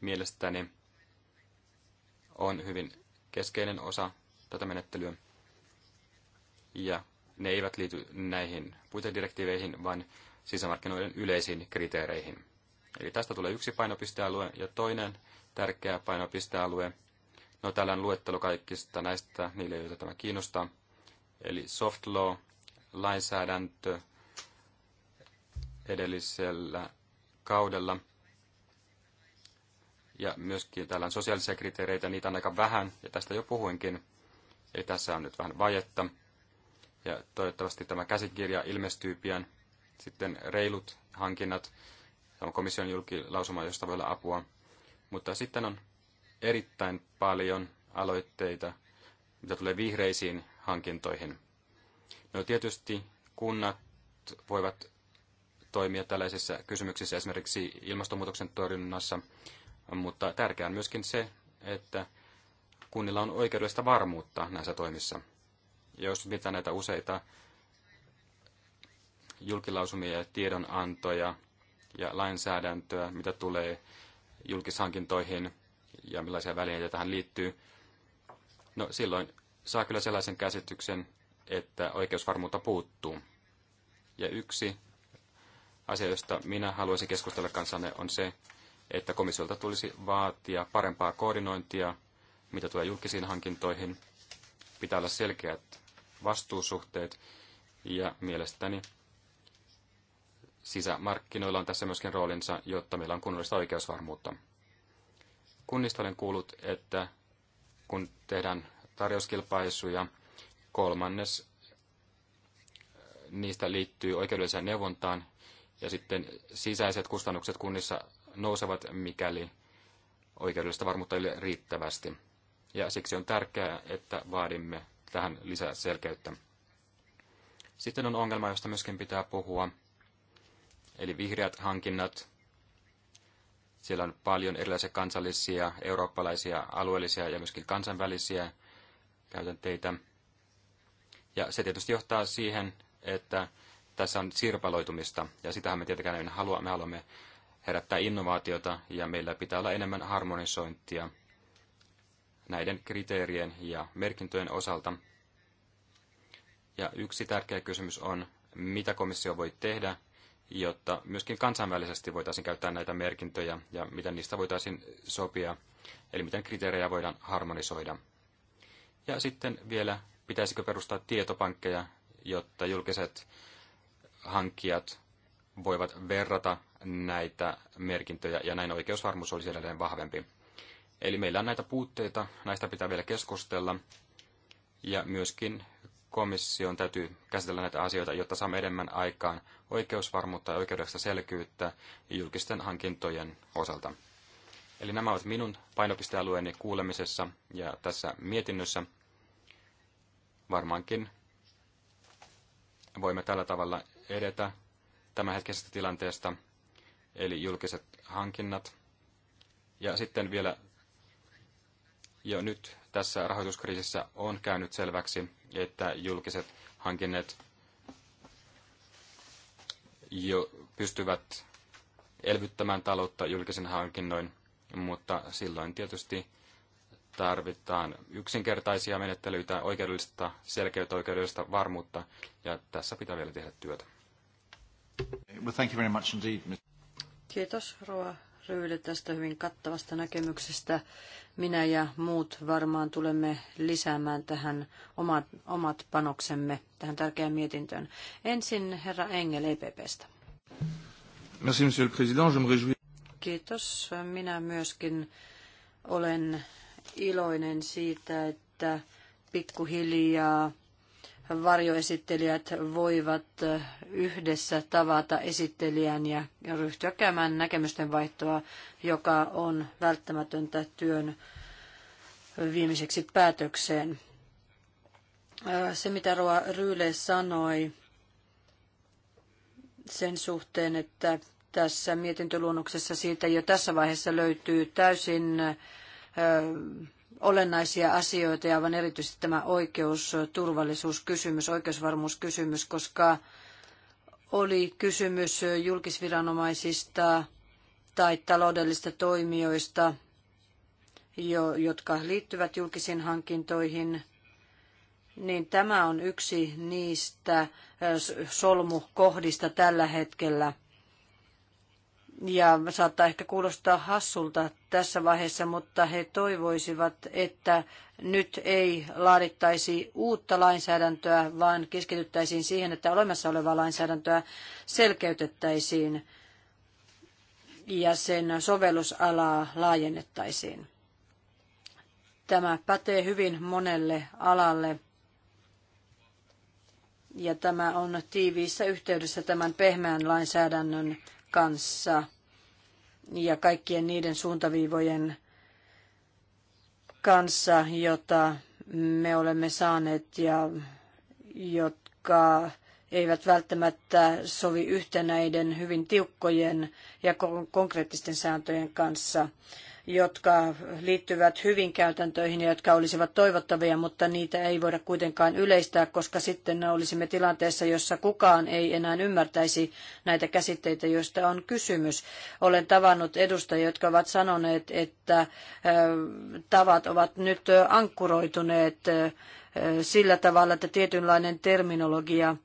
mielestäni on hyvin keskeinen osa tätä menettelyä. Ja ne eivät liity näihin puitedirektiiveihin, vaan sisämarkkinoiden yleisiin kriteereihin. Eli tästä tulee yksi painopistealue ja toinen tärkeä painopistealue. No täällä on luettelo kaikista näistä niille, joita tämä kiinnostaa. Eli soft law, lainsäädäntö edellisellä kaudella. Ja myöskin täällä on sosiaalisia kriteereitä, niitä on aika vähän, ja tästä jo puhuinkin. Eli tässä on nyt vähän vajetta. Ja toivottavasti tämä käsikirja ilmestyy pian. Sitten reilut hankinnat. Tämä on komission julkilausuma, josta voi olla apua. Mutta sitten on erittäin paljon aloitteita, mitä tulee vihreisiin hankintoihin. No tietysti kunnat voivat toimia tällaisissa kysymyksissä, esimerkiksi ilmastonmuutoksen torjunnassa, mutta tärkeää on myöskin se, että kunnilla on oikeudellista varmuutta näissä toimissa. Jos mitä näitä useita julkilausumia ja tiedonantoja ja lainsäädäntöä, mitä tulee julkishankintoihin ja millaisia välineitä tähän liittyy, no silloin saa kyllä sellaisen käsityksen, että oikeusvarmuutta puuttuu. Ja yksi Asia, josta minä haluaisin keskustella kanssanne, on se, että komissiolta tulisi vaatia parempaa koordinointia, mitä tulee julkisiin hankintoihin. Pitää olla selkeät vastuusuhteet ja mielestäni sisämarkkinoilla on tässä myöskin roolinsa, jotta meillä on kunnollista oikeusvarmuutta. Kunnista olen kuullut, että kun tehdään tarjouskilpaisuja, kolmannes niistä liittyy oikeudelliseen neuvontaan, ja sitten sisäiset kustannukset kunnissa nousevat, mikäli oikeudellista varmuutta ei ole riittävästi. Ja siksi on tärkeää, että vaadimme tähän lisää selkeyttä. Sitten on ongelma, josta myöskin pitää puhua, eli vihreät hankinnat. Siellä on paljon erilaisia kansallisia, eurooppalaisia, alueellisia ja myöskin kansainvälisiä käytänteitä. Ja se tietysti johtaa siihen, että tässä on sirpaloitumista, ja sitähän me tietenkään en halua. Me haluamme herättää innovaatiota, ja meillä pitää olla enemmän harmonisointia näiden kriteerien ja merkintöjen osalta. Ja yksi tärkeä kysymys on, mitä komissio voi tehdä, jotta myöskin kansainvälisesti voitaisiin käyttää näitä merkintöjä ja miten niistä voitaisiin sopia, eli miten kriteerejä voidaan harmonisoida. Ja sitten vielä, pitäisikö perustaa tietopankkeja, jotta julkiset hankkijat voivat verrata näitä merkintöjä ja näin oikeusvarmuus olisi edelleen vahvempi. Eli meillä on näitä puutteita, näistä pitää vielä keskustella ja myöskin komission täytyy käsitellä näitä asioita, jotta saamme enemmän aikaan oikeusvarmuutta ja oikeudesta selkyyttä julkisten hankintojen osalta. Eli nämä ovat minun painopistealueeni kuulemisessa ja tässä mietinnössä varmaankin voimme tällä tavalla edetä tämänhetkisestä tilanteesta, eli julkiset hankinnat. Ja sitten vielä jo nyt tässä rahoituskriisissä on käynyt selväksi, että julkiset hankinnat jo pystyvät elvyttämään taloutta julkisen hankinnoin, mutta silloin tietysti tarvitaan yksinkertaisia menettelyitä, oikeudellista selkeyttä, oikeudellista varmuutta, ja tässä pitää vielä tehdä työtä thank you very much indeed. Kiitos Roa Ryyli tästä hyvin kattavasta näkemyksestä. Minä ja muut varmaan tulemme lisäämään tähän omat, omat panoksemme tähän tärkeään mietintöön. Ensin herra Engel EPPstä. Merci, monsieur le président. Je me réjouis. Kiitos. Minä myöskin olen iloinen siitä, että pikkuhiljaa varjoesittelijät voivat yhdessä tavata esittelijän ja ryhtyä käymään näkemysten vaihtoa, joka on välttämätöntä työn viimeiseksi päätökseen. Se, mitä Roa Ryle sanoi sen suhteen, että tässä mietintöluonnoksessa siitä jo tässä vaiheessa löytyy täysin olennaisia asioita ja aivan erityisesti tämä oikeus, turvallisuuskysymys, oikeusvarmuuskysymys, koska oli kysymys julkisviranomaisista tai taloudellisista toimijoista, jo, jotka liittyvät julkisiin hankintoihin, niin tämä on yksi niistä solmukohdista tällä hetkellä – ja saattaa ehkä kuulostaa hassulta tässä vaiheessa, mutta he toivoisivat, että nyt ei laadittaisi uutta lainsäädäntöä, vaan keskityttäisiin siihen, että olemassa olevaa lainsäädäntöä selkeytettäisiin ja sen sovellusalaa laajennettaisiin. Tämä pätee hyvin monelle alalle ja tämä on tiiviissä yhteydessä tämän pehmeän lainsäädännön kanssa ja kaikkien niiden suuntaviivojen kanssa, jota me olemme saaneet ja jotka eivät välttämättä sovi yhtä näiden hyvin tiukkojen ja konkreettisten sääntöjen kanssa jotka liittyvät hyvin käytäntöihin ja jotka olisivat toivottavia, mutta niitä ei voida kuitenkaan yleistää, koska sitten olisimme tilanteessa, jossa kukaan ei enää ymmärtäisi näitä käsitteitä, joista on kysymys. Olen tavannut edustajia, jotka ovat sanoneet, että tavat ovat nyt ankkuroituneet sillä tavalla, että tietynlainen terminologia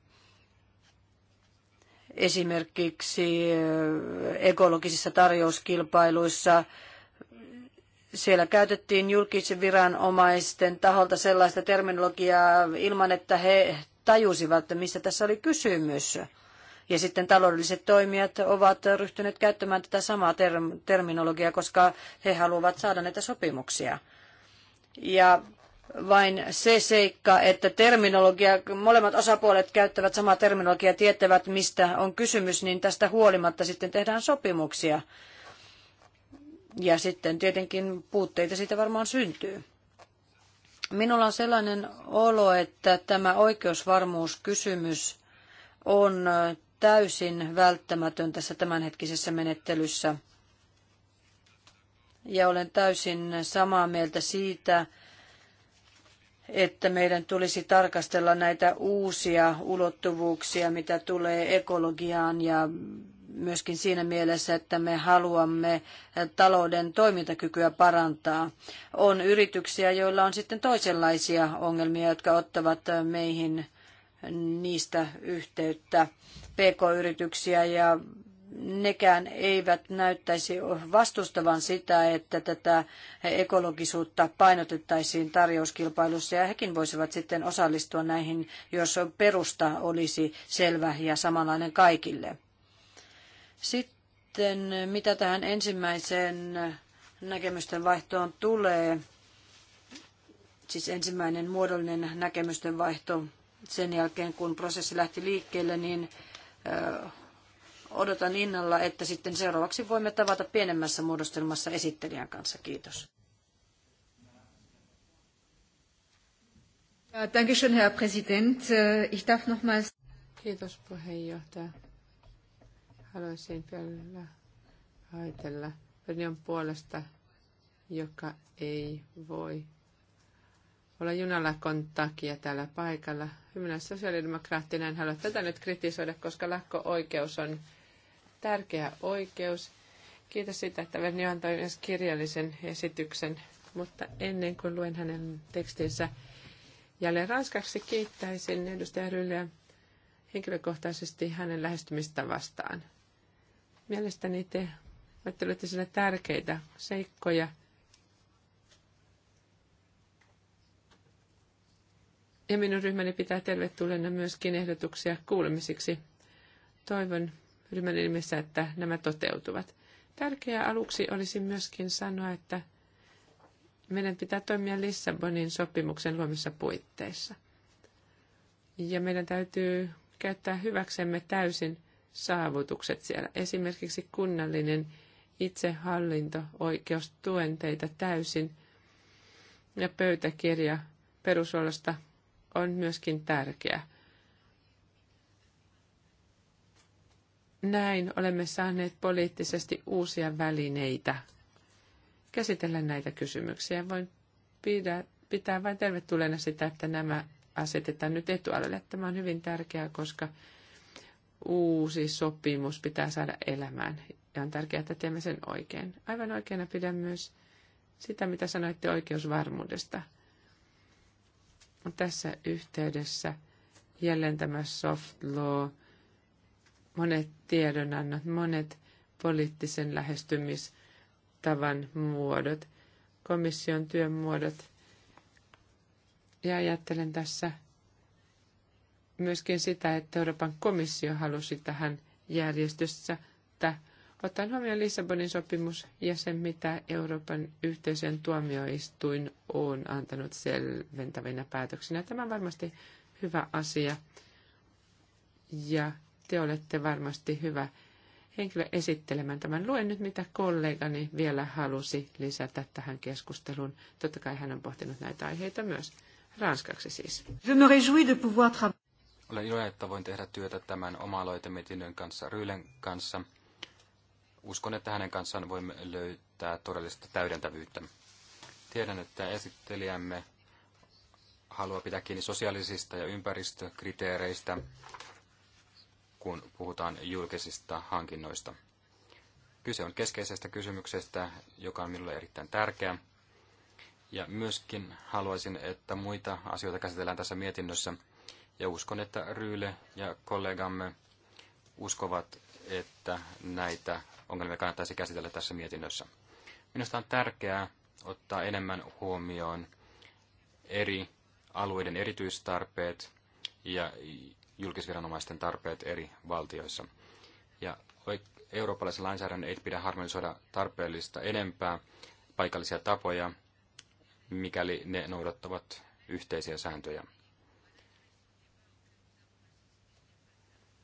esimerkiksi ekologisissa tarjouskilpailuissa – siellä käytettiin julkisen viranomaisten taholta sellaista terminologiaa ilman, että he tajusivat, mistä tässä oli kysymys. Ja sitten taloudelliset toimijat ovat ryhtyneet käyttämään tätä samaa terminologiaa, koska he haluavat saada näitä sopimuksia. Ja vain se seikka, että terminologia, molemmat osapuolet käyttävät samaa terminologiaa, tietävät mistä on kysymys, niin tästä huolimatta sitten tehdään sopimuksia. Ja sitten tietenkin puutteita siitä varmaan syntyy. Minulla on sellainen olo, että tämä oikeusvarmuuskysymys on täysin välttämätön tässä tämänhetkisessä menettelyssä. Ja olen täysin samaa mieltä siitä, että meidän tulisi tarkastella näitä uusia ulottuvuuksia, mitä tulee ekologiaan ja myöskin siinä mielessä, että me haluamme talouden toimintakykyä parantaa. On yrityksiä, joilla on sitten toisenlaisia ongelmia, jotka ottavat meihin niistä yhteyttä. PK-yrityksiä ja nekään eivät näyttäisi vastustavan sitä, että tätä ekologisuutta painotettaisiin tarjouskilpailussa ja hekin voisivat sitten osallistua näihin, jos perusta olisi selvä ja samanlainen kaikille. Sitten mitä tähän ensimmäiseen näkemysten vaihtoon tulee, siis ensimmäinen muodollinen näkemysten vaihto sen jälkeen, kun prosessi lähti liikkeelle, niin odotan innolla, että sitten seuraavaksi voimme tavata pienemmässä muodostelmassa esittelijän kanssa. Kiitos. Dankeschön, Herr Präsident. Äh, ich darf nochmals... Kiitos puheenjohtaja. Haluaisin vielä haitella Vernion puolesta, joka ei voi olla junalakon takia täällä paikalla. Minä sosiaalidemokraattina en halua tätä nyt kritisoida, koska lakko-oikeus on tärkeä oikeus. Kiitos siitä, että Vernio antoi myös kirjallisen esityksen, mutta ennen kuin luen hänen tekstinsä jälleen ranskaksi, kiittäisin edustaja Rylleä henkilökohtaisesti hänen vastaan. Mielestäni te ajattelette sinne tärkeitä seikkoja. Ja minun ryhmäni pitää tervetulleena myöskin ehdotuksia kuulemisiksi. Toivon ryhmän nimissä, että nämä toteutuvat. Tärkeää aluksi olisi myöskin sanoa, että meidän pitää toimia Lissabonin sopimuksen luomissa puitteissa. Ja meidän täytyy käyttää hyväksemme täysin – saavutukset siellä. Esimerkiksi kunnallinen itsehallinto, oikeus, tuen teitä täysin ja pöytäkirja perusolosta on myöskin tärkeä. Näin olemme saaneet poliittisesti uusia välineitä käsitellä näitä kysymyksiä. Voin pidä, pitää vain tervetulleena sitä, että nämä asetetaan nyt etualalle. Tämä on hyvin tärkeää, koska uusi sopimus pitää saada elämään. Ja on tärkeää, että teemme sen oikein. Aivan oikeana pidän myös sitä, mitä sanoitte oikeusvarmuudesta. Tässä yhteydessä jälleen tämä soft law, monet tiedonannot, monet poliittisen lähestymistavan muodot, komission työn muodot. Ja ajattelen tässä myöskin sitä, että Euroopan komissio halusi tähän järjestössä, että otan huomioon Lissabonin sopimus ja sen, mitä Euroopan yhteisön tuomioistuin on antanut selventävinä päätöksinä. Tämä on varmasti hyvä asia ja te olette varmasti hyvä henkilö esittelemään tämän. Luen nyt, mitä kollegani vielä halusi lisätä tähän keskusteluun. Totta kai hän on pohtinut näitä aiheita myös. Ranskaksi siis. Je me réjouis de pouvoir olen iloinen, että voin tehdä työtä tämän oma aloitemietinnön kanssa, Ryylen kanssa. Uskon, että hänen kanssaan voimme löytää todellista täydentävyyttä. Tiedän, että esittelijämme haluaa pitää kiinni sosiaalisista ja ympäristökriteereistä, kun puhutaan julkisista hankinnoista. Kyse on keskeisestä kysymyksestä, joka on minulle erittäin tärkeä. Ja myöskin haluaisin, että muita asioita käsitellään tässä mietinnössä – ja uskon, että Ryyle ja kollegamme uskovat, että näitä ongelmia kannattaisi käsitellä tässä mietinnössä. Minusta on tärkeää ottaa enemmän huomioon eri alueiden erityistarpeet ja julkisviranomaisten tarpeet eri valtioissa. Ja eurooppalaisen lainsäädännön ei pidä harmonisoida tarpeellista enempää paikallisia tapoja, mikäli ne noudattavat yhteisiä sääntöjä.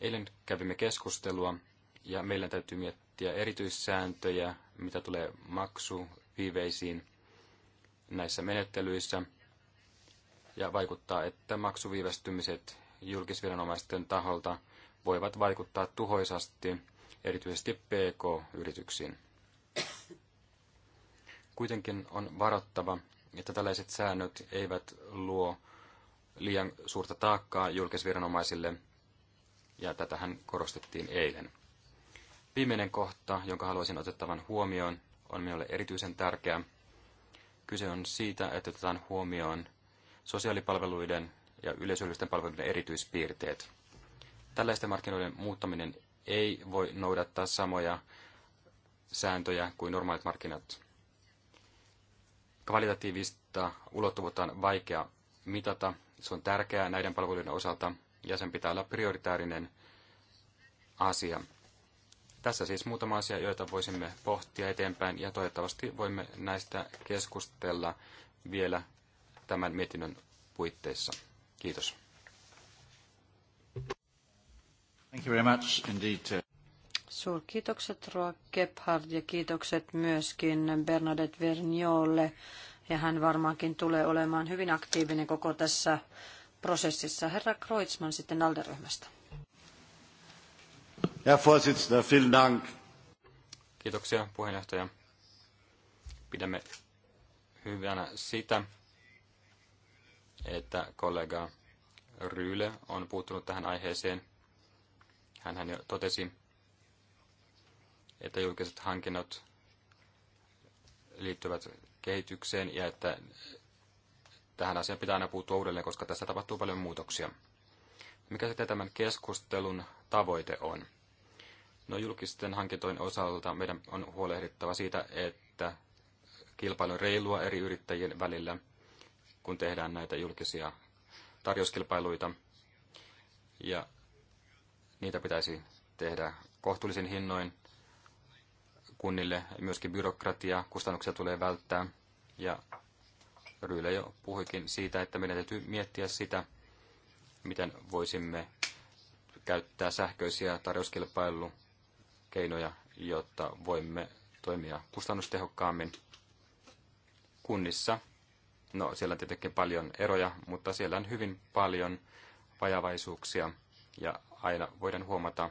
Eilen kävimme keskustelua ja meillä täytyy miettiä erityissääntöjä, mitä tulee maksuviiveisiin näissä menettelyissä. Ja vaikuttaa, että maksuviivästymiset julkisviranomaisten taholta voivat vaikuttaa tuhoisasti erityisesti PK-yrityksiin. Kuitenkin on varottava, että tällaiset säännöt eivät luo liian suurta taakkaa julkisviranomaisille – ja tätähän korostettiin eilen. Viimeinen kohta, jonka haluaisin otettavan huomioon, on minulle erityisen tärkeä. Kyse on siitä, että otetaan huomioon sosiaalipalveluiden ja yleisöllisten palveluiden erityispiirteet. Tällaisten markkinoiden muuttaminen ei voi noudattaa samoja sääntöjä kuin normaalit markkinat. Kvalitatiivista ulottuvuutta on vaikea mitata. Se on tärkeää näiden palveluiden osalta, ja sen pitää olla prioritaarinen asia. Tässä siis muutama asia, joita voisimme pohtia eteenpäin ja toivottavasti voimme näistä keskustella vielä tämän mietinnön puitteissa. Kiitos. Thank you very much uh, Suurkiitokset Roa Gebhard ja kiitokset myöskin Bernadette Verniolle. Ja hän varmaankin tulee olemaan hyvin aktiivinen koko tässä prosessissa. Herra Kreutzmann sitten Alderyhmästä. Herr vielen Dank. Kiitoksia puheenjohtaja. Pidämme hyvänä sitä, että kollega Ryle on puuttunut tähän aiheeseen. Hän jo totesi, että julkiset hankinnot liittyvät kehitykseen ja että tähän asiaan pitää aina puuttua uudelleen, koska tässä tapahtuu paljon muutoksia. Mikä sitten tämän keskustelun tavoite on? No julkisten hankintojen osalta meidän on huolehdittava siitä, että kilpailu on reilua eri yrittäjien välillä, kun tehdään näitä julkisia tarjouskilpailuita. Ja niitä pitäisi tehdä kohtuullisin hinnoin kunnille. Myöskin byrokratia, kustannuksia tulee välttää. Ja Ryyle jo puhuikin siitä, että meidän täytyy miettiä sitä, miten voisimme käyttää sähköisiä tarjouskilpailukeinoja, jotta voimme toimia kustannustehokkaammin kunnissa. No, siellä on tietenkin paljon eroja, mutta siellä on hyvin paljon vajavaisuuksia ja aina voidaan huomata,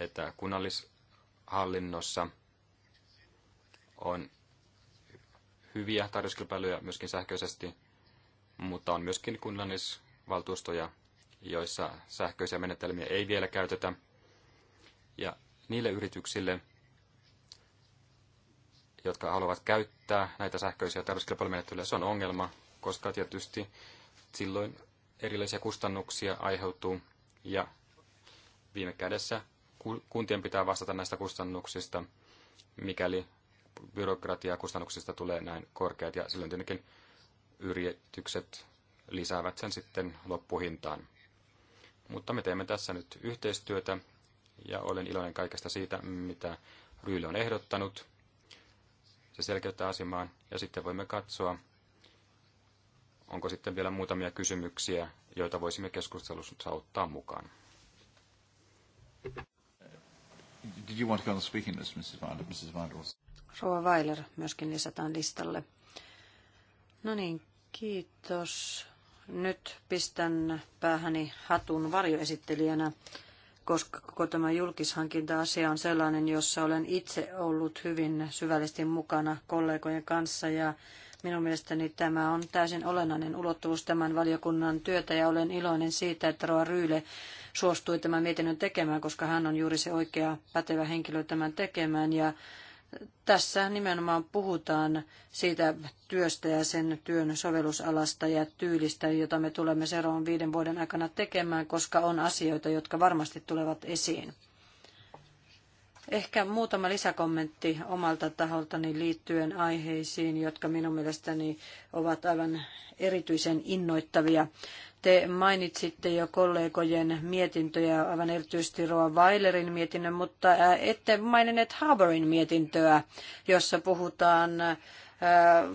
että kunnallishallinnossa on hyviä tarjouskilpailuja myöskin sähköisesti, mutta on myöskin kunnallisvaltuustoja, joissa sähköisiä menetelmiä ei vielä käytetä. Ja niille yrityksille, jotka haluavat käyttää näitä sähköisiä tarjouskilpailumenettelyjä, se on ongelma, koska tietysti silloin erilaisia kustannuksia aiheutuu ja viime kädessä kuntien pitää vastata näistä kustannuksista, mikäli byrokratiakustannuksista tulee näin korkeat ja silloin tietenkin yritykset lisäävät sen sitten loppuhintaan. Mutta me teemme tässä nyt yhteistyötä ja olen iloinen kaikesta siitä, mitä Ryyli on ehdottanut. Se selkeyttää asemaan ja sitten voimme katsoa, onko sitten vielä muutamia kysymyksiä, joita voisimme keskustelussa ottaa mukaan. Did you want to go on speaking this, Mrs. Vander? Mrs. Vander Rova Weiler myöskin lisätään listalle. No niin, kiitos. Nyt pistän päähäni hatun varjoesittelijänä, koska koko tämä julkishankinta-asia on sellainen, jossa olen itse ollut hyvin syvällisesti mukana kollegojen kanssa ja Minun mielestäni tämä on täysin olennainen ulottuvuus tämän valiokunnan työtä ja olen iloinen siitä, että Roa Ryyle suostui tämän mietinnön tekemään, koska hän on juuri se oikea pätevä henkilö tämän tekemään ja tässä nimenomaan puhutaan siitä työstä ja sen työn sovellusalasta ja tyylistä, jota me tulemme seuraavan viiden vuoden aikana tekemään, koska on asioita, jotka varmasti tulevat esiin. Ehkä muutama lisäkommentti omalta taholtani liittyen aiheisiin, jotka minun mielestäni ovat aivan erityisen innoittavia. Te mainitsitte jo kollegojen mietintöjä, aivan erityisesti Roa Weilerin mietinnön, mutta äh, ette maininneet Haberin mietintöä, jossa puhutaan äh,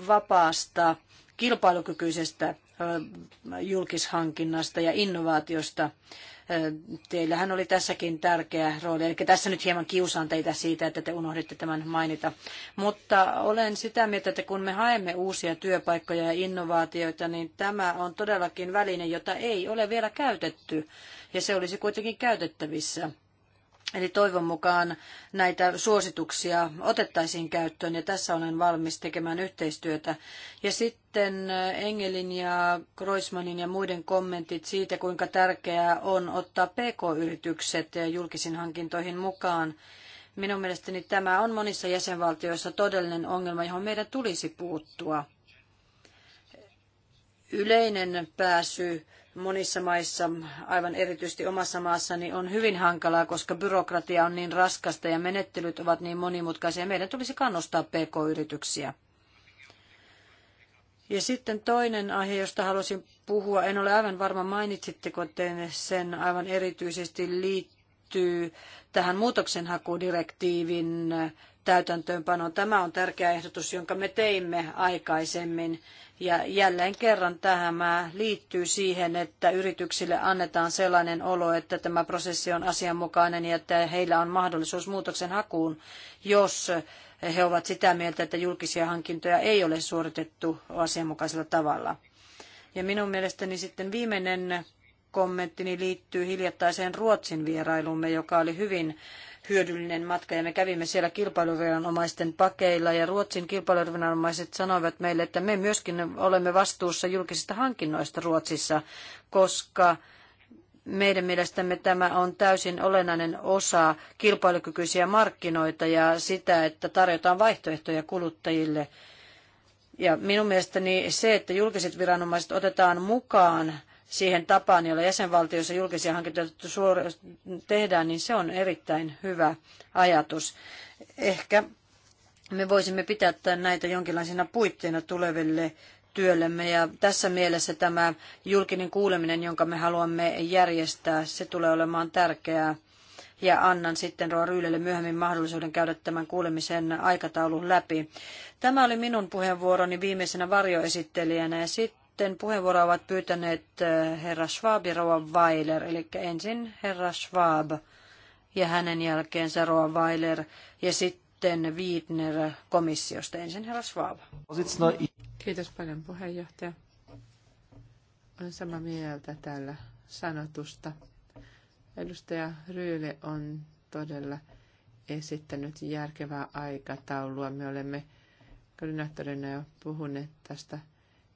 vapaasta kilpailukykyisestä julkishankinnasta ja innovaatiosta. Teillähän oli tässäkin tärkeä rooli, eli tässä nyt hieman kiusaan teitä siitä, että te unohditte tämän mainita. Mutta olen sitä mieltä, että kun me haemme uusia työpaikkoja ja innovaatioita, niin tämä on todellakin väline, jota ei ole vielä käytetty, ja se olisi kuitenkin käytettävissä Eli toivon mukaan näitä suosituksia otettaisiin käyttöön ja tässä olen valmis tekemään yhteistyötä. Ja sitten äh, Engelin ja Kroismanin ja muiden kommentit siitä, kuinka tärkeää on ottaa pk-yritykset julkisiin hankintoihin mukaan. Minun mielestäni tämä on monissa jäsenvaltioissa todellinen ongelma, johon meidän tulisi puuttua. Yleinen pääsy monissa maissa, aivan erityisesti omassa maassani, on hyvin hankalaa, koska byrokratia on niin raskasta ja menettelyt ovat niin monimutkaisia. Meidän tulisi kannustaa pk-yrityksiä. Ja sitten toinen aihe, josta halusin puhua, en ole aivan varma mainitsitteko te sen aivan erityisesti liittyy tähän muutoksenhakudirektiivin täytäntöönpanoon. Tämä on tärkeä ehdotus, jonka me teimme aikaisemmin. Ja jälleen kerran tämä liittyy siihen, että yrityksille annetaan sellainen olo, että tämä prosessi on asianmukainen ja että heillä on mahdollisuus muutoksen hakuun, jos he ovat sitä mieltä, että julkisia hankintoja ei ole suoritettu asianmukaisella tavalla. Ja minun mielestäni sitten viimeinen kommenttini liittyy hiljattaiseen Ruotsin vierailumme, joka oli hyvin hyödyllinen matka ja me kävimme siellä kilpailuviranomaisten pakeilla ja Ruotsin kilpailuviranomaiset sanoivat meille, että me myöskin olemme vastuussa julkisista hankinnoista Ruotsissa, koska meidän mielestämme tämä on täysin olennainen osa kilpailukykyisiä markkinoita ja sitä, että tarjotaan vaihtoehtoja kuluttajille. Ja minun mielestäni se, että julkiset viranomaiset otetaan mukaan siihen tapaan, jolla jäsenvaltioissa julkisia hankintoja tehdään, niin se on erittäin hyvä ajatus. Ehkä me voisimme pitää näitä jonkinlaisina puitteina tuleville työllemme ja tässä mielessä tämä julkinen kuuleminen, jonka me haluamme järjestää, se tulee olemaan tärkeää ja annan sitten Roa Ryylelle myöhemmin mahdollisuuden käydä tämän kuulemisen aikataulun läpi. Tämä oli minun puheenvuoroni viimeisenä varjoesittelijänä ja sitten sitten puheenvuoroa ovat pyytäneet eh, herra Schwab ja Roa Weiler. Eli ensin herra Schwab ja hänen jälkeensä Roa Weiler ja sitten Wiedner komissiosta. Ensin herra Schwab. Kiitos paljon puheenjohtaja. Olen samaa mieltä täällä sanotusta. Edustaja Ryyle on todella esittänyt järkevää aikataulua. Me olemme koordinaattorina jo puhuneet tästä –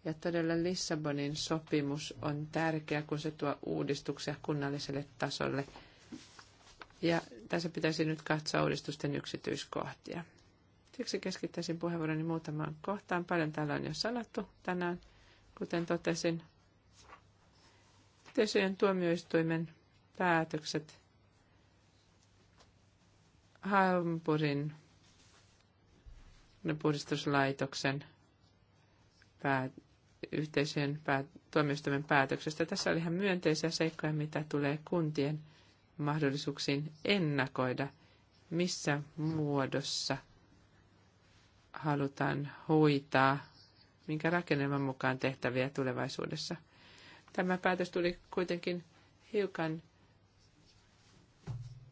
ja todella Lissabonin sopimus on tärkeä, kun se tuo uudistuksia kunnalliselle tasolle. Ja tässä pitäisi nyt katsoa uudistusten yksityiskohtia. Siksi keskittäisin puheenvuoroni muutamaan kohtaan. Paljon täällä on jo sanottu tänään, kuten totesin. Yhteisöjen tuomioistuimen päätökset Hampurin puhdistuslaitoksen päät- yhteisön päät- tuomioistuimen päätöksestä. Tässä oli ihan myönteisiä seikkoja, mitä tulee kuntien mahdollisuuksiin ennakoida, missä muodossa halutaan hoitaa, minkä rakennelman mukaan tehtäviä tulevaisuudessa. Tämä päätös tuli kuitenkin hiukan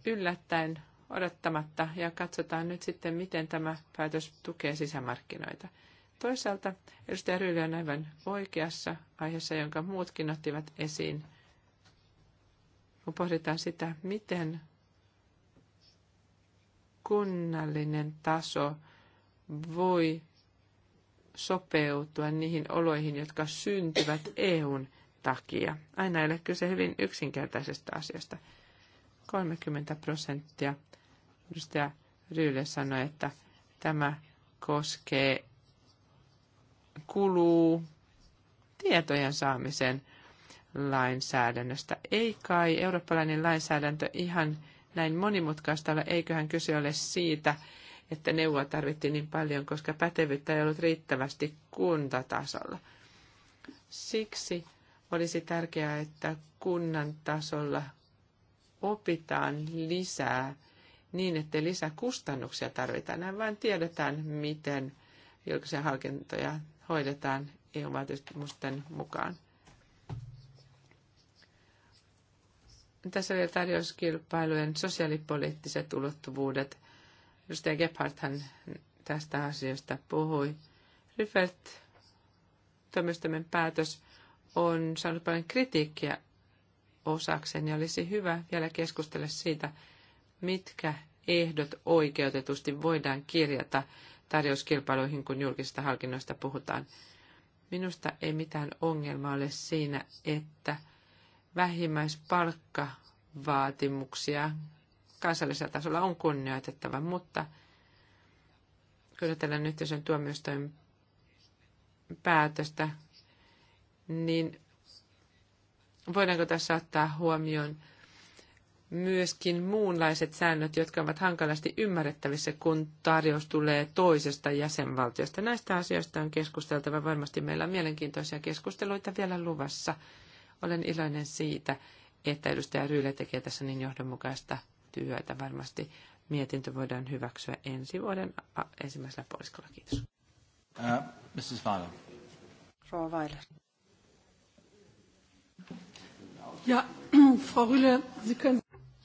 yllättäen odottamatta ja katsotaan nyt sitten, miten tämä päätös tukee sisämarkkinoita. Toisaalta edustaja Ryyli on aivan oikeassa aiheessa, jonka muutkin ottivat esiin, kun pohditaan sitä, miten kunnallinen taso voi sopeutua niihin oloihin, jotka syntyvät EUn takia. Aina ei ole kyse hyvin yksinkertaisesta asiasta. 30 prosenttia, edustaja Ryyle sanoi, että tämä koskee kuluu tietojen saamisen lainsäädännöstä. Ei kai eurooppalainen lainsäädäntö ihan näin monimutkaista ole, eiköhän kyse ole siitä, että neuvoa tarvittiin niin paljon, koska pätevyyttä ei ollut riittävästi kuntatasolla. Siksi olisi tärkeää, että kunnan tasolla opitaan lisää niin, että lisäkustannuksia tarvitaan. Näin vain tiedetään, miten julkisia hankintoja hoidetaan eu mukaan. Tässä oli tarjouskilpailujen sosiaalipoliittiset ulottuvuudet. Edustaja Gebhardthan tästä asiasta puhui. Ryffert tuomioistuimen päätös on saanut paljon kritiikkiä osakseen ja olisi hyvä vielä keskustella siitä, mitkä ehdot oikeutetusti voidaan kirjata tarjouskilpailuihin, kun julkisista hankinnoista puhutaan. Minusta ei mitään ongelmaa ole siinä, että vähimmäispalkkavaatimuksia kansallisella tasolla on kunnioitettava, mutta kyllä tällä yhteisön tuomioistuin päätöstä, niin voidaanko tässä ottaa huomioon myöskin muunlaiset säännöt, jotka ovat hankalasti ymmärrettävissä, kun tarjous tulee toisesta jäsenvaltiosta. Näistä asioista on keskusteltava. Varmasti meillä on mielenkiintoisia keskusteluita vielä luvassa. Olen iloinen siitä, että edustaja Ryyle tekee tässä niin johdonmukaista työtä. Varmasti mietintö voidaan hyväksyä ensi vuoden ensimmäisellä puoliskolla. Kiitos. Uh, Mrs. Weiler. Frau Weiler. Ja, Frau Rühle, Sie können...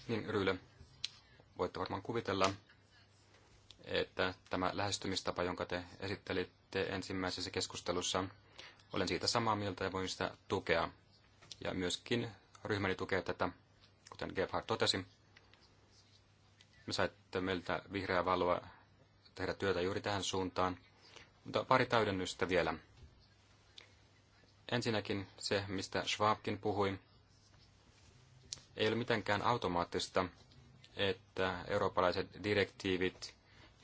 Niin, Ryle, voitte varmaan kuvitella, että tämä lähestymistapa, jonka te esittelitte ensimmäisessä keskustelussa, olen siitä samaa mieltä ja voin sitä tukea. Ja myöskin ryhmäni tukee tätä, kuten Gebhard totesi. Me saitte meiltä vihreää valoa tehdä työtä juuri tähän suuntaan. Mutta pari täydennystä vielä. Ensinnäkin se, mistä Schwabkin puhui, ei ole mitenkään automaattista, että eurooppalaiset direktiivit,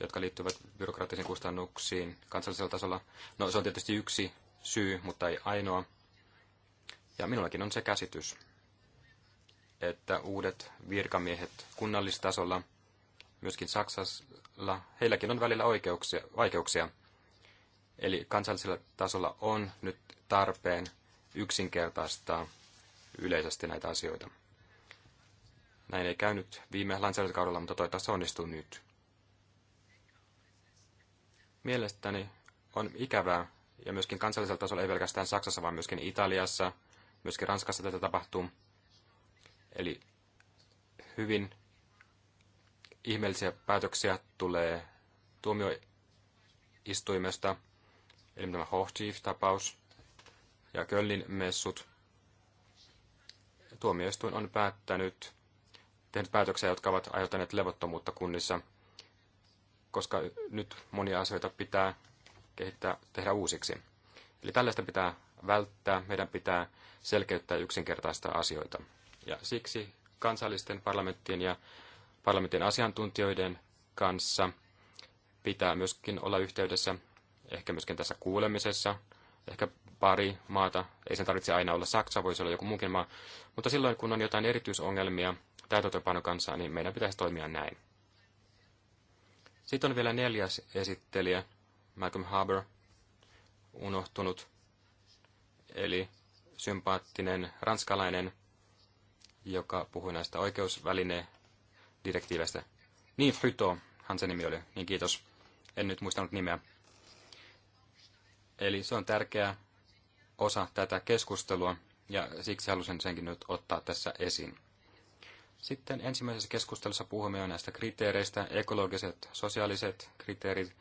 jotka liittyvät byrokraattisiin kustannuksiin kansallisella tasolla, no se on tietysti yksi syy, mutta ei ainoa. Ja minullakin on se käsitys, että uudet virkamiehet kunnallistasolla, myöskin Saksalla, heilläkin on välillä oikeuksia, vaikeuksia. Eli kansallisella tasolla on nyt tarpeen yksinkertaistaa yleisesti näitä asioita. Näin ei käynyt viime lainsäädäntökaudella, mutta toivottavasti se onnistuu nyt. Mielestäni on ikävää, ja myöskin kansallisella tasolla ei pelkästään Saksassa, vaan myöskin Italiassa, myöskin Ranskassa tätä tapahtuu. Eli hyvin ihmeellisiä päätöksiä tulee tuomioistuimesta, eli tämä Hochtief-tapaus ja Köllin messut. Tuomioistuin on päättänyt tehnyt päätöksiä, jotka ovat aiheuttaneet levottomuutta kunnissa, koska nyt monia asioita pitää kehittää, tehdä uusiksi. Eli tällaista pitää välttää, meidän pitää selkeyttää yksinkertaista asioita. Ja siksi kansallisten parlamenttien ja parlamentin asiantuntijoiden kanssa pitää myöskin olla yhteydessä, ehkä myöskin tässä kuulemisessa, ehkä pari maata, ei sen tarvitse aina olla Saksa, voisi olla joku muukin maa, mutta silloin kun on jotain erityisongelmia, kanssa, niin meidän pitäisi toimia näin. Sitten on vielä neljäs esittelijä, Malcolm Harbour, unohtunut, eli sympaattinen ranskalainen, joka puhui näistä oikeusväline Niin, Fryto, hän se nimi oli. Niin kiitos. En nyt muistanut nimeä. Eli se on tärkeä osa tätä keskustelua, ja siksi halusin senkin nyt ottaa tässä esiin. Sitten ensimmäisessä keskustelussa puhumme jo näistä kriteereistä, ekologiset, sosiaaliset kriteerit,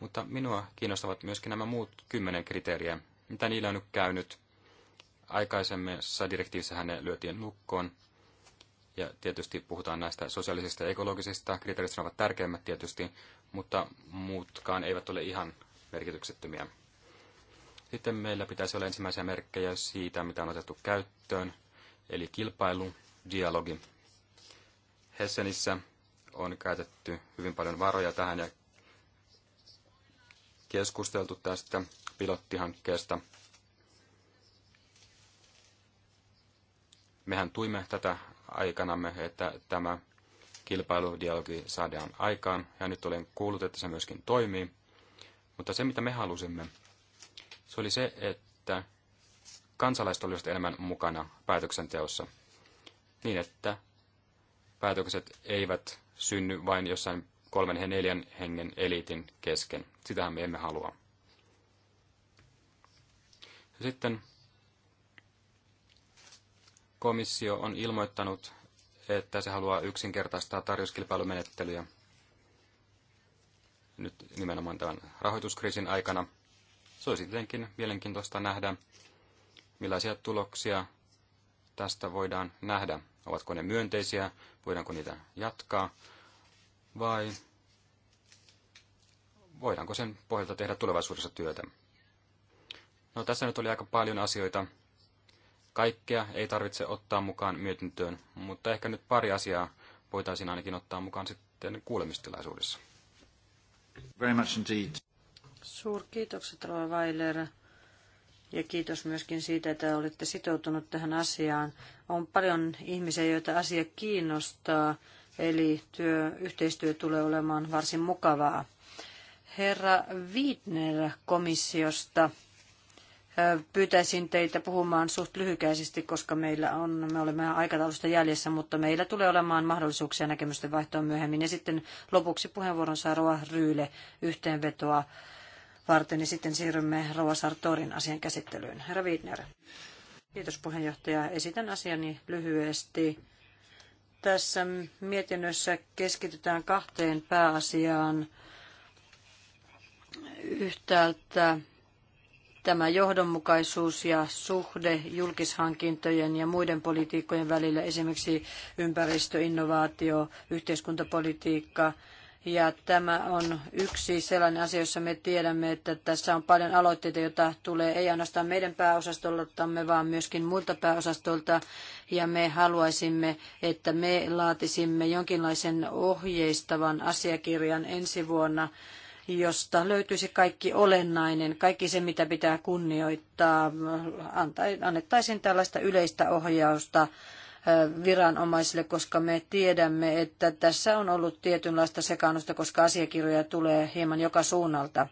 mutta minua kiinnostavat myöskin nämä muut kymmenen kriteeriä, mitä niillä on nyt käynyt. Aikaisemmissa direktiivissähän ne lyötiin lukkoon. Ja tietysti puhutaan näistä sosiaalisista ja ekologisista kriteereistä, ne ovat tärkeimmät tietysti, mutta muutkaan eivät ole ihan merkityksettömiä. Sitten meillä pitäisi olla ensimmäisiä merkkejä siitä, mitä on otettu käyttöön, eli kilpailu, dialogi Hessenissä on käytetty hyvin paljon varoja tähän ja keskusteltu tästä pilottihankkeesta. Mehän tuimme tätä aikanamme, että tämä kilpailudialogi saadaan aikaan, ja nyt olen kuullut, että se myöskin toimii. Mutta se, mitä me halusimme, se oli se, että kansalaiset olisivat enemmän mukana päätöksenteossa, niin että päätökset eivät synny vain jossain kolmen ja neljän hengen eliitin kesken. Sitähän me emme halua. Sitten komissio on ilmoittanut, että se haluaa yksinkertaistaa tarjouskilpailumenettelyjä nyt nimenomaan tämän rahoituskriisin aikana. Se olisi tietenkin mielenkiintoista nähdä, millaisia tuloksia tästä voidaan nähdä, ovatko ne myönteisiä, voidaanko niitä jatkaa vai voidaanko sen pohjalta tehdä tulevaisuudessa työtä. No tässä nyt oli aika paljon asioita. Kaikkea ei tarvitse ottaa mukaan mietintöön, mutta ehkä nyt pari asiaa voitaisiin ainakin ottaa mukaan sitten kuulemistilaisuudessa. Very much indeed. Suurkiitokset, Roy Weiler. Ja kiitos myöskin siitä, että olette sitoutunut tähän asiaan. On paljon ihmisiä, joita asia kiinnostaa, eli työ, yhteistyö tulee olemaan varsin mukavaa. Herra Wittner komissiosta, pyytäisin teitä puhumaan suht lyhykäisesti, koska meillä on, me olemme aikataulusta jäljessä, mutta meillä tulee olemaan mahdollisuuksia näkemysten vaihtoon myöhemmin. Ja sitten lopuksi puheenvuoron saa Roa Ryyle yhteenvetoa varten, niin sitten siirrymme Rova Sartorin asian käsittelyyn. Herra Wittner. Kiitos puheenjohtaja. Esitän asiani lyhyesti. Tässä mietinnössä keskitytään kahteen pääasiaan. Yhtäältä tämä johdonmukaisuus ja suhde julkishankintojen ja muiden politiikkojen välillä, esimerkiksi ympäristö, innovaatio, yhteiskuntapolitiikka – ja tämä on yksi sellainen asia, jossa me tiedämme, että tässä on paljon aloitteita, joita tulee ei ainoastaan meidän pääosastoltamme, vaan myöskin muilta pääosastolta. Ja me haluaisimme, että me laatisimme jonkinlaisen ohjeistavan asiakirjan ensi vuonna, josta löytyisi kaikki olennainen, kaikki se, mitä pitää kunnioittaa. Annettaisiin tällaista yleistä ohjausta viranomaisille, koska me tiedämme, että tässä on ollut tietynlaista sekaannusta, koska asiakirjoja tulee hieman joka suunnalta.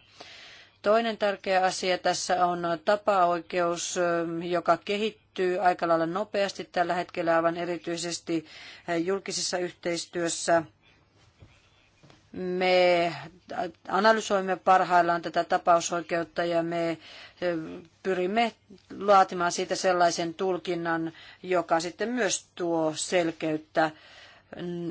Toinen tärkeä asia tässä on tapaoikeus, joka kehittyy aika lailla nopeasti tällä hetkellä aivan erityisesti julkisessa yhteistyössä – me analysoimme parhaillaan tätä tapausoikeutta ja me eh, pyrimme laatimaan siitä sellaisen tulkinnan, joka sitten myös tuo selkeyttä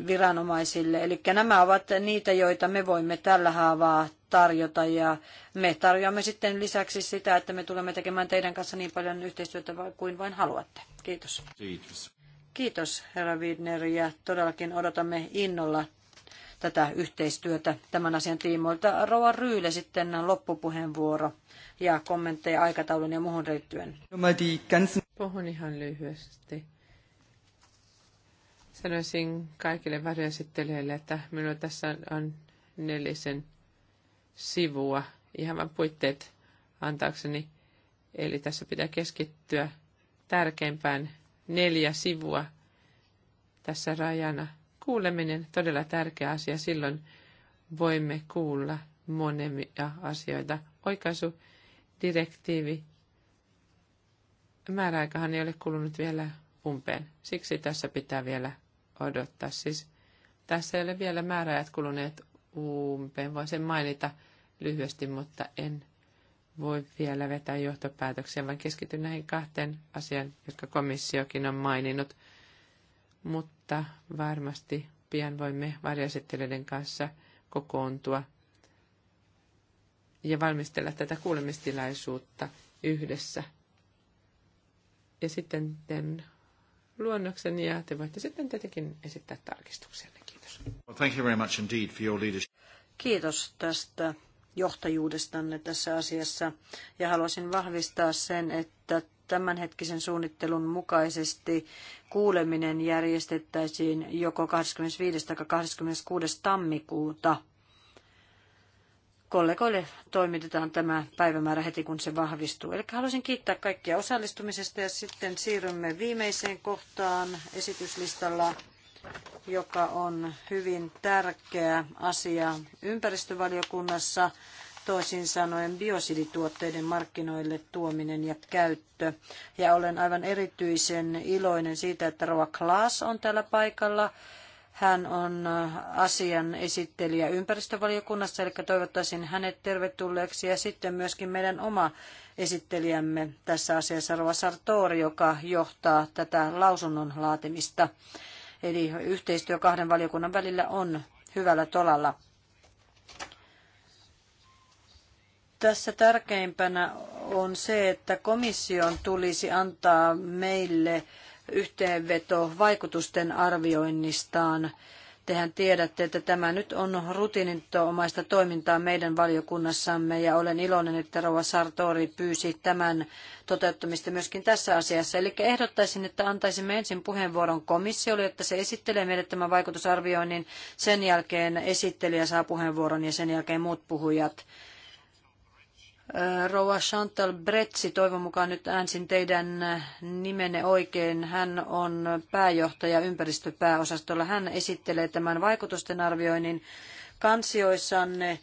viranomaisille. Eli nämä ovat niitä, joita me voimme tällä haavaa tarjota ja me tarjoamme sitten lisäksi sitä, että me tulemme tekemään teidän kanssa niin paljon yhteistyötä kuin vain haluatte. Kiitos. Kiitos. Kiitos herra Widner ja todellakin odotamme innolla tätä yhteistyötä tämän asian tiimoilta. Rova Ryyle sitten loppupuheenvuoro ja kommentteja aikataulun ja muuhun liittyen. Puhun ihan lyhyesti. Sanoisin kaikille varjoesittelijöille, että minulla tässä on nelisen sivua ihan vain puitteet antaakseni. Eli tässä pitää keskittyä tärkeimpään neljä sivua tässä rajana – kuuleminen todella tärkeä asia. Silloin voimme kuulla monia asioita. Oikaisudirektiivi määräaikahan ei ole kulunut vielä umpeen. Siksi tässä pitää vielä odottaa. Siis tässä ei ole vielä määräajat kuluneet umpeen. Voin sen mainita lyhyesti, mutta en voi vielä vetää johtopäätöksiä, vaan keskityn näihin kahteen asiaan, jotka komissiokin on maininnut – mutta varmasti pian voimme varjaesittelijöiden kanssa kokoontua ja valmistella tätä kuulemistilaisuutta yhdessä. Ja sitten teen luonnoksen ja te voitte sitten tietenkin esittää tarkistuksenne. Kiitos. Well, thank you very much indeed for your leadership. Kiitos tästä johtajuudestanne tässä asiassa ja haluaisin vahvistaa sen, että tämänhetkisen suunnittelun mukaisesti kuuleminen järjestettäisiin joko 25. tai 26. tammikuuta. Kollegoille toimitetaan tämä päivämäärä heti, kun se vahvistuu. Eli haluaisin kiittää kaikkia osallistumisesta ja sitten siirrymme viimeiseen kohtaan esityslistalla, joka on hyvin tärkeä asia ympäristövaliokunnassa – toisin sanoen biosidituotteiden markkinoille tuominen ja käyttö. Ja olen aivan erityisen iloinen siitä, että roa Klaas on täällä paikalla. Hän on äh, asian esittelijä ympäristövaliokunnassa, eli toivottaisin hänet tervetulleeksi. Ja sitten myöskin meidän oma esittelijämme tässä asiassa, roa Sartori, joka johtaa tätä lausunnon laatimista. Eli yhteistyö kahden valiokunnan välillä on hyvällä tolalla. Tässä tärkeimpänä on se, että komission tulisi antaa meille yhteenveto vaikutusten arvioinnistaan. Tehän tiedätte, että tämä nyt on rutiinitomaista toimintaa meidän valiokunnassamme ja olen iloinen, että Rova Sartori pyysi tämän toteuttamista myöskin tässä asiassa. Eli ehdottaisin, että antaisimme ensin puheenvuoron komissiolle, että se esittelee meille tämän vaikutusarvioinnin. Sen jälkeen esittelijä saa puheenvuoron ja sen jälkeen muut puhujat. Rouva Chantal Bretsi, toivon mukaan nyt äänsin teidän nimenne oikein. Hän on pääjohtaja ympäristöpääosastolla. Hän esittelee tämän vaikutusten arvioinnin kansioissanne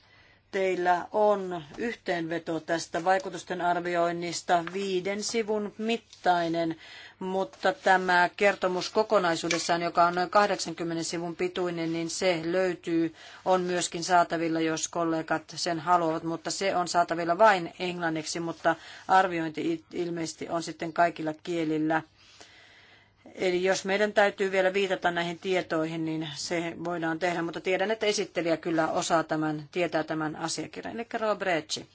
teillä on yhteenveto tästä vaikutusten arvioinnista viiden sivun mittainen, mutta tämä kertomus kokonaisuudessaan, joka on noin 80 sivun pituinen, niin se löytyy, on myöskin saatavilla, jos kollegat sen haluavat, mutta se on saatavilla vain englanniksi, mutta arviointi ilmeisesti on sitten kaikilla kielillä. Eli jos meidän täytyy vielä viitata näihin tietoihin, niin se voidaan tehdä, mutta tiedän, että esittelijä kyllä osaa tämän, tietää tämän asiakirjan. Eli Roa Brecci.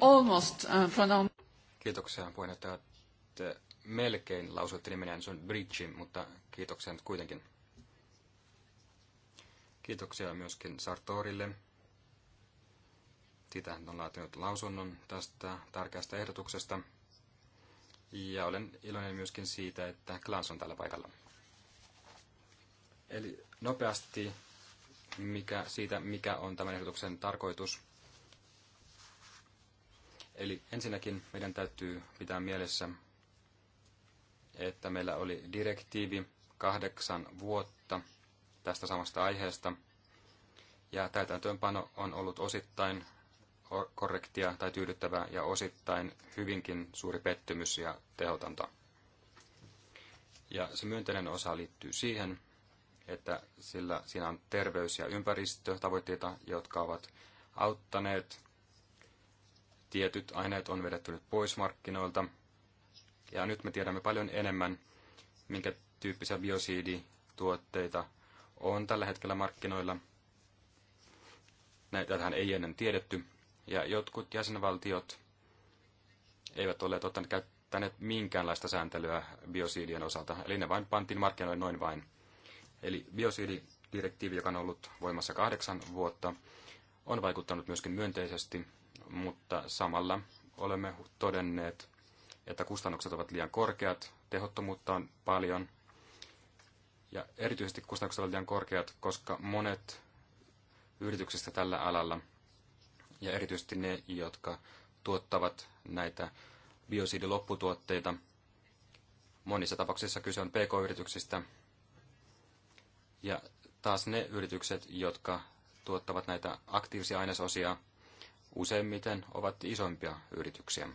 Uh, kiitoksia puheenjohtaja. Te melkein lausuitte nimenään, se on Bridge, mutta kiitoksia nyt kuitenkin. Kiitoksia myöskin Sartorille. Sitä hän on laatinut lausunnon tästä tärkeästä ehdotuksesta. Ja olen iloinen myöskin siitä, että Klaas on tällä paikalla. Eli nopeasti mikä, siitä, mikä on tämän ehdotuksen tarkoitus. Eli ensinnäkin meidän täytyy pitää mielessä, että meillä oli direktiivi kahdeksan vuotta tästä samasta aiheesta, ja täytäntöönpano on ollut osittain korrektia tai tyydyttävää ja osittain hyvinkin suuri pettymys ja tehotonta. Ja se myönteinen osa liittyy siihen, että sillä siinä on terveys- ja ympäristötavoitteita, jotka ovat auttaneet. Tietyt aineet on vedetty nyt pois markkinoilta. Ja nyt me tiedämme paljon enemmän, minkä tyyppisiä biosiidituotteita on tällä hetkellä markkinoilla. Näitähän ei ennen tiedetty ja jotkut jäsenvaltiot eivät ole ottaneet käyttäneet minkäänlaista sääntelyä biosiidien osalta, eli ne vain pantiin markkinoille noin vain. Eli biosiididirektiivi, joka on ollut voimassa kahdeksan vuotta, on vaikuttanut myöskin myönteisesti, mutta samalla olemme todenneet, että kustannukset ovat liian korkeat, tehottomuutta on paljon, ja erityisesti kustannukset ovat liian korkeat, koska monet yrityksistä tällä alalla – ja erityisesti ne, jotka tuottavat näitä biosidilopputuotteita. Monissa tapauksissa kyse on pk-yrityksistä ja taas ne yritykset, jotka tuottavat näitä aktiivisia ainesosia, useimmiten ovat isompia yrityksiä.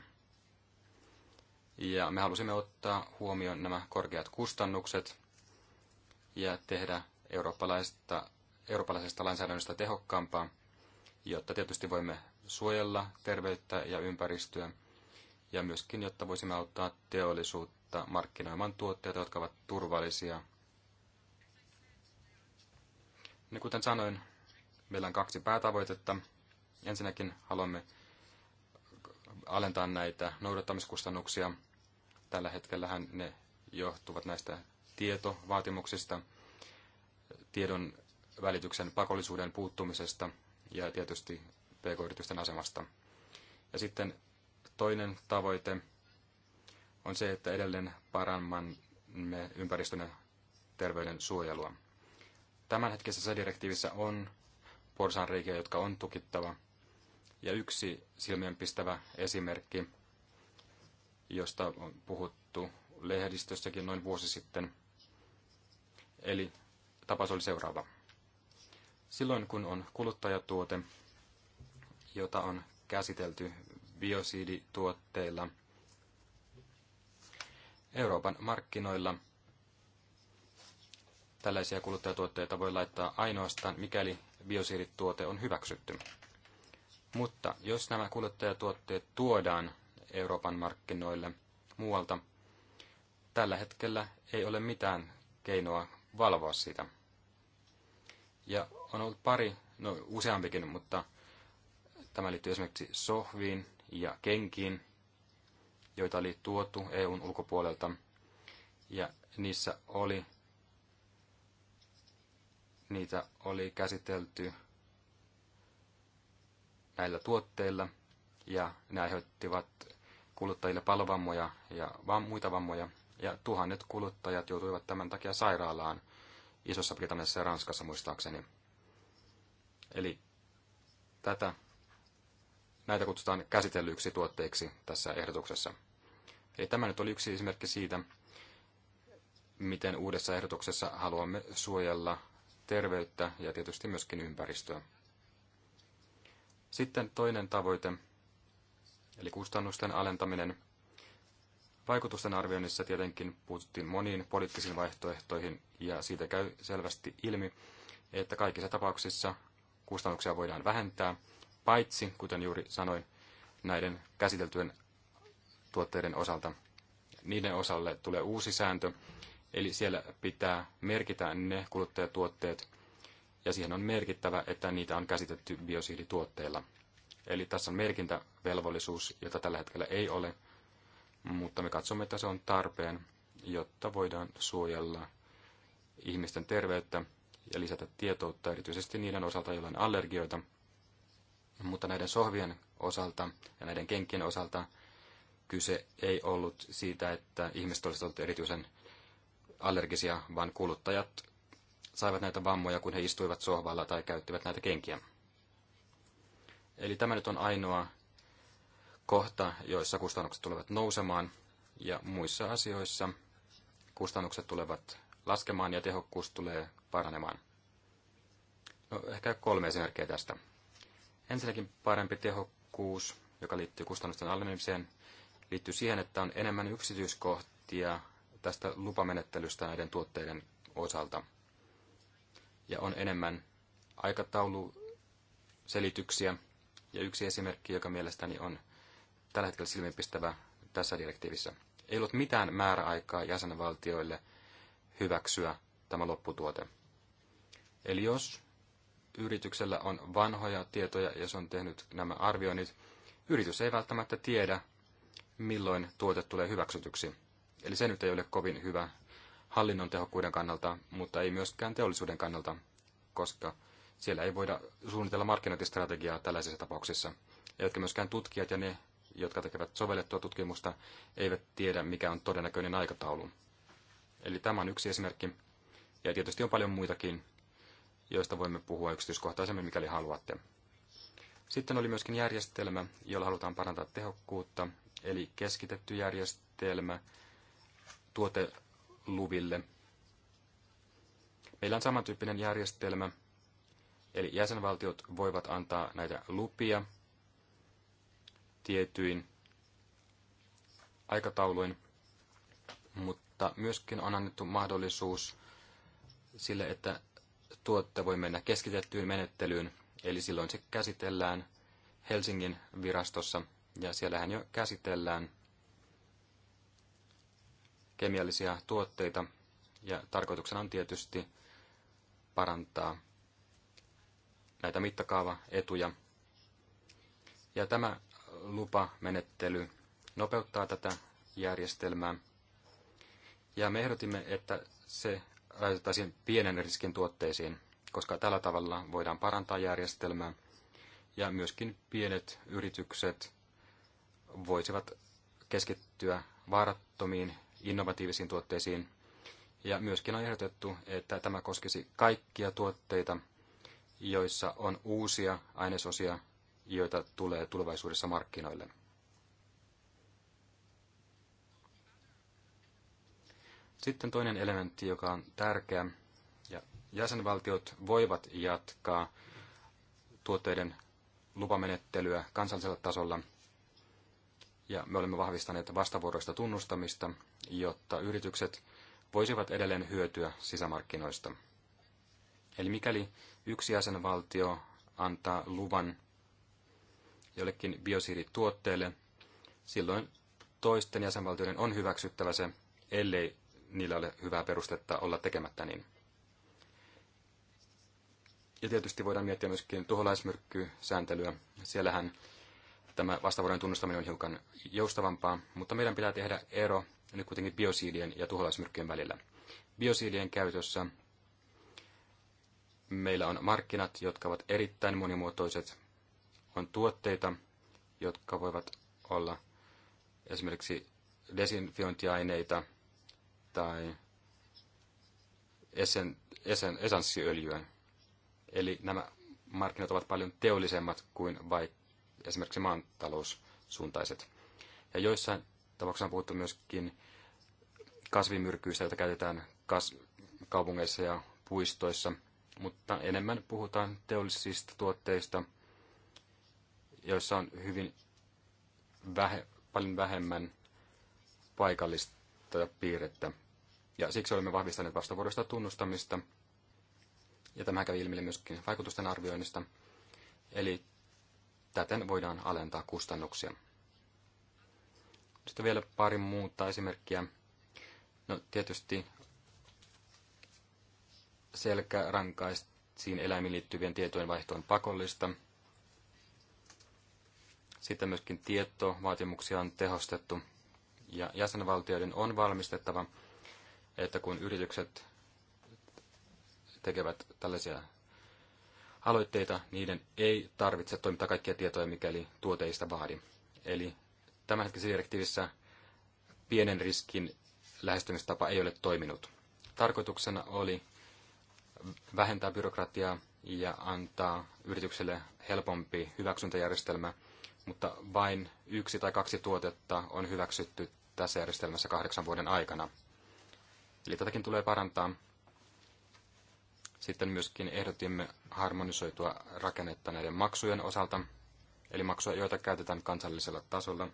Ja me halusimme ottaa huomioon nämä korkeat kustannukset ja tehdä eurooppalaisesta, lainsäädännöstä tehokkaampaa – jotta tietysti voimme suojella terveyttä ja ympäristöä ja myöskin, jotta voisimme auttaa teollisuutta markkinoimaan tuotteita, jotka ovat turvallisia. Niin kuten sanoin, meillä on kaksi päätavoitetta. Ensinnäkin haluamme alentaa näitä noudattamiskustannuksia. Tällä hetkellähän ne johtuvat näistä tietovaatimuksista, tiedon välityksen pakollisuuden puuttumisesta – ja tietysti pk-yritysten asemasta. Ja sitten toinen tavoite on se, että edelleen parannamme ympäristön ja terveyden suojelua. Tämänhetkisessä direktiivissä on porsaanreikiä, jotka on tukittava. Ja yksi silmienpistävä esimerkki, josta on puhuttu lehdistössäkin noin vuosi sitten. Eli tapaus oli seuraava. Silloin kun on kuluttajatuote, jota on käsitelty biosiidituotteilla Euroopan markkinoilla, tällaisia kuluttajatuotteita voi laittaa ainoastaan, mikäli biosiidituote on hyväksytty. Mutta jos nämä kuluttajatuotteet tuodaan Euroopan markkinoille muualta, tällä hetkellä ei ole mitään keinoa valvoa sitä. Ja on ollut pari, no useampikin, mutta tämä liittyy esimerkiksi sohviin ja kenkiin, joita oli tuotu EUn ulkopuolelta. Ja niissä oli, niitä oli käsitelty näillä tuotteilla ja ne aiheuttivat kuluttajille palovammoja ja muita vammoja. Ja tuhannet kuluttajat joutuivat tämän takia sairaalaan Isossa Britanniassa ja Ranskassa muistaakseni. Eli tätä, näitä kutsutaan käsitellyiksi tuotteiksi tässä ehdotuksessa. Eli tämä nyt oli yksi esimerkki siitä, miten uudessa ehdotuksessa haluamme suojella terveyttä ja tietysti myöskin ympäristöä. Sitten toinen tavoite, eli kustannusten alentaminen. Vaikutusten arvioinnissa tietenkin puututtiin moniin poliittisiin vaihtoehtoihin ja siitä käy selvästi ilmi, että kaikissa tapauksissa kustannuksia voidaan vähentää, paitsi, kuten juuri sanoin, näiden käsiteltyjen tuotteiden osalta. Niiden osalle tulee uusi sääntö, eli siellä pitää merkitä ne kuluttajatuotteet, ja siihen on merkittävä, että niitä on käsitetty biosiilituotteilla. Eli tässä on merkintävelvollisuus, jota tällä hetkellä ei ole, mutta me katsomme, että se on tarpeen, jotta voidaan suojella ihmisten terveyttä ja lisätä tietoutta erityisesti niiden osalta, joilla on allergioita. Mutta näiden sohvien osalta ja näiden kenkien osalta kyse ei ollut siitä, että ihmiset olisivat olleet erityisen allergisia, vaan kuluttajat saivat näitä vammoja, kun he istuivat sohvalla tai käyttivät näitä kenkiä. Eli tämä nyt on ainoa kohta, joissa kustannukset tulevat nousemaan, ja muissa asioissa kustannukset tulevat laskemaan ja tehokkuus tulee paranemaan. No, ehkä kolme esimerkkiä tästä. Ensinnäkin parempi tehokkuus, joka liittyy kustannusten alenemiseen, liittyy siihen, että on enemmän yksityiskohtia tästä lupamenettelystä näiden tuotteiden osalta. Ja on enemmän aikatauluselityksiä. Ja yksi esimerkki, joka mielestäni on tällä hetkellä silmiinpistävä tässä direktiivissä. Ei ollut mitään määräaikaa jäsenvaltioille hyväksyä tämä lopputuote. Eli jos yrityksellä on vanhoja tietoja ja se on tehnyt nämä arvioinnit, yritys ei välttämättä tiedä, milloin tuote tulee hyväksytyksi. Eli se nyt ei ole kovin hyvä hallinnon tehokkuuden kannalta, mutta ei myöskään teollisuuden kannalta, koska siellä ei voida suunnitella markkinointistrategiaa tällaisissa tapauksissa. Eivätkä myöskään tutkijat ja ne, jotka tekevät sovellettua tutkimusta, eivät tiedä, mikä on todennäköinen aikataulu. Eli tämä on yksi esimerkki, ja tietysti on paljon muitakin, joista voimme puhua yksityiskohtaisemmin, mikäli haluatte. Sitten oli myöskin järjestelmä, jolla halutaan parantaa tehokkuutta, eli keskitetty järjestelmä tuoteluville. Meillä on samantyyppinen järjestelmä, eli jäsenvaltiot voivat antaa näitä lupia tietyin aikatauluin, mutta myöskin on annettu mahdollisuus sille, että tuotte voi mennä keskitettyyn menettelyyn, eli silloin se käsitellään Helsingin virastossa, ja siellähän jo käsitellään kemiallisia tuotteita, ja tarkoituksena on tietysti parantaa näitä mittakaavaetuja. Ja tämä lupamenettely nopeuttaa tätä järjestelmää. Ja me ehdotimme, että se rajoitettaisiin pienen riskin tuotteisiin, koska tällä tavalla voidaan parantaa järjestelmää ja myöskin pienet yritykset voisivat keskittyä vaarattomiin innovatiivisiin tuotteisiin. Ja myöskin on ehdotettu, että tämä koskisi kaikkia tuotteita, joissa on uusia ainesosia, joita tulee tulevaisuudessa markkinoille. Sitten toinen elementti, joka on tärkeä, ja jäsenvaltiot voivat jatkaa tuotteiden lupamenettelyä kansallisella tasolla, ja me olemme vahvistaneet vastavuoroista tunnustamista, jotta yritykset voisivat edelleen hyötyä sisämarkkinoista. Eli mikäli yksi jäsenvaltio antaa luvan jollekin biosiirituotteelle, silloin toisten jäsenvaltioiden on hyväksyttävä se, ellei niillä ole hyvää perustetta olla tekemättä niin. Ja tietysti voidaan miettiä myöskin tuholaismyrkkysääntelyä. Siellähän tämä vastavuoden tunnustaminen on hiukan joustavampaa, mutta meidän pitää tehdä ero nyt kuitenkin biosiilien ja tuholaismyrkkyjen välillä. Biosiilien käytössä meillä on markkinat, jotka ovat erittäin monimuotoiset. On tuotteita, jotka voivat olla esimerkiksi desinfiointiaineita – tai esen, esen, esanssiöljyä. Eli nämä markkinat ovat paljon teollisemmat kuin vai esimerkiksi maantaloussuuntaiset. Ja joissain tapauksissa on puhuttu myöskin kasvimyrkyistä, joita käytetään kas- kaupungeissa ja puistoissa, mutta enemmän puhutaan teollisista tuotteista, joissa on hyvin vähe, paljon vähemmän paikallista piirrettä. Ja siksi olemme vahvistaneet vastavuoroista tunnustamista. Ja tämä kävi ilmi myöskin vaikutusten arvioinnista. Eli täten voidaan alentaa kustannuksia. Sitten vielä pari muuta esimerkkiä. No tietysti selkärankaisiin eläimiin liittyvien tietojen vaihto on pakollista. Sitten myöskin tietovaatimuksia on tehostettu ja jäsenvaltioiden on valmistettava, että kun yritykset tekevät tällaisia aloitteita, niiden ei tarvitse toimittaa kaikkia tietoja, mikäli tuoteista vaadi. Eli tämänhetkisessä direktiivissä pienen riskin lähestymistapa ei ole toiminut. Tarkoituksena oli vähentää byrokratiaa ja antaa yritykselle helpompi hyväksyntäjärjestelmä, mutta vain yksi tai kaksi tuotetta on hyväksytty tässä järjestelmässä kahdeksan vuoden aikana. Eli tätäkin tulee parantaa. Sitten myöskin ehdotimme harmonisoitua rakennetta näiden maksujen osalta, eli maksuja, joita käytetään kansallisella tasolla.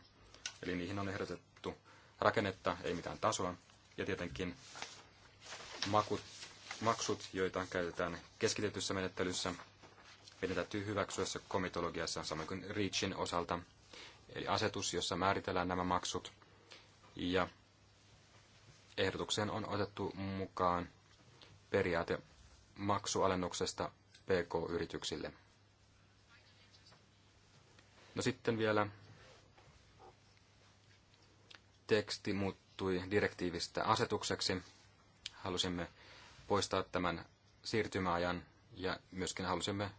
Eli niihin on ehdotettu rakennetta, ei mitään tasoa. Ja tietenkin makut, maksut, joita käytetään keskitetyssä menettelyssä, meidän täytyy hyväksyä se komitologiassa, samoin kuin REACHin osalta, eli asetus, jossa määritellään nämä maksut. Ja Ehdotukseen on otettu mukaan periaate maksualennuksesta PK-yrityksille. No sitten vielä teksti muuttui direktiivistä asetukseksi. Halusimme poistaa tämän siirtymäajan ja myöskin halusimme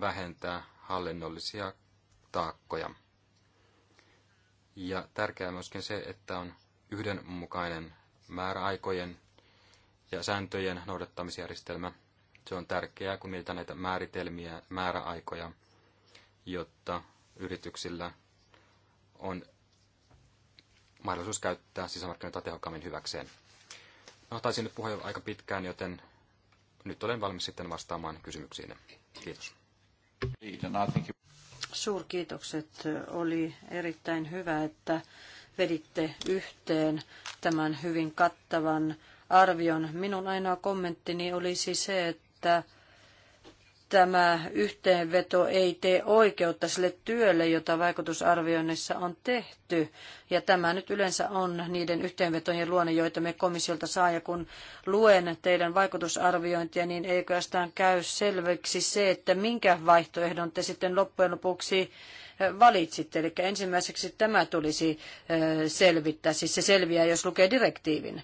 vähentää hallinnollisia taakkoja. Ja tärkeää myöskin se, että on yhdenmukainen määräaikojen ja sääntöjen noudattamisjärjestelmä. Se on tärkeää, kun niitä näitä määritelmiä, määräaikoja, jotta yrityksillä on mahdollisuus käyttää sisämarkkinoita tehokkaammin hyväkseen. No, taisin nyt puhua jo aika pitkään, joten nyt olen valmis sitten vastaamaan kysymyksiin. Kiitos. Suurkiitokset. Oli erittäin hyvä, että veditte yhteen tämän hyvin kattavan arvion. Minun ainoa kommenttini olisi se, että tämä yhteenveto ei tee oikeutta sille työlle, jota vaikutusarvioinnissa on tehty. Ja tämä nyt yleensä on niiden yhteenvetojen luonne, joita me komissiolta saa. Ja kun luen teidän vaikutusarviointia, niin eikö käy selväksi se, että minkä vaihtoehdon te sitten loppujen lopuksi valitsitte. Eli ensimmäiseksi tämä tulisi selvittää, siis se selviää, jos lukee direktiivin.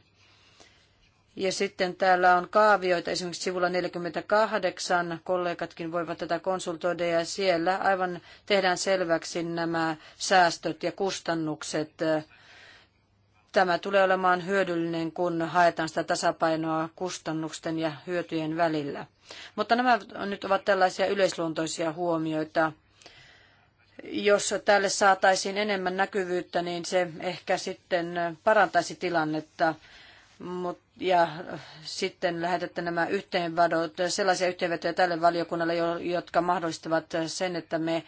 Ja sitten täällä on kaavioita, esimerkiksi sivulla 48, kollegatkin voivat tätä konsultoida, ja siellä aivan tehdään selväksi nämä säästöt ja kustannukset. Tämä tulee olemaan hyödyllinen, kun haetaan sitä tasapainoa kustannusten ja hyötyjen välillä. Mutta nämä nyt ovat tällaisia yleisluontoisia huomioita jos tälle saataisiin enemmän näkyvyyttä, niin se ehkä sitten parantaisi tilannetta. Mut, ja sitten lähetätte nämä yhteenvedot, sellaisia yhteenvetoja tälle valiokunnalle, jotka mahdollistavat sen, että me eh,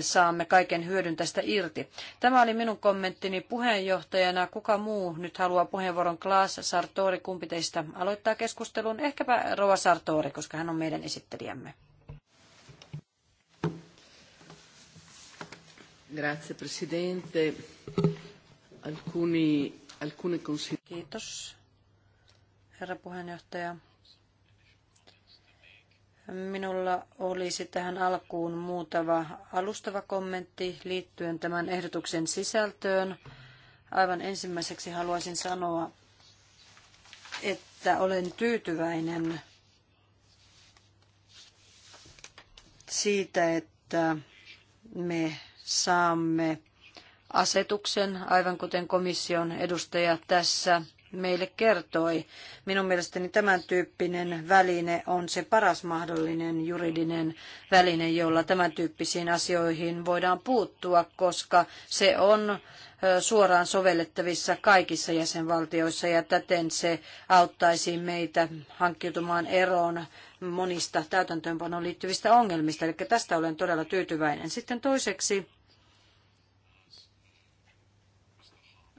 saamme kaiken hyödyn tästä irti. Tämä oli minun kommenttini puheenjohtajana. Kuka muu nyt haluaa puheenvuoron? Klaas Sartori, kumpi teistä aloittaa keskustelun? Ehkäpä Rova Sartori, koska hän on meidän esittelijämme. Grazie Presidente. Alcuni, Kiitos, herra puheenjohtaja. Minulla olisi tähän alkuun muutama alustava kommentti liittyen tämän ehdotuksen sisältöön. Aivan ensimmäiseksi haluaisin sanoa, että olen tyytyväinen siitä, että me saamme asetuksen, aivan kuten komission edustaja tässä meille kertoi. Minun mielestäni tämän tyyppinen väline on se paras mahdollinen juridinen väline, jolla tämän tyyppisiin asioihin voidaan puuttua, koska se on suoraan sovellettavissa kaikissa jäsenvaltioissa ja täten se auttaisi meitä hankkiutumaan eroon monista täytäntöönpanoon liittyvistä ongelmista. Eli tästä olen todella tyytyväinen. Sitten toiseksi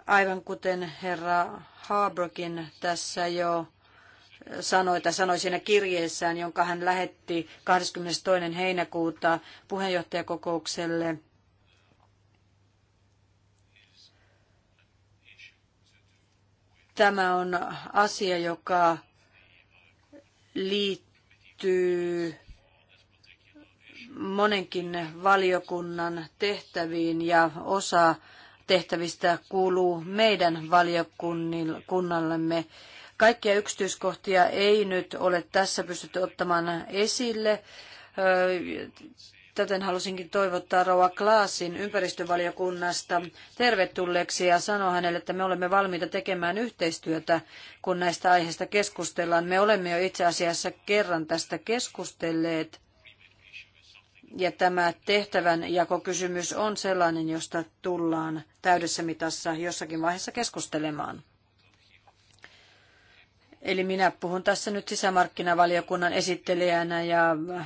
Aivan kuten herra Haabrokin tässä jo sanoi tai sanoi siinä kirjeessään, jonka hän lähetti 22. heinäkuuta puheenjohtajakokoukselle. Tämä on asia, joka liittyy monenkin valiokunnan tehtäviin ja osa tehtävistä kuuluu meidän valiokunnallemme. Kaikkia yksityiskohtia ei nyt ole tässä pystytty ottamaan esille. Täten halusinkin toivottaa Roa Klaasin ympäristövaliokunnasta tervetulleeksi ja sanoa hänelle, että me olemme valmiita tekemään yhteistyötä, kun näistä aiheista keskustellaan. Me olemme jo itse asiassa kerran tästä keskustelleet ja tämä tehtävänjakokysymys on sellainen, josta tullaan täydessä mitassa jossakin vaiheessa keskustelemaan. Eli minä puhun tässä nyt sisämarkkinavaliokunnan esittelijänä ja äh,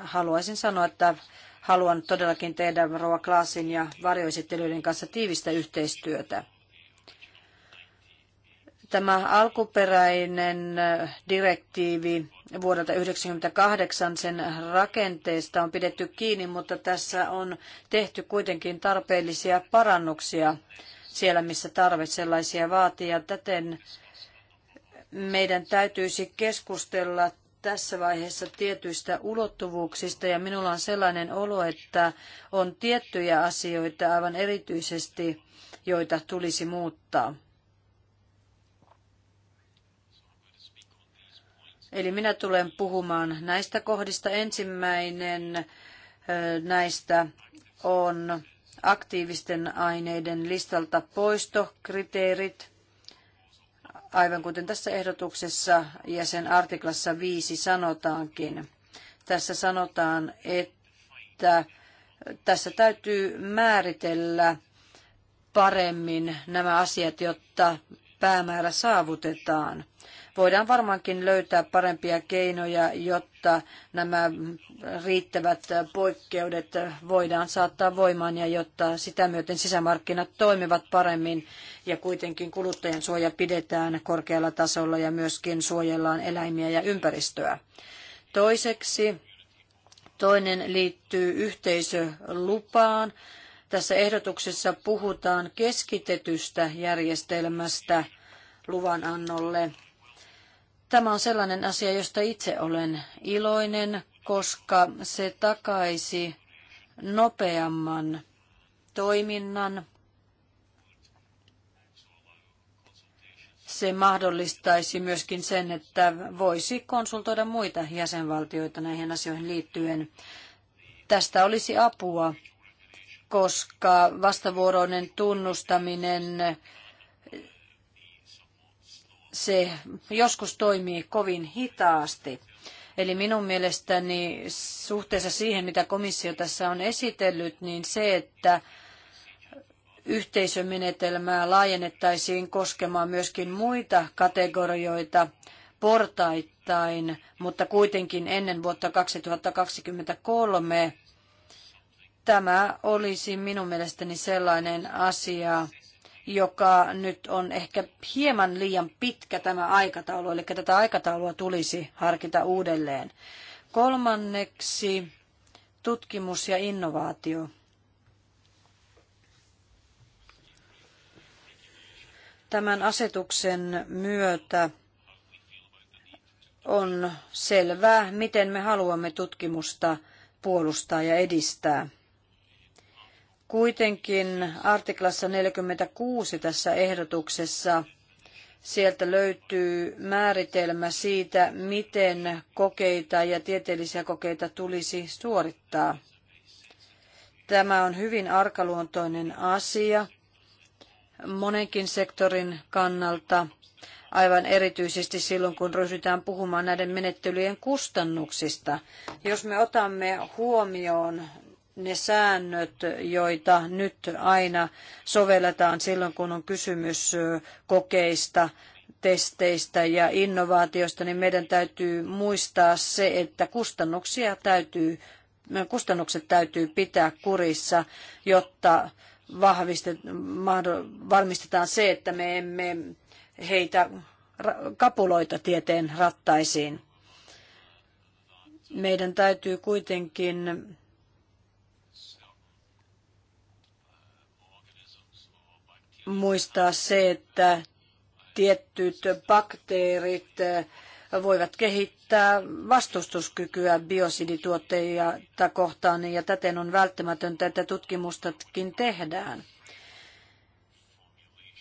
haluaisin sanoa, että haluan todellakin tehdä Rova Klaasin ja varjoesittelyiden kanssa tiivistä yhteistyötä. Tämä alkuperäinen äh, direktiivi vuodelta 1998 sen rakenteesta on pidetty kiinni, mutta tässä on tehty kuitenkin tarpeellisia parannuksia siellä, missä tarve sellaisia vaatii. Ja täten meidän täytyisi keskustella tässä vaiheessa tietyistä ulottuvuuksista ja minulla on sellainen olo, että on tiettyjä asioita aivan erityisesti, joita tulisi muuttaa. Eli minä tulen puhumaan näistä kohdista. Ensimmäinen näistä on aktiivisten aineiden listalta poistokriteerit, aivan kuten tässä ehdotuksessa ja sen artiklassa 5 sanotaankin. Tässä sanotaan, että tässä täytyy määritellä paremmin nämä asiat, jotta päämäärä saavutetaan – voidaan varmaankin löytää parempia keinoja, jotta nämä riittävät poikkeudet voidaan saattaa voimaan ja jotta sitä myöten sisämarkkinat toimivat paremmin ja kuitenkin kuluttajan suoja pidetään korkealla tasolla ja myöskin suojellaan eläimiä ja ympäristöä. Toiseksi toinen liittyy yhteisölupaan. Tässä ehdotuksessa puhutaan keskitetystä järjestelmästä luvanannolle Tämä on sellainen asia, josta itse olen iloinen, koska se takaisi nopeamman toiminnan. Se mahdollistaisi myöskin sen, että voisi konsultoida muita jäsenvaltioita näihin asioihin liittyen. Tästä olisi apua, koska vastavuoroinen tunnustaminen se joskus toimii kovin hitaasti. Eli minun mielestäni suhteessa siihen, mitä komissio tässä on esitellyt, niin se, että yhteisömenetelmää laajennettaisiin koskemaan myöskin muita kategorioita portaittain, mutta kuitenkin ennen vuotta 2023 tämä olisi minun mielestäni sellainen asia, joka nyt on ehkä hieman liian pitkä tämä aikataulu, eli tätä aikataulua tulisi harkita uudelleen. Kolmanneksi tutkimus ja innovaatio. Tämän asetuksen myötä on selvää, miten me haluamme tutkimusta puolustaa ja edistää. Kuitenkin artiklassa 46 tässä ehdotuksessa sieltä löytyy määritelmä siitä, miten kokeita ja tieteellisiä kokeita tulisi suorittaa. Tämä on hyvin arkaluontoinen asia monenkin sektorin kannalta, aivan erityisesti silloin, kun ryhdytään puhumaan näiden menettelyjen kustannuksista. Jos me otamme huomioon ne säännöt, joita nyt aina sovelletaan silloin, kun on kysymys kokeista, testeistä ja innovaatiosta, niin meidän täytyy muistaa se, että kustannuksia täytyy, kustannukset täytyy pitää kurissa, jotta varmistetaan se, että me emme heitä kapuloita tieteen rattaisiin. Meidän täytyy kuitenkin muistaa se, että tietyt bakteerit eh, voivat kehittää vastustuskykyä biosidituotteita kohtaan ja täten on välttämätöntä, että tutkimustakin tehdään.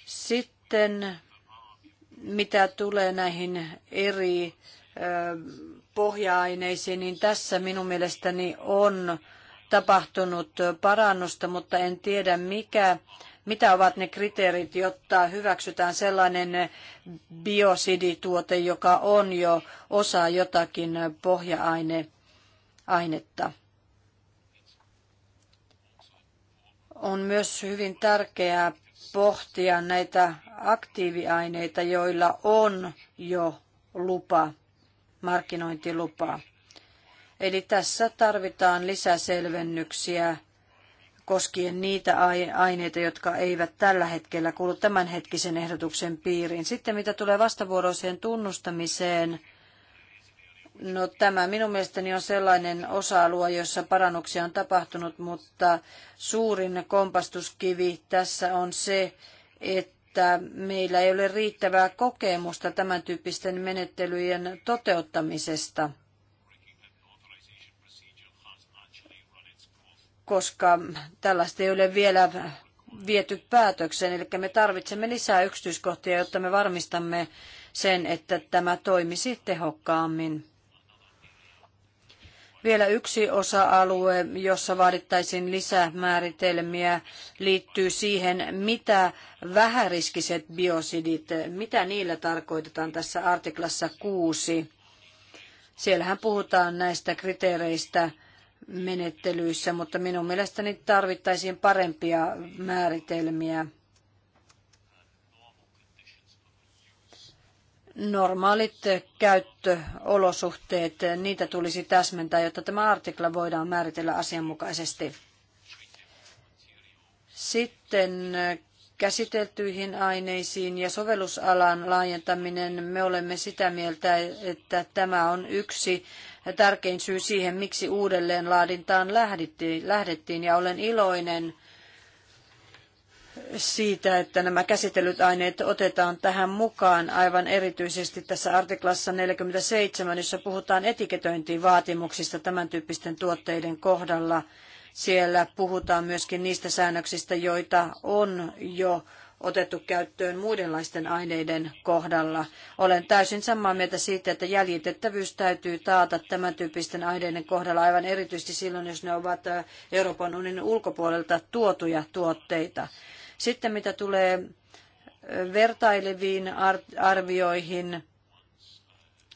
Sitten mitä tulee näihin eri eh, pohja-aineisiin, niin tässä minun mielestäni on tapahtunut parannusta, mutta en tiedä mikä mitä ovat ne kriteerit, jotta hyväksytään sellainen biosidituote, joka on jo osa jotakin pohja-ainetta. On myös hyvin tärkeää pohtia näitä aktiiviaineita, joilla on jo lupa, markkinointilupa. Eli tässä tarvitaan lisäselvennyksiä koskien niitä aineita, jotka eivät tällä hetkellä kuulu tämänhetkisen ehdotuksen piiriin. Sitten mitä tulee vastavuoroiseen tunnustamiseen, no tämä minun mielestäni on sellainen osa-alue, jossa parannuksia on tapahtunut, mutta suurin kompastuskivi tässä on se, että meillä ei ole riittävää kokemusta tämän tyyppisten menettelyjen toteuttamisesta – koska tällaista ei ole vielä viety päätökseen. Eli me tarvitsemme lisää yksityiskohtia, jotta me varmistamme sen, että tämä toimisi tehokkaammin. Vielä yksi osa-alue, jossa vaadittaisiin lisämääritelmiä, liittyy siihen, mitä vähäriskiset biosidit, mitä niillä tarkoitetaan tässä artiklassa 6. Siellähän puhutaan näistä kriteereistä, menettelyissä, mutta minun mielestäni tarvittaisiin parempia määritelmiä. Normaalit käyttöolosuhteet, niitä tulisi täsmentää, jotta tämä artikla voidaan määritellä asianmukaisesti. Sitten käsiteltyihin aineisiin ja sovellusalan laajentaminen. Me olemme sitä mieltä, että tämä on yksi tärkein syy siihen, miksi uudelleen laadintaan lähdettiin, lähdettiin. Ja olen iloinen siitä, että nämä käsitellyt aineet otetaan tähän mukaan, aivan erityisesti tässä artiklassa 47, jossa puhutaan etiketöintivaatimuksista tämän tyyppisten tuotteiden kohdalla. Siellä puhutaan myöskin niistä säännöksistä, joita on jo otettu käyttöön muidenlaisten aineiden kohdalla. Olen täysin samaa mieltä siitä, että jäljitettävyys täytyy taata tämän tyyppisten aineiden kohdalla aivan erityisesti silloin, jos ne ovat Euroopan unionin ulkopuolelta tuotuja tuotteita. Sitten mitä tulee vertaileviin arvioihin,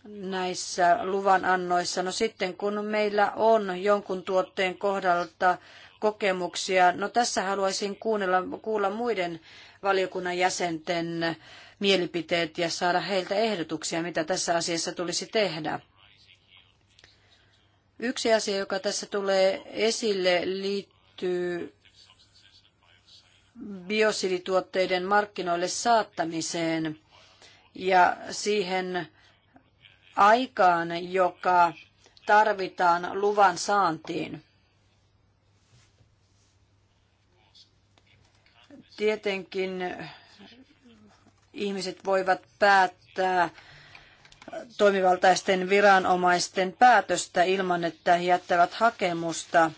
näissä luvanannoissa. No sitten kun meillä on jonkun tuotteen kohdalta kokemuksia, no tässä haluaisin kuunnella, kuulla muiden valiokunnan jäsenten mielipiteet ja saada heiltä ehdotuksia, mitä tässä asiassa tulisi tehdä. Yksi asia, joka tässä tulee esille, liittyy biosidituotteiden markkinoille saattamiseen ja siihen aikaan, joka tarvitaan luvan saantiin. Tietenkin ihmiset voivat päättää toimivaltaisten viranomaisten päätöstä ilman, että he jättävät hakemusta,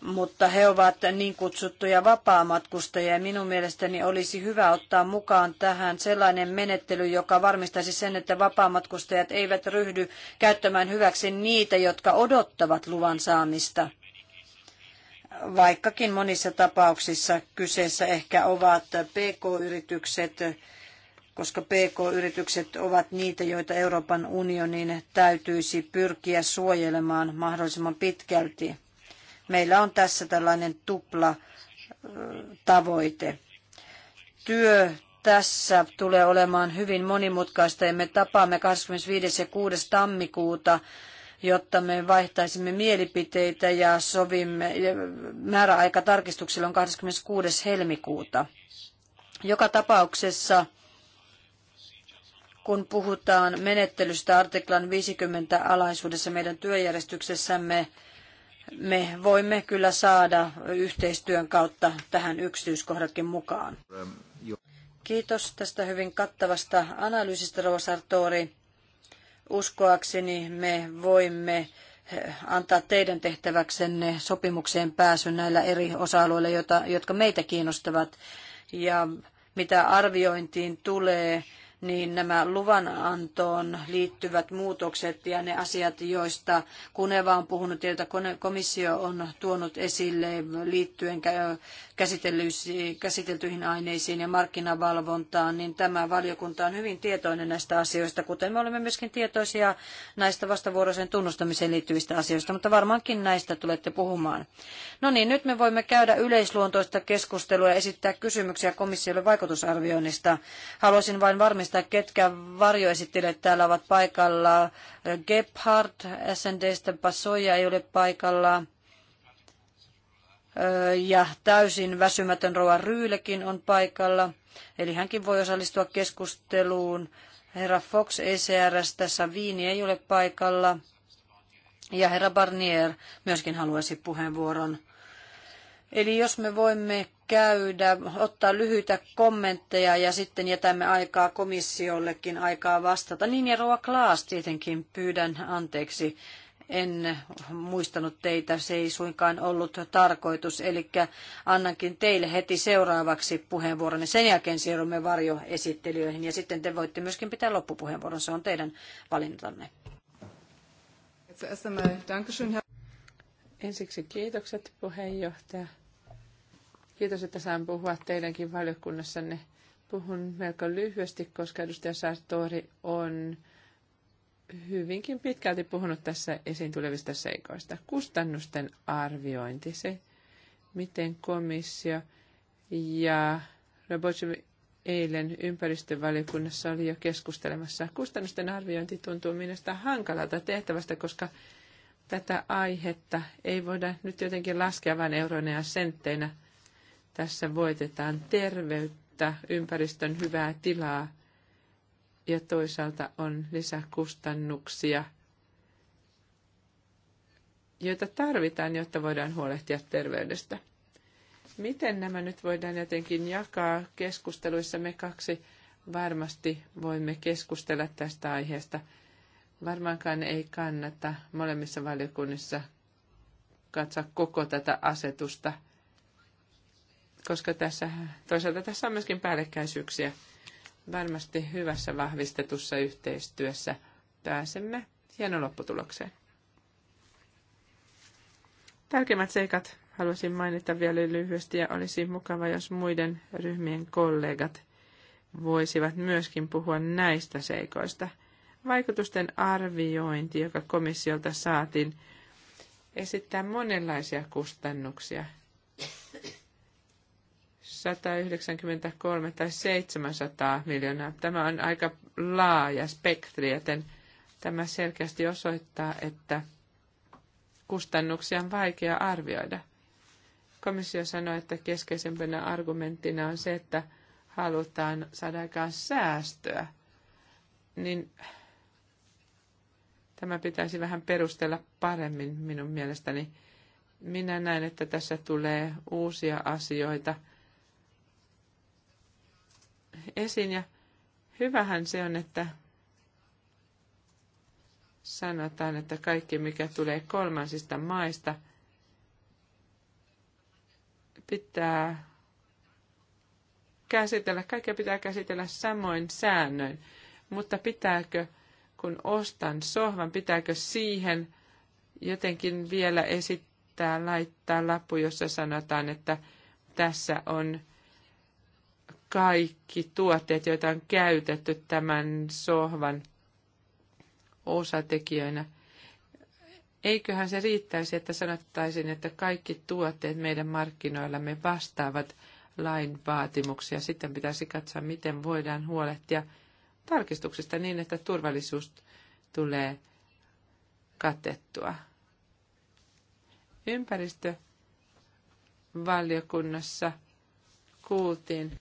mutta he ovat niin kutsuttuja vapaamatkustajia ja minun mielestäni olisi hyvä ottaa mukaan tähän sellainen menettely, joka varmistaisi sen, että vapaamatkustajat eivät ryhdy käyttämään hyväksi niitä, jotka odottavat luvan saamista vaikkakin monissa tapauksissa kyseessä ehkä ovat PK-yritykset, koska PK-yritykset ovat niitä, joita Euroopan unionin täytyisi pyrkiä suojelemaan mahdollisimman pitkälti. Meillä on tässä tällainen tupla tavoite. Työ tässä tulee olemaan hyvin monimutkaista ja me tapaamme 25. ja 6. tammikuuta jotta me vaihtaisimme mielipiteitä ja sovimme. Määräaika tarkistuksille on 26. helmikuuta. Joka tapauksessa kun puhutaan menettelystä artiklan 50 alaisuudessa meidän työjärjestyksessämme, me voimme kyllä saada yhteistyön kautta tähän yksityiskohdatkin mukaan. Ähm, Kiitos tästä hyvin kattavasta analyysistä, Rosa Sartori. Uskoakseni me voimme eh, antaa teidän tehtäväksenne sopimukseen pääsyn näillä eri osa-alueilla, jotka meitä kiinnostavat. Ja mitä arviointiin tulee, niin nämä luvanantoon liittyvät muutokset ja ne asiat, joista Kuneva on puhunut ja joita komissio on tuonut esille liittyen eh, käsiteltyihin aineisiin ja markkinavalvontaan, niin tämä valiokunta on hyvin tietoinen näistä asioista, kuten me olemme myöskin tietoisia näistä vastavuoroisen tunnustamiseen liittyvistä asioista, mutta varmaankin näistä tulette puhumaan. No niin, nyt me voimme käydä yleisluontoista keskustelua ja esittää kysymyksiä komissiolle vaikutusarvioinnista. Haluaisin vain varmistaa, ketkä varjoesittelijät täällä ovat paikalla. Gebhardt, SNDstä Pasoja ei ole paikalla ja täysin väsymätön Roa Ryylekin on paikalla, eli hänkin voi osallistua keskusteluun. Herra Fox ECRstä, Savini ei ole paikalla ja herra Barnier myöskin haluaisi puheenvuoron. Eli jos me voimme käydä, ottaa lyhyitä kommentteja ja sitten jätämme aikaa komissiollekin aikaa vastata. Niin ja Roa Klaas tietenkin pyydän anteeksi en muistanut teitä, se ei suinkaan ollut tarkoitus. Eli annankin teille heti seuraavaksi puheenvuoron ja sen jälkeen siirrymme varjoesittelijöihin ja sitten te voitte myöskin pitää loppupuheenvuoron, se on teidän valintanne. Ensiksi kiitokset puheenjohtaja. Kiitos, että saan puhua teidänkin valiokunnassanne. Puhun melko lyhyesti, koska edustaja Sartori on hyvinkin pitkälti puhunut tässä esiin tulevista seikoista. Kustannusten arviointi, se miten komissio ja Robotsov eilen ympäristövaliokunnassa oli jo keskustelemassa. Kustannusten arviointi tuntuu minusta hankalalta tehtävästä, koska tätä aihetta ei voida nyt jotenkin laskea vain euroina ja sentteinä. Tässä voitetaan terveyttä, ympäristön hyvää tilaa – ja toisaalta on lisäkustannuksia, joita tarvitaan, jotta voidaan huolehtia terveydestä. Miten nämä nyt voidaan jotenkin jakaa keskusteluissa? Me kaksi varmasti voimme keskustella tästä aiheesta. Varmaankaan ei kannata molemmissa valiokunnissa katsoa koko tätä asetusta, koska tässä, toisaalta tässä on myöskin päällekkäisyyksiä varmasti hyvässä vahvistetussa yhteistyössä pääsemme hienon lopputulokseen. Tärkeimmät seikat haluaisin mainita vielä lyhyesti ja olisi mukava, jos muiden ryhmien kollegat voisivat myöskin puhua näistä seikoista. Vaikutusten arviointi, joka komissiolta saatiin, esittää monenlaisia kustannuksia – 193 tai 700 miljoonaa. Tämä on aika laaja spektri, joten tämä selkeästi osoittaa, että kustannuksia on vaikea arvioida. Komissio sanoi, että keskeisempänä argumenttina on se, että halutaan saada aikaan säästöä. Niin tämä pitäisi vähän perustella paremmin minun mielestäni. Minä näen, että tässä tulee uusia asioita – esiin ja hyvähän se on, että sanotaan, että kaikki mikä tulee kolmansista maista pitää käsitellä, kaikkea pitää käsitellä samoin säännöin, mutta pitääkö, kun ostan sohvan, pitääkö siihen jotenkin vielä esittää, laittaa lappu, jossa sanotaan, että tässä on kaikki tuotteet, joita on käytetty tämän sohvan osatekijöinä. Eiköhän se riittäisi, että sanottaisiin, että kaikki tuotteet meidän markkinoillamme vastaavat lain vaatimuksia. Sitten pitäisi katsoa, miten voidaan huolehtia tarkistuksista niin, että turvallisuus tulee katettua. Ympäristövaliokunnassa kuultiin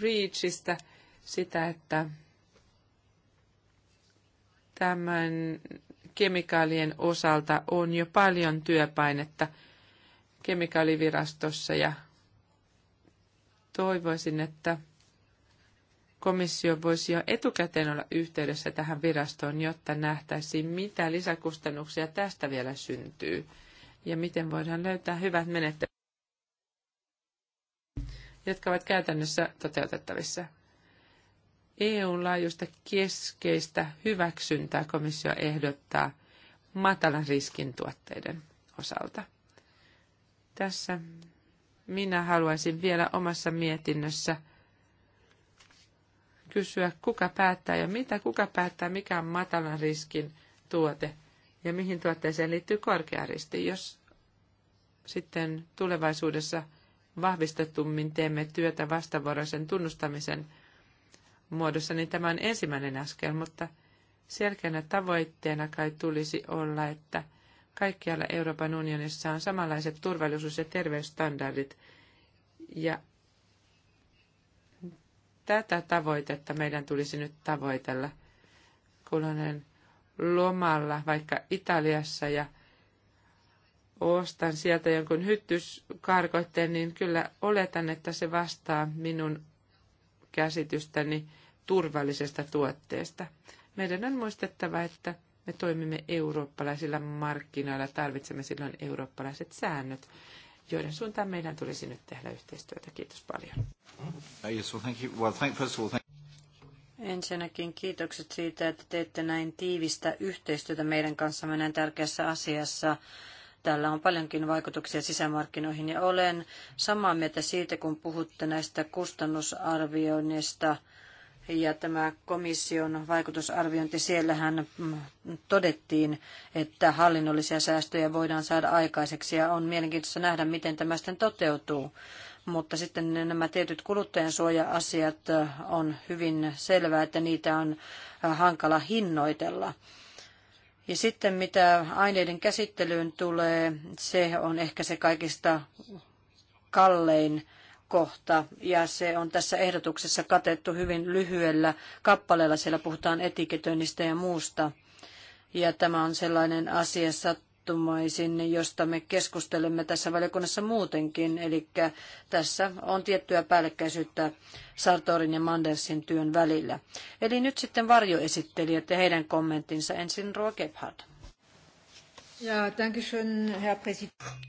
REACHista sitä, että tämän kemikaalien osalta on jo paljon työpainetta kemikaalivirastossa ja toivoisin, että komissio voisi jo etukäteen olla yhteydessä tähän virastoon, jotta nähtäisiin, mitä lisäkustannuksia tästä vielä syntyy ja miten voidaan löytää hyvät menettelyt jotka ovat käytännössä toteutettavissa. EUn laajuista keskeistä hyväksyntää komissio ehdottaa matalan riskin tuotteiden osalta. Tässä minä haluaisin vielä omassa mietinnössä kysyä, kuka päättää ja mitä, kuka päättää, mikä on matalan riskin tuote ja mihin tuotteeseen liittyy korkea riski, jos sitten tulevaisuudessa – vahvistetummin teemme työtä vastavuoroisen tunnustamisen muodossa, niin tämä on ensimmäinen askel, mutta selkeänä tavoitteena kai tulisi olla, että kaikkialla Euroopan unionissa on samanlaiset turvallisuus- ja terveysstandardit, ja tätä tavoitetta meidän tulisi nyt tavoitella. Kun olen lomalla vaikka Italiassa ja – ostan sieltä jonkun hyttyskarkoitteen, niin kyllä oletan, että se vastaa minun käsitystäni turvallisesta tuotteesta. Meidän on muistettava, että me toimimme eurooppalaisilla markkinoilla, tarvitsemme silloin eurooppalaiset säännöt, joiden suuntaan meidän tulisi nyt tehdä yhteistyötä. Kiitos paljon. Ensinnäkin kiitokset siitä, että teette näin tiivistä yhteistyötä meidän kanssamme näin tärkeässä asiassa. Tällä on paljonkin vaikutuksia sisämarkkinoihin ja olen samaa mieltä siitä, kun puhutte näistä kustannusarvioinnista ja tämä komission vaikutusarviointi, siellähän mm, todettiin, että hallinnollisia säästöjä voidaan saada aikaiseksi ja on mielenkiintoista nähdä, miten tämä sitten toteutuu mutta sitten nämä tietyt kuluttajansuoja-asiat äh, on hyvin selvää, että niitä on äh, hankala hinnoitella. Ja sitten mitä aineiden käsittelyyn tulee, se on ehkä se kaikista kallein kohta, ja se on tässä ehdotuksessa katettu hyvin lyhyellä kappaleella. Siellä puhutaan etiketöinnistä ja muusta. Ja tämä on sellainen asiassa sattumaisin, josta me keskustelemme tässä valiokunnassa muutenkin. Eli tässä on tiettyä päällekkäisyyttä Sartorin ja Mandersin työn välillä. Eli nyt sitten varjoesittelijät ja heidän kommenttinsa. Ensin Roa Gebhard. Ja, schön, Herr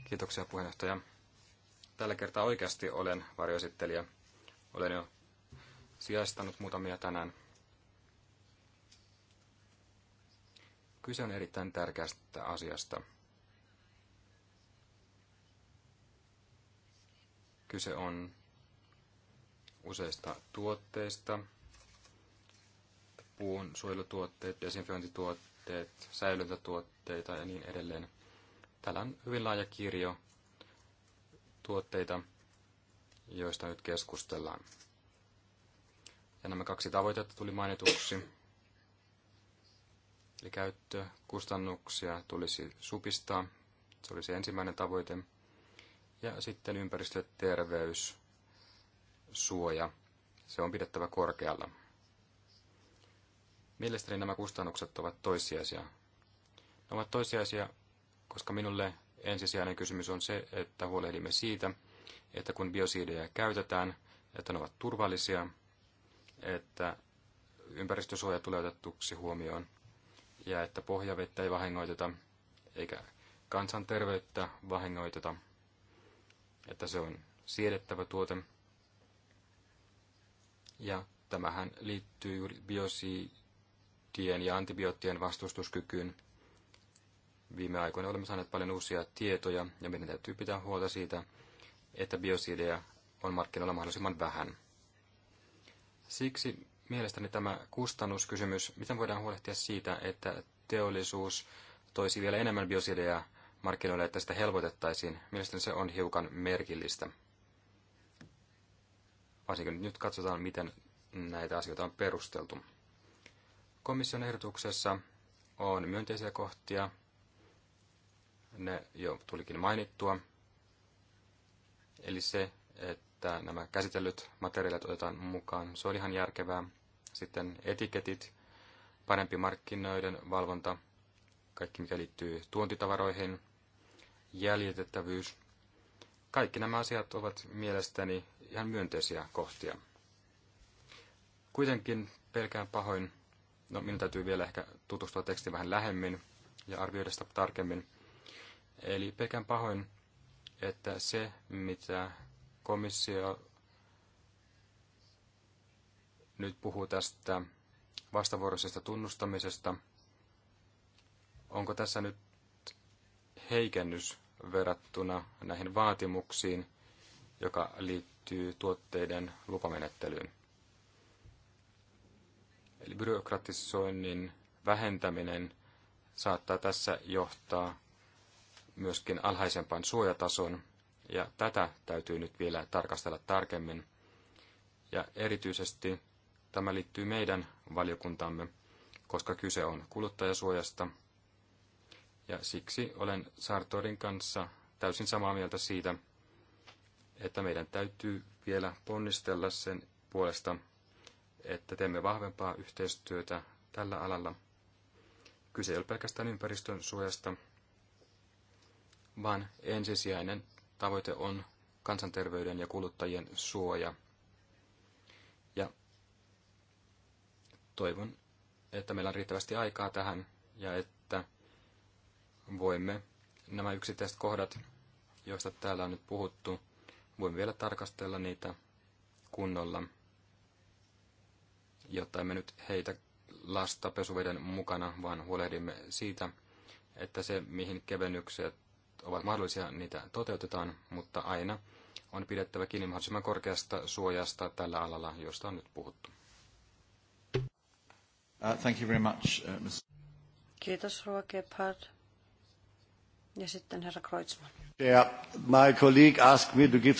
Kiitoksia puheenjohtaja. Tällä kertaa oikeasti olen varjoesittelijä. Olen jo sijaistanut muutamia tänään. Kyse on erittäin tärkeästä asiasta. Kyse on useista tuotteista, puun suojelutuotteet, desinfiointituotteet, säilyntätuotteita ja niin edelleen. Täällä on hyvin laaja kirjo tuotteita, joista nyt keskustellaan. Ja nämä kaksi tavoitetta tuli mainituksi. Eli käyttökustannuksia tulisi supistaa. Se oli ensimmäinen tavoite. Ja sitten ympäristöterveys, suoja. Se on pidettävä korkealla. Mielestäni nämä kustannukset ovat toissijaisia. Ne ovat toissijaisia, koska minulle ensisijainen kysymys on se, että huolehdimme siitä, että kun biosiidejä käytetään, että ne ovat turvallisia, että ympäristösuoja tulee otettuksi huomioon ja että pohjavettä ei vahingoiteta eikä kansanterveyttä vahingoiteta, että se on siedettävä tuote. Ja tämähän liittyy juuri biosidien ja antibioottien vastustuskykyyn. Viime aikoina olemme saaneet paljon uusia tietoja ja meidän täytyy pitää huolta siitä, että biosideja on markkinoilla mahdollisimman vähän. Siksi Mielestäni tämä kustannuskysymys, miten voidaan huolehtia siitä, että teollisuus toisi vielä enemmän biosideja markkinoille, että sitä helpotettaisiin. Mielestäni se on hiukan merkillistä. Varsinkin nyt katsotaan, miten näitä asioita on perusteltu. Komission ehdotuksessa on myönteisiä kohtia. Ne jo tulikin mainittua. Eli se, että nämä käsitellyt materiaalit otetaan mukaan, se on ihan järkevää. Sitten etiketit, parempi markkinoiden valvonta, kaikki mikä liittyy tuontitavaroihin, jäljitettävyys. Kaikki nämä asiat ovat mielestäni ihan myönteisiä kohtia. Kuitenkin pelkään pahoin, no minun täytyy vielä ehkä tutustua tekstiin vähän lähemmin ja arvioida sitä tarkemmin. Eli pelkään pahoin, että se, mitä komissio nyt puhuu tästä vastavuoroisesta tunnustamisesta. Onko tässä nyt heikennys verrattuna näihin vaatimuksiin, joka liittyy tuotteiden lupamenettelyyn? Eli byrokratisoinnin vähentäminen saattaa tässä johtaa myöskin alhaisempaan suojatason, ja tätä täytyy nyt vielä tarkastella tarkemmin. Ja erityisesti Tämä liittyy meidän valiokuntamme, koska kyse on kuluttajasuojasta. Ja siksi olen Sartorin kanssa täysin samaa mieltä siitä, että meidän täytyy vielä ponnistella sen puolesta, että teemme vahvempaa yhteistyötä tällä alalla. Kyse ei ole pelkästään ympäristön suojasta, vaan ensisijainen tavoite on kansanterveyden ja kuluttajien suoja Toivon, että meillä on riittävästi aikaa tähän ja että voimme nämä yksittäiset kohdat, joista täällä on nyt puhuttu, voimme vielä tarkastella niitä kunnolla, jotta emme nyt heitä lasta pesuveden mukana, vaan huolehdimme siitä, että se, mihin kevennykset ovat mahdollisia, niitä toteutetaan, mutta aina on pidettävä kiinni mahdollisimman korkeasta suojasta tällä alalla, josta on nyt puhuttu. Uh, thank you very much, uh, Ms. Kiitos, Rua Ja sitten herra Kreutzmann. Yeah, my colleague asked me to give...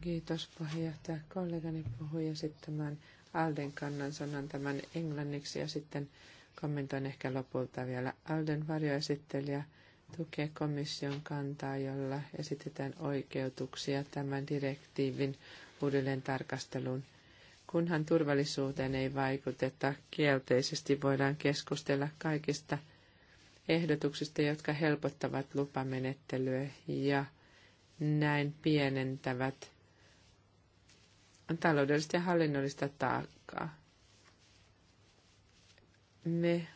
Kiitos puheenjohtaja. Kollegani puhui esittämään Alden kannan sanan tämän englanniksi ja sitten kommentoin ehkä lopulta vielä. Alden varjoesittelijä tukee komission kantaa, jolla esitetään oikeutuksia tämän direktiivin uudelleen tarkasteluun – Kunhan turvallisuuteen ei vaikuteta kielteisesti, voidaan keskustella kaikista ehdotuksista, jotka helpottavat lupamenettelyä ja näin pienentävät taloudellista ja hallinnollista taakkaa. Me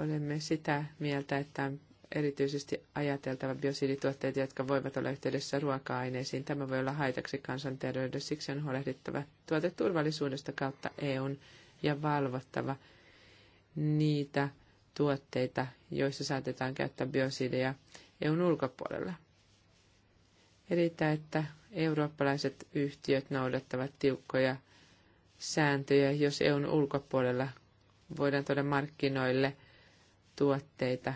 olemme sitä mieltä, että on erityisesti ajateltava biosidituotteita, jotka voivat olla yhteydessä ruoka-aineisiin. Tämä voi olla haitaksi kansanterveydessä, siksi on huolehdittava tuoteturvallisuudesta kautta EUn ja valvottava niitä tuotteita, joissa saatetaan käyttää biosideja EUn ulkopuolella. Erittäin, että eurooppalaiset yhtiöt noudattavat tiukkoja sääntöjä, jos EUn ulkopuolella voidaan tuoda markkinoille tuotteita,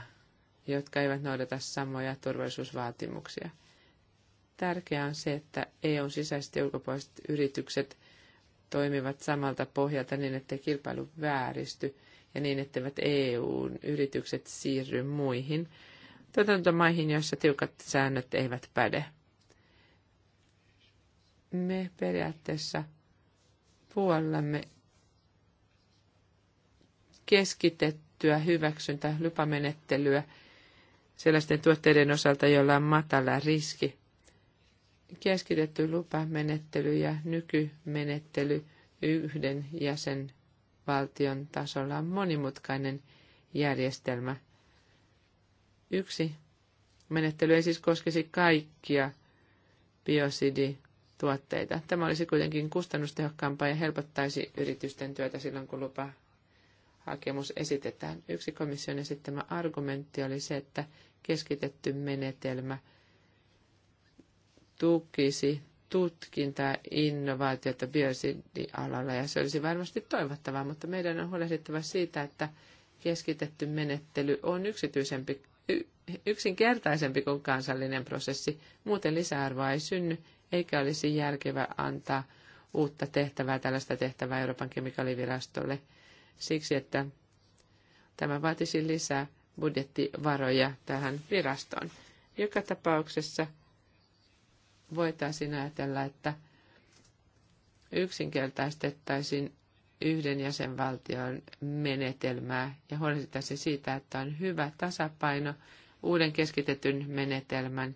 jotka eivät noudata samoja turvallisuusvaatimuksia. Tärkeää on se, että EUn sisäiset ja ulkopuoliset yritykset toimivat samalta pohjalta niin, ettei kilpailu vääristy ja niin, etteivät EUn yritykset siirry muihin tuotantomaihin, joissa tiukat säännöt eivät päde. Me periaatteessa puolellamme keskitettyä hyväksyntä lupamenettelyä sellaisten tuotteiden osalta, joilla on matala riski. Keskitetty lupamenettely ja nykymenettely yhden jäsenvaltion tasolla on monimutkainen järjestelmä. Yksi menettely ei siis koskisi kaikkia biosidituotteita. Tämä olisi kuitenkin kustannustehokkaampaa ja helpottaisi yritysten työtä silloin, kun lupa hakemus esitetään. Yksi komission esittämä argumentti oli se, että keskitetty menetelmä tukisi tutkintaa, innovaatiota biosidialalla ja se olisi varmasti toivottavaa, mutta meidän on huolehdittava siitä, että keskitetty menettely on yksityisempi, yksinkertaisempi kuin kansallinen prosessi. Muuten lisäarvoa ei synny, eikä olisi järkevä antaa uutta tehtävää, tällaista tehtävää Euroopan kemikaalivirastolle – siksi, että tämä vaatisi lisää budjettivaroja tähän virastoon. Joka tapauksessa voitaisiin ajatella, että yksinkertaistettaisiin yhden jäsenvaltion menetelmää ja huolehdittaisiin siitä, että on hyvä tasapaino uuden keskitetyn menetelmän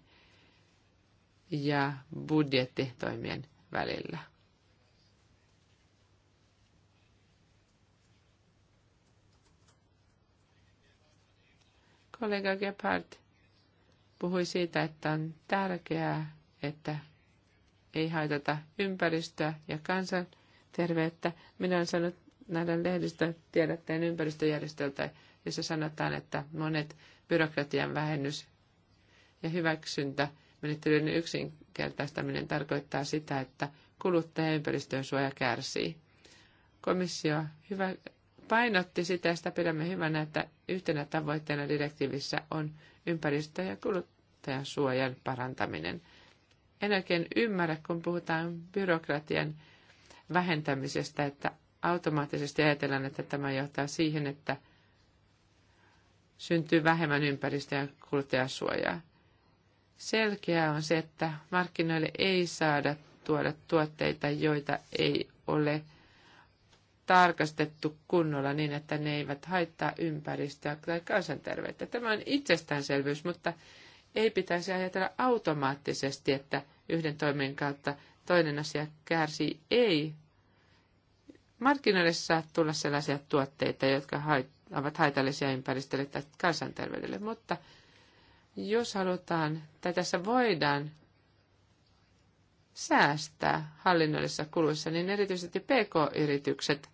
ja budjettitoimien välillä. Kollega Gebhardt puhui siitä, että on tärkeää, että ei haitata ympäristöä ja kansanterveyttä. Minä olen sanonut näiden lehdistä tiedotteen ympäristöjärjestöltä, jossa sanotaan, että monet byrokratian vähennys ja hyväksyntä menettelyyn yksinkertaistaminen tarkoittaa sitä, että kuluttaja- ja suoja kärsii. Komissio hyvä, painotti sitä, ja sitä pidämme hyvänä, että yhtenä tavoitteena direktiivissä on ympäristö- ja kuluttajan suojan parantaminen. En oikein ymmärrä, kun puhutaan byrokratian vähentämisestä, että automaattisesti ajatellaan, että tämä johtaa siihen, että syntyy vähemmän ympäristö- ja kuluttajasuojaa. Selkeää on se, että markkinoille ei saada tuoda tuotteita, joita ei ole – tarkastettu kunnolla niin, että ne eivät haittaa ympäristöä tai kansanterveyttä. Tämä on itsestäänselvyys, mutta ei pitäisi ajatella automaattisesti, että yhden toimen kautta toinen asia kärsii. Ei. Markkinoille saa tulla sellaisia tuotteita, jotka ovat haitallisia ympäristölle tai kansanterveydelle, mutta jos halutaan, tai tässä voidaan säästää hallinnollisissa kuluissa, niin erityisesti PK-yritykset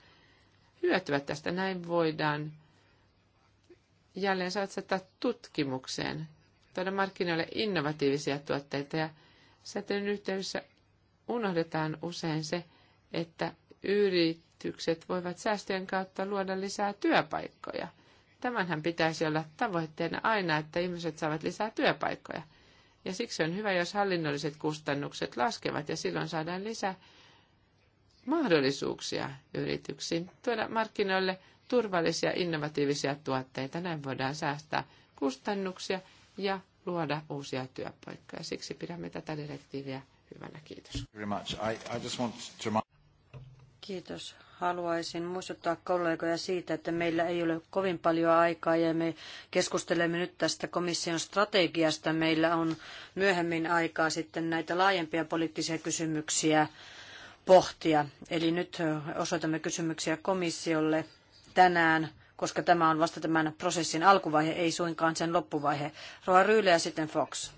hyötyvät tästä. Näin voidaan jälleen satsata tutkimukseen, tuoda markkinoille innovatiivisia tuotteita ja säteilyn yhteydessä unohdetaan usein se, että yritykset voivat säästöjen kautta luoda lisää työpaikkoja. Tämänhän pitäisi olla tavoitteena aina, että ihmiset saavat lisää työpaikkoja. Ja siksi on hyvä, jos hallinnolliset kustannukset laskevat ja silloin saadaan lisää mahdollisuuksia yrityksiin tuoda markkinoille turvallisia innovatiivisia tuotteita. Näin voidaan säästää kustannuksia ja luoda uusia työpaikkoja. Siksi pidämme tätä direktiiviä hyvänä. Kiitos. Kiitos. Haluaisin muistuttaa kollegoja siitä, että meillä ei ole kovin paljon aikaa ja me keskustelemme nyt tästä komission strategiasta. Meillä on myöhemmin aikaa sitten näitä laajempia poliittisia kysymyksiä pohtia. Eli nyt osoitamme kysymyksiä komissiolle tänään, koska tämä on vasta tämän prosessin alkuvaihe, ei suinkaan sen loppuvaihe. Roa Ryyle ja sitten Fox.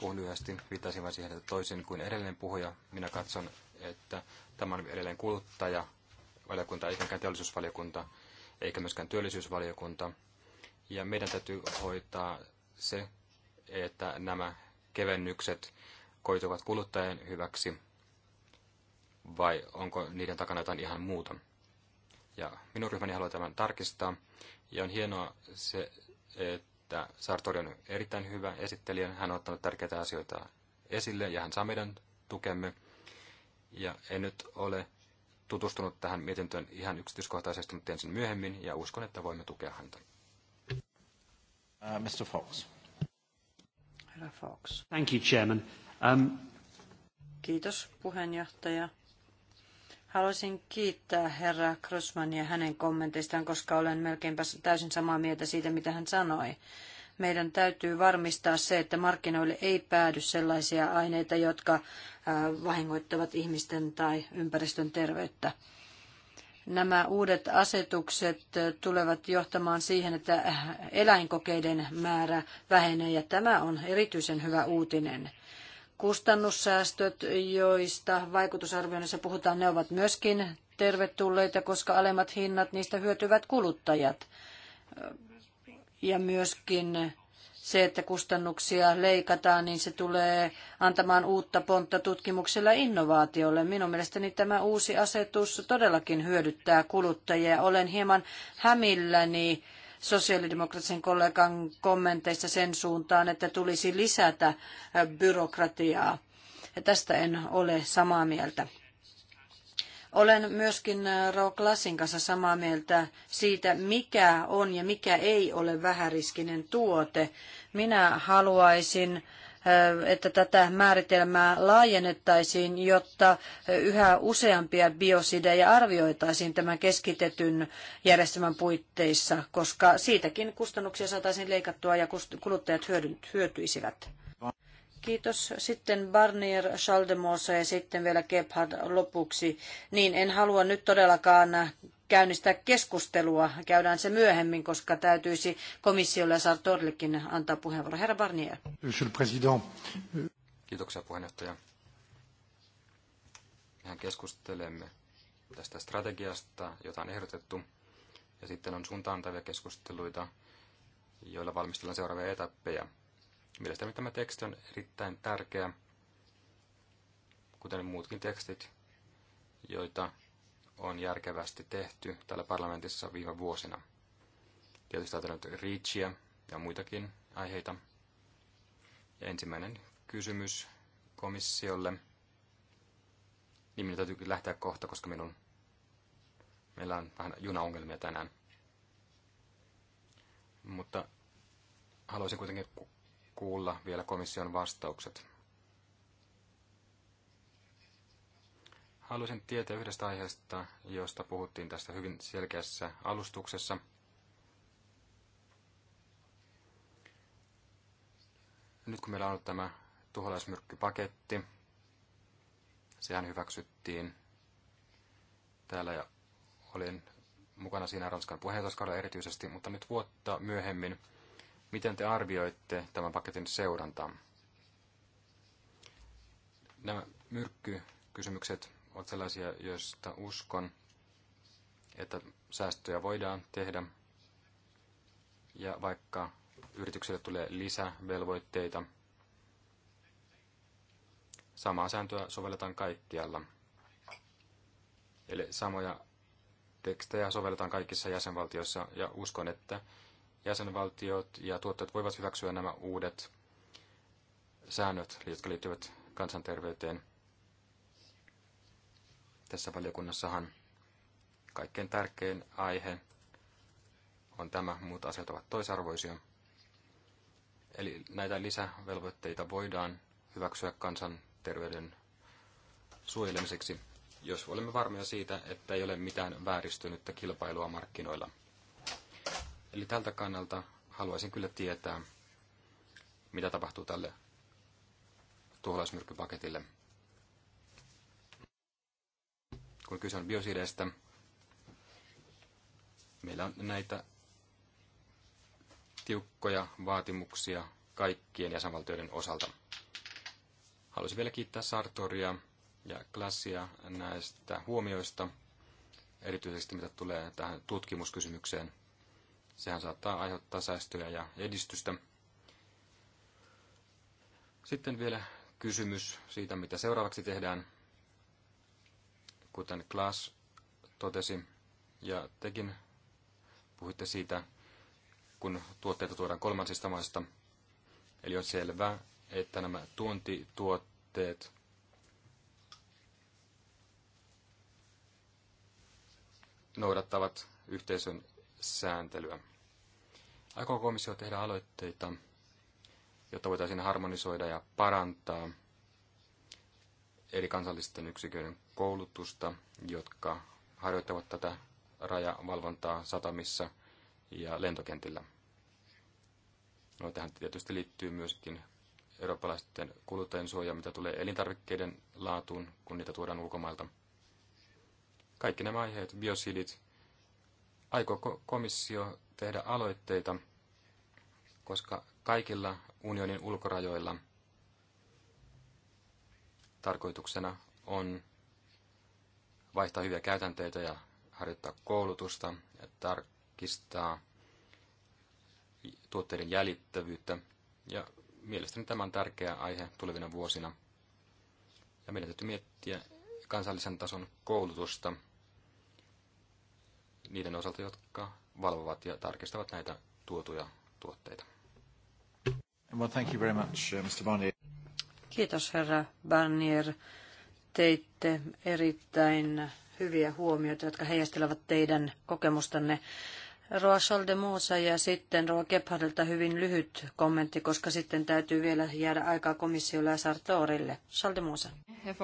Puhun lyhyesti, viittasin vain siihen, että toisin kuin edellinen puhuja, minä katson, että tämä on edelleen kuluttaja, valiokunta, eikä teollisuusvaliokunta, eikä myöskään työllisyysvaliokunta. Ja meidän täytyy hoitaa se, että nämä kevennykset koituvat kuluttajien hyväksi vai onko niiden takana jotain ihan muuta. Ja minun ryhmäni haluaa tämän tarkistaa. Ja on hienoa se, että Sartori on erittäin hyvä esittelijä. Hän on ottanut tärkeitä asioita esille ja hän saa meidän tukemme. Ja en nyt ole tutustunut tähän mietintöön ihan yksityiskohtaisesti, mutta ensin myöhemmin, ja uskon, että voimme tukea häntä. Uh, Mr. Fox. Herra Fox. Thank you, Chairman. Um... Kiitos, puheenjohtaja. Haluaisin kiittää herra Crossmania hänen kommenteistaan, koska olen melkein täysin samaa mieltä siitä, mitä hän sanoi. Meidän täytyy varmistaa se, että markkinoille ei päädy sellaisia aineita, jotka äh, vahingoittavat ihmisten tai ympäristön terveyttä nämä uudet asetukset äh, tulevat johtamaan siihen, että äh, eläinkokeiden määrä vähenee ja tämä on erityisen hyvä uutinen. Kustannussäästöt, joista vaikutusarvioinnissa puhutaan, ne ovat myöskin tervetulleita, koska alemmat hinnat, niistä hyötyvät kuluttajat. Ja myöskin se, että kustannuksia leikataan, niin se tulee antamaan uutta pontta tutkimukselle ja innovaatiolle. Minun mielestäni tämä uusi asetus todellakin hyödyttää kuluttajia. Olen hieman hämilläni sosiaalidemokraattisen kollegan kommenteista sen suuntaan, että tulisi lisätä byrokratiaa. Ja tästä en ole samaa mieltä. Olen myöskin Rauklassin kanssa samaa mieltä siitä, mikä on ja mikä ei ole vähäriskinen tuote. Minä haluaisin että tätä määritelmää laajennettaisiin, jotta yhä useampia biosidejä arvioitaisiin tämän keskitetyn järjestelmän puitteissa, koska siitäkin kustannuksia saataisiin leikattua ja kuluttajat hyötyisivät. Kiitos. Sitten Barnier, Schaldemose ja sitten vielä Gebhard lopuksi. Niin, en halua nyt todellakaan käynnistää keskustelua. Käydään se myöhemmin, koska täytyisi komissiolle ja Sartorillekin antaa puheenvuoro. Herra Barnier. Monsieur le Président. Kiitoksia puheenjohtaja. Mehän keskustelemme tästä strategiasta, jota on ehdotettu, ja sitten on suuntaantavia keskusteluita, joilla valmistellaan seuraavia etappeja. Mielestäni tämä teksti on erittäin tärkeä, kuten muutkin tekstit, joita on järkevästi tehty täällä parlamentissa viime vuosina. Tietysti ajatellaan REACHia ja muitakin aiheita. Ja ensimmäinen kysymys komissiolle. Niin minun täytyy lähteä kohta, koska minun, meillä on vähän junaongelmia tänään. Mutta haluaisin kuitenkin kuulla vielä komission vastaukset. Haluaisin tietää yhdestä aiheesta, josta puhuttiin tässä hyvin selkeässä alustuksessa. Nyt kun meillä on ollut tämä tuholaismyrkkypaketti, sehän hyväksyttiin täällä ja olin mukana siinä Ranskan puheenjohtajaskaudella erityisesti, mutta nyt vuotta myöhemmin, miten te arvioitte tämän paketin seurantaa? Nämä myrkkykysymykset ovat sellaisia, joista uskon, että säästöjä voidaan tehdä. Ja vaikka yritykselle tulee lisävelvoitteita, samaa sääntöä sovelletaan kaikkialla. Eli samoja tekstejä sovelletaan kaikissa jäsenvaltioissa ja uskon, että jäsenvaltiot ja tuottajat voivat hyväksyä nämä uudet säännöt, jotka liittyvät kansanterveyteen – tässä valiokunnassahan kaikkein tärkein aihe on tämä, muut asiat ovat toisarvoisia. Eli näitä lisävelvoitteita voidaan hyväksyä kansanterveyden suojelemiseksi, jos olemme varmoja siitä, että ei ole mitään vääristynyttä kilpailua markkinoilla. Eli tältä kannalta haluaisin kyllä tietää, mitä tapahtuu tälle tuholaismyrkkypaketille. kun kyse on biosideistä. Meillä on näitä tiukkoja vaatimuksia kaikkien jäsenvaltioiden osalta. Haluaisin vielä kiittää Sartoria ja Klassia näistä huomioista, erityisesti mitä tulee tähän tutkimuskysymykseen. Sehän saattaa aiheuttaa säästöjä ja edistystä. Sitten vielä kysymys siitä, mitä seuraavaksi tehdään kuten Klaas totesi, ja tekin puhuitte siitä, kun tuotteita tuodaan kolmansista maista. Eli on selvää, että nämä tuontituotteet noudattavat yhteisön sääntelyä. Aikoo komissio tehdä aloitteita, jotta voitaisiin harmonisoida ja parantaa – eri kansallisten yksiköiden koulutusta, jotka harjoittavat tätä rajavalvontaa satamissa ja lentokentillä. No, tähän tietysti liittyy myöskin eurooppalaisten kuluttajien suoja, mitä tulee elintarvikkeiden laatuun, kun niitä tuodaan ulkomailta. Kaikki nämä aiheet, biosidit, aikooko komissio tehdä aloitteita, koska kaikilla unionin ulkorajoilla – Tarkoituksena on vaihtaa hyviä käytänteitä ja harjoittaa koulutusta, ja tarkistaa tuotteiden jäljittävyyttä. Ja mielestäni tämä on tärkeä aihe tulevina vuosina. Ja meidän täytyy miettiä kansallisen tason koulutusta niiden osalta, jotka valvovat ja tarkistavat näitä tuotuja tuotteita. Well, thank you very much, uh, Mr. Barnier. Kiitos herra Barnier. Teitte erittäin hyviä huomioita, jotka heijastelevat teidän kokemustanne. Roa Scholdemuusa ja sitten Roa Gebhardelta hyvin lyhyt kommentti, koska sitten täytyy vielä jäädä aikaa komissiolle ja Sartorille. Scholdemuusa. Herr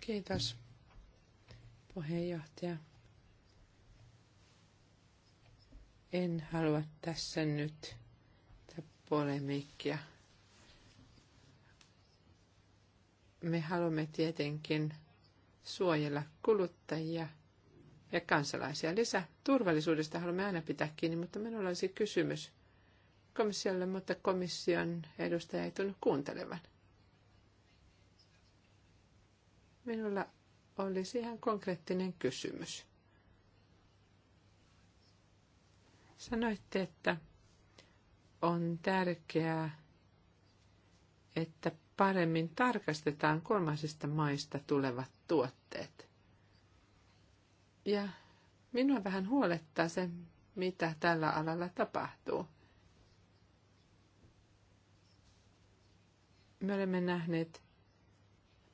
Kiitos, puheenjohtaja. En halua tässä nyt polemiikkia. Me haluamme tietenkin suojella kuluttajia ja kansalaisia. Lisä turvallisuudesta haluamme aina pitää kiinni, mutta minulla olisi kysymys komissiolle, mutta komission edustaja ei tunnu kuuntelevan. Minulla olisi ihan konkreettinen kysymys. Sanoitte, että on tärkeää, että paremmin tarkastetaan kolmansista maista tulevat tuotteet. Ja minua vähän huolettaa se, mitä tällä alalla tapahtuu. Me olemme nähneet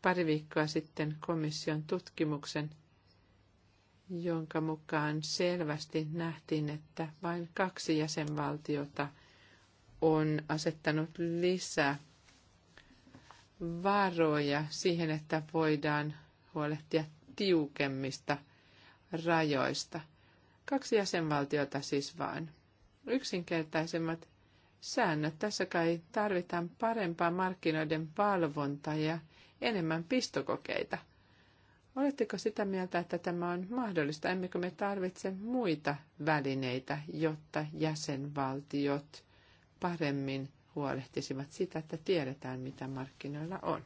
pari viikkoa sitten komission tutkimuksen, jonka mukaan selvästi nähtiin, että vain kaksi jäsenvaltiota – on asettanut lisää varoja siihen, että voidaan huolehtia tiukemmista rajoista. Kaksi jäsenvaltiota siis vain. Yksinkertaisemmat säännöt. Tässä kai tarvitaan parempaa markkinoiden valvontaa ja enemmän pistokokeita. Oletteko sitä mieltä, että tämä on mahdollista? Emmekö me tarvitse muita välineitä, jotta jäsenvaltiot paremmin huolehtisivat sitä, että tiedetään, mitä markkinoilla on.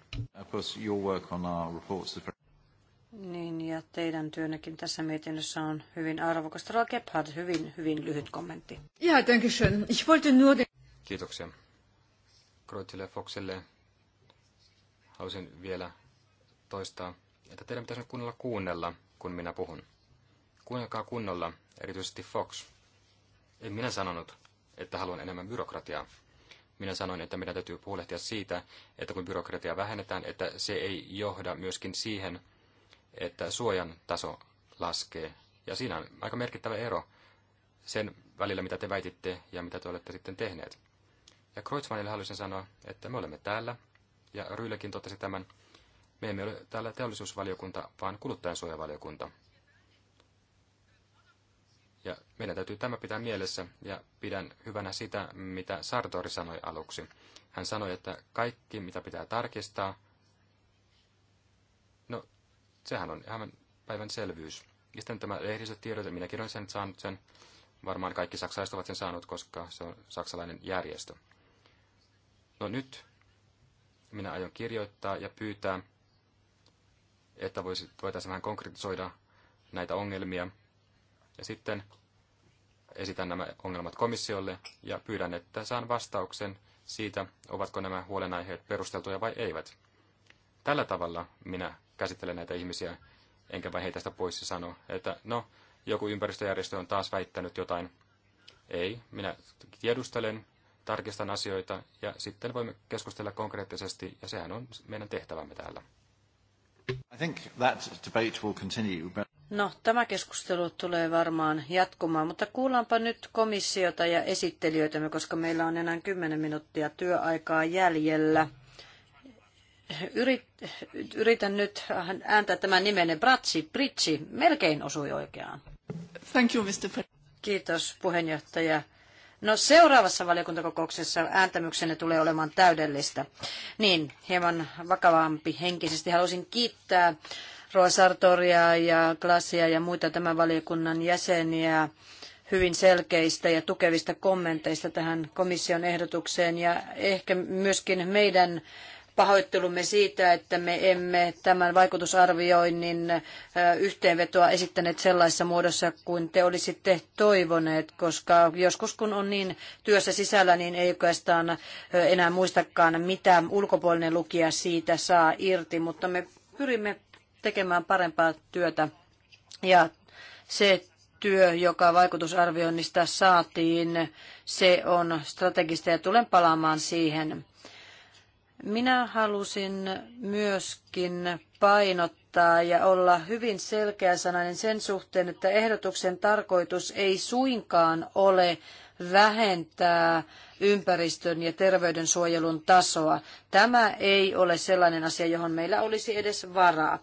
Niin, ja teidän työnnekin tässä mietinnössä on hyvin arvokasta. Roa Gebhard, hyvin, hyvin lyhyt kommentti. Ja, danke schön. Ich wollte nur... Kiitoksia. Kreutzille Foxille halusin vielä toistaa, että teidän pitäisi nyt kuunnella kuunnella, kun minä puhun. Kuunnelkaa kunnolla, erityisesti Fox. En minä sanonut, että haluan enemmän byrokratiaa. Minä sanoin, että meidän täytyy huolehtia siitä, että kun byrokratia vähennetään, että se ei johda myöskin siihen, että suojan taso laskee. Ja siinä on aika merkittävä ero sen välillä, mitä te väititte ja mitä te olette sitten tehneet. Ja Kreutzmannille haluaisin sanoa, että me olemme täällä, ja Ryylekin totesi tämän, me emme ole täällä teollisuusvaliokunta, vaan kuluttajansuojavaliokunta. Ja meidän täytyy tämä pitää mielessä, ja pidän hyvänä sitä, mitä Sartori sanoi aluksi. Hän sanoi, että kaikki, mitä pitää tarkistaa, no, sehän on ihan päivän selvyys. Ja sitten tämä lehdistötiedote, minäkin olen sen saanut sen, varmaan kaikki saksalaiset ovat sen saanut, koska se on saksalainen järjestö. No nyt minä aion kirjoittaa ja pyytää, että voitaisiin vähän konkretisoida näitä ongelmia, ja sitten esitän nämä ongelmat komissiolle ja pyydän, että saan vastauksen siitä, ovatko nämä huolenaiheet perusteltuja vai eivät. Tällä tavalla minä käsittelen näitä ihmisiä, enkä vain heitä sitä pois ja sano, että no, joku ympäristöjärjestö on taas väittänyt jotain. Ei, minä tiedustelen, tarkistan asioita ja sitten voimme keskustella konkreettisesti ja sehän on meidän tehtävämme täällä. I think that debate will continue, but... No, tämä keskustelu tulee varmaan jatkumaan, mutta kuullaanpa nyt komissiota ja esittelijöitämme, koska meillä on enää 10 minuuttia työaikaa jäljellä. Yrit, yritän nyt ääntää tämän nimen. Bratsi, Britsi, melkein osui oikeaan. Thank you, Mr. Kiitos puheenjohtaja. No seuraavassa valiokuntakokouksessa ääntämyksenne tulee olemaan täydellistä. Niin, hieman vakavampi henkisesti haluaisin kiittää Roa Sartoria ja Glasia ja muita tämän valiokunnan jäseniä hyvin selkeistä ja tukevista kommenteista tähän komission ehdotukseen ja ehkä myöskin meidän pahoittelumme siitä, että me emme tämän vaikutusarvioinnin yhteenvetoa esittäneet sellaisessa muodossa kuin te olisitte toivoneet, koska joskus kun on niin työssä sisällä, niin ei oikeastaan enää muistakaan, mitä ulkopuolinen lukija siitä saa irti, mutta me pyrimme tekemään parempaa työtä. Ja se työ, joka vaikutusarvioinnista saatiin, se on strategista ja tulen palaamaan siihen. Minä halusin myöskin painottaa ja olla hyvin selkeäsanainen sen suhteen, että ehdotuksen tarkoitus ei suinkaan ole vähentää ympäristön ja terveydensuojelun tasoa. Tämä ei ole sellainen asia, johon meillä olisi edes varaa.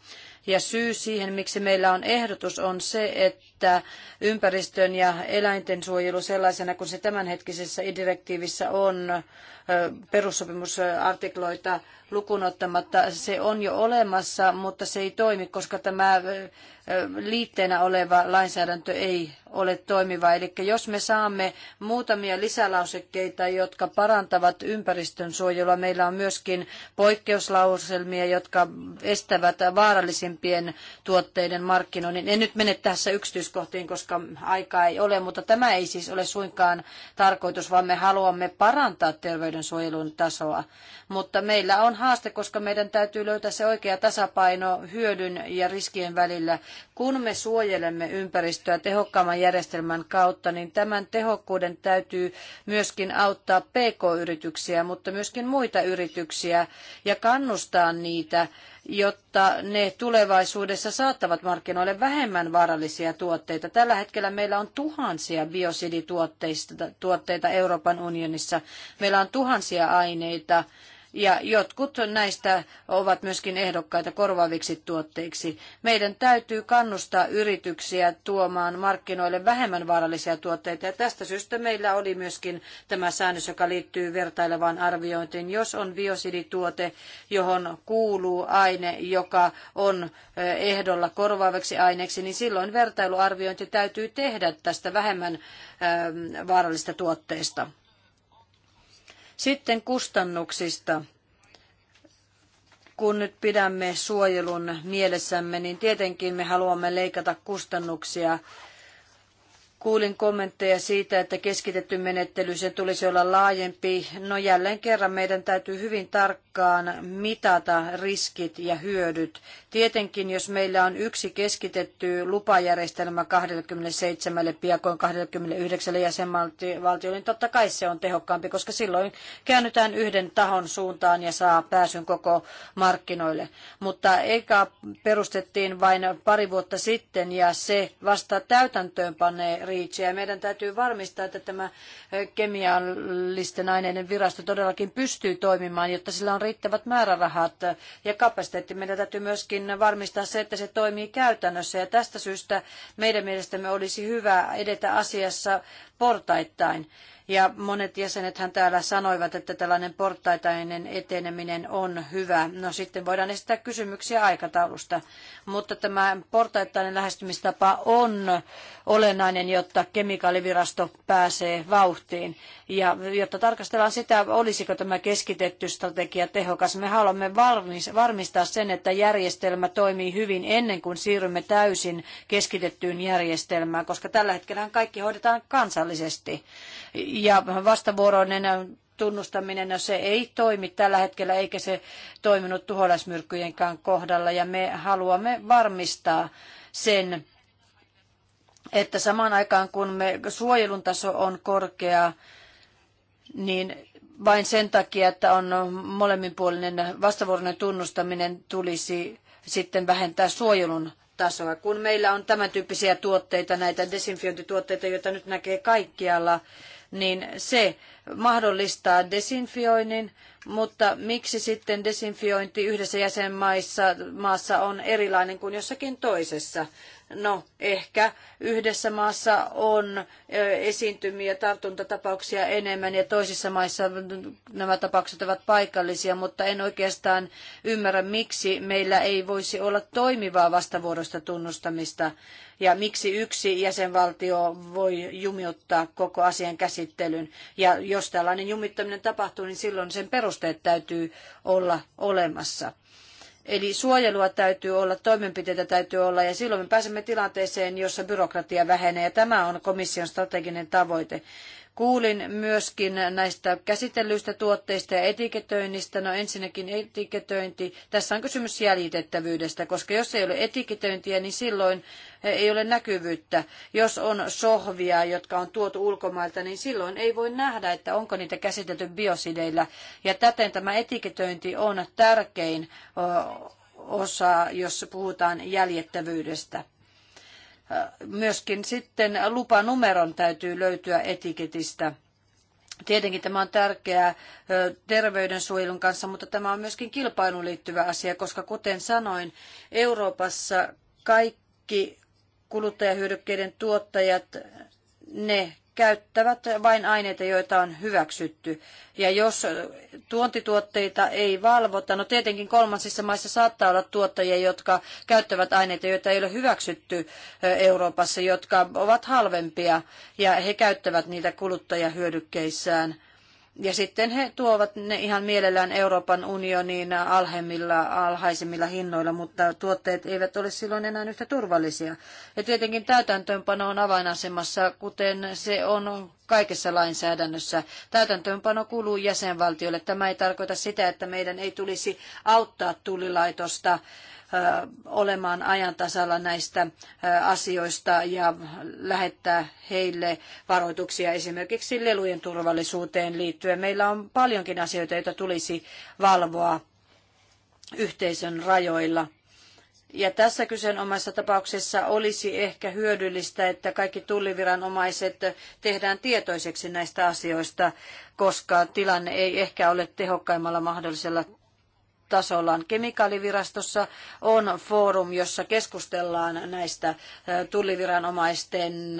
Ja syy siihen, miksi meillä on ehdotus, on se, että ympäristön ja eläinten suojelu sellaisena kuin se tämänhetkisessä direktiivissä on, perussopimusartikloita lukunottamatta. Se on jo olemassa, mutta se ei toimi, koska tämä liitteenä oleva lainsäädäntö ei ole toimiva. Eli jos me saamme muutamia lisälausekkeita, jotka parantavat ympäristön suojelua, meillä on myöskin poikkeuslauselmia, jotka estävät vaarallisimpien tuotteiden markkinoinnin. En nyt mene tässä yksityiskohtiin, koska aikaa ei ole, mutta tämä ei siis ole suinkaan tarkoitus, vaan me haluamme parantaa terveyden soiden tasoa. Mutta meillä on haaste, koska meidän täytyy löytää se oikea tasapaino hyödyn ja riskien välillä. Kun me suojelemme ympäristöä tehokkaamman järjestelmän kautta, niin tämän tehokkuuden täytyy myöskin auttaa pk-yrityksiä, mutta myöskin muita yrityksiä ja kannustaa niitä jotta ne tulevaisuudessa saattavat markkinoille vähemmän vaarallisia tuotteita. Tällä hetkellä meillä on tuhansia biosidituotteita Euroopan unionissa. Meillä on tuhansia aineita, ja jotkut näistä ovat myöskin ehdokkaita korvaaviksi tuotteiksi. Meidän täytyy kannustaa yrityksiä tuomaan markkinoille vähemmän vaarallisia tuotteita ja tästä syystä meillä oli myöskin tämä säännös, joka liittyy vertailevaan arviointiin. Jos on biosidituote, johon kuuluu aine, joka on ehdolla korvaavaksi aineeksi, niin silloin vertailuarviointi täytyy tehdä tästä vähemmän vaarallisesta tuotteesta. Sitten kustannuksista. Kun nyt pidämme suojelun mielessämme, niin tietenkin me haluamme leikata kustannuksia Kuulin kommentteja siitä, että keskitetty menettely, sen tulisi olla laajempi. No jälleen kerran meidän täytyy hyvin tarkkaan mitata riskit ja hyödyt. Tietenkin, jos meillä on yksi keskitetty lupajärjestelmä 27, piakoin 29 jäsenvaltiolle, niin totta kai se on tehokkaampi, koska silloin käännytään yhden tahon suuntaan ja saa pääsyn koko markkinoille. Mutta eikä perustettiin vain pari vuotta sitten ja se vasta täytäntöönpanee REACHia. Meidän täytyy varmistaa, että tämä kemiallisten aineiden virasto todellakin pystyy toimimaan, jotta sillä on riittävät määrärahat ja kapasiteetti. Meidän täytyy myöskin varmistaa se, että se toimii käytännössä. Ja tästä syystä meidän mielestämme olisi hyvä edetä asiassa portaittain. Ja monet jäsenethän täällä sanoivat, että tällainen portaitainen eteneminen on hyvä. No sitten voidaan esittää kysymyksiä aikataulusta. Mutta tämä portaittainen lähestymistapa on olennainen, jotta kemikaalivirasto pääsee vauhtiin. Ja jotta tarkastellaan sitä, olisiko tämä keskitetty strategia tehokas. Me haluamme varmistaa sen, että järjestelmä toimii hyvin ennen kuin siirrymme täysin keskitettyyn järjestelmään, koska tällä hetkellä kaikki hoidetaan kansallisesti kansallisesti. Ja vastavuoroinen tunnustaminen, no se ei toimi tällä hetkellä, eikä se toiminut tuholaismyrkkyjenkään kohdalla. Ja me haluamme varmistaa sen, että samaan aikaan kun me, suojelun taso on korkea, niin vain sen takia, että on molemminpuolinen vastavuoroinen tunnustaminen tulisi sitten vähentää suojelun tasoa. Kun meillä on tämän tyyppisiä tuotteita, näitä desinfiointituotteita, joita nyt näkee kaikkialla, niin se mahdollistaa desinfioinnin, mutta miksi sitten desinfiointi yhdessä jäsenmaissa maassa on erilainen kuin jossakin toisessa? No, ehkä yhdessä maassa on esiintymiä tartuntatapauksia enemmän ja toisissa maissa nämä tapaukset ovat paikallisia, mutta en oikeastaan ymmärrä, miksi meillä ei voisi olla toimivaa vastavuorosta tunnustamista ja miksi yksi jäsenvaltio voi jumiuttaa koko asian käsittelyn. Ja jos tällainen jumittaminen tapahtuu, niin silloin sen perusteet täytyy olla olemassa. Eli suojelua täytyy olla, toimenpiteitä täytyy olla ja silloin me pääsemme tilanteeseen, jossa byrokratia vähenee ja tämä on komission strateginen tavoite. Kuulin myöskin näistä käsitellyistä tuotteista ja etiketöinnistä. No ensinnäkin etiketöinti. Tässä on kysymys jäljitettävyydestä, koska jos ei ole etiketöintiä, niin silloin ei ole näkyvyyttä. Jos on sohvia, jotka on tuotu ulkomailta, niin silloin ei voi nähdä, että onko niitä käsitelty biosideillä. Ja täten tämä etiketöinti on tärkein osa, jos puhutaan jäljettävyydestä myöskin sitten lupanumeron täytyy löytyä etiketistä. Tietenkin tämä on tärkeää terveydensuojelun kanssa, mutta tämä on myöskin kilpailuun liittyvä asia, koska kuten sanoin, Euroopassa kaikki kuluttajahyödykkeiden tuottajat, ne käyttävät vain aineita, joita on hyväksytty. Ja jos tuontituotteita ei valvota, no tietenkin kolmansissa maissa saattaa olla tuottajia, jotka käyttävät aineita, joita ei ole hyväksytty Euroopassa, jotka ovat halvempia ja he käyttävät niitä kuluttajahyödykkeissään ja sitten he tuovat ne ihan mielellään Euroopan unioniin alhemmilla, alhaisemmilla hinnoilla, mutta tuotteet eivät ole silloin enää yhtä turvallisia. Ja tietenkin täytäntöönpano on avainasemassa, kuten se on kaikessa lainsäädännössä. Täytäntöönpano kuuluu jäsenvaltioille. Tämä ei tarkoita sitä, että meidän ei tulisi auttaa tullilaitosta olemaan ajan tasalla näistä asioista ja lähettää heille varoituksia esimerkiksi lelujen turvallisuuteen liittyen. Meillä on paljonkin asioita, joita tulisi valvoa yhteisön rajoilla. Ja tässä kyseenomaisessa tapauksessa olisi ehkä hyödyllistä, että kaikki tulliviranomaiset tehdään tietoiseksi näistä asioista, koska tilanne ei ehkä ole tehokkaimmalla mahdollisella tasollaan. Kemikaalivirastossa on foorum, jossa keskustellaan näistä tulliviranomaisten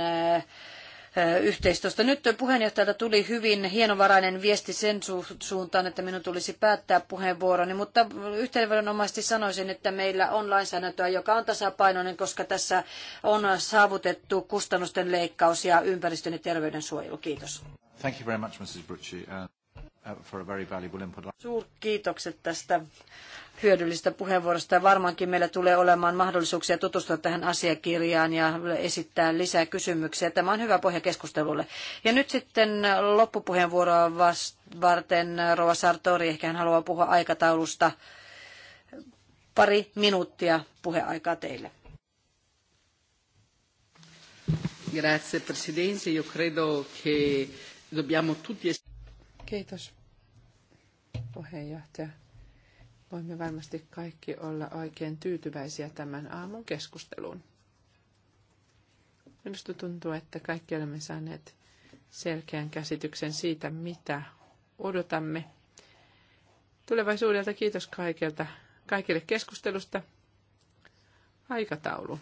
yhteistyöstä. Nyt puheenjohtajalta tuli hyvin hienovarainen viesti sen suuntaan, että minun tulisi päättää puheenvuoroni, mutta yhteenvedonomaisesti sanoisin, että meillä on lainsäädäntöä, joka on tasapainoinen, koska tässä on saavutettu kustannusten leikkaus ja ympäristön ja terveyden suojelu. Kiitos. Thank you very much, Mrs. Brucci. Uh, for a very valuable input. Suurkiitokset tästä hyödyllistä puheenvuorosta. Varmaankin meillä tulee olemaan mahdollisuuksia tutustua tähän asiakirjaan ja esittää lisää kysymyksiä. Tämä on hyvä pohja keskustelulle. Ja nyt sitten loppupuheenvuoroa varten Rova Sartori, ehkä hän haluaa puhua aikataulusta. Pari minuuttia puheaikaa teille. Grazie Presidente, io credo che dobbiamo tutti... Kiitos puheenjohtaja. Voimme varmasti kaikki olla oikein tyytyväisiä tämän aamun keskusteluun. Minusta tuntuu, että kaikki olemme saaneet selkeän käsityksen siitä, mitä odotamme tulevaisuudelta. Kiitos kaikilta, kaikille keskustelusta. Aikataulu.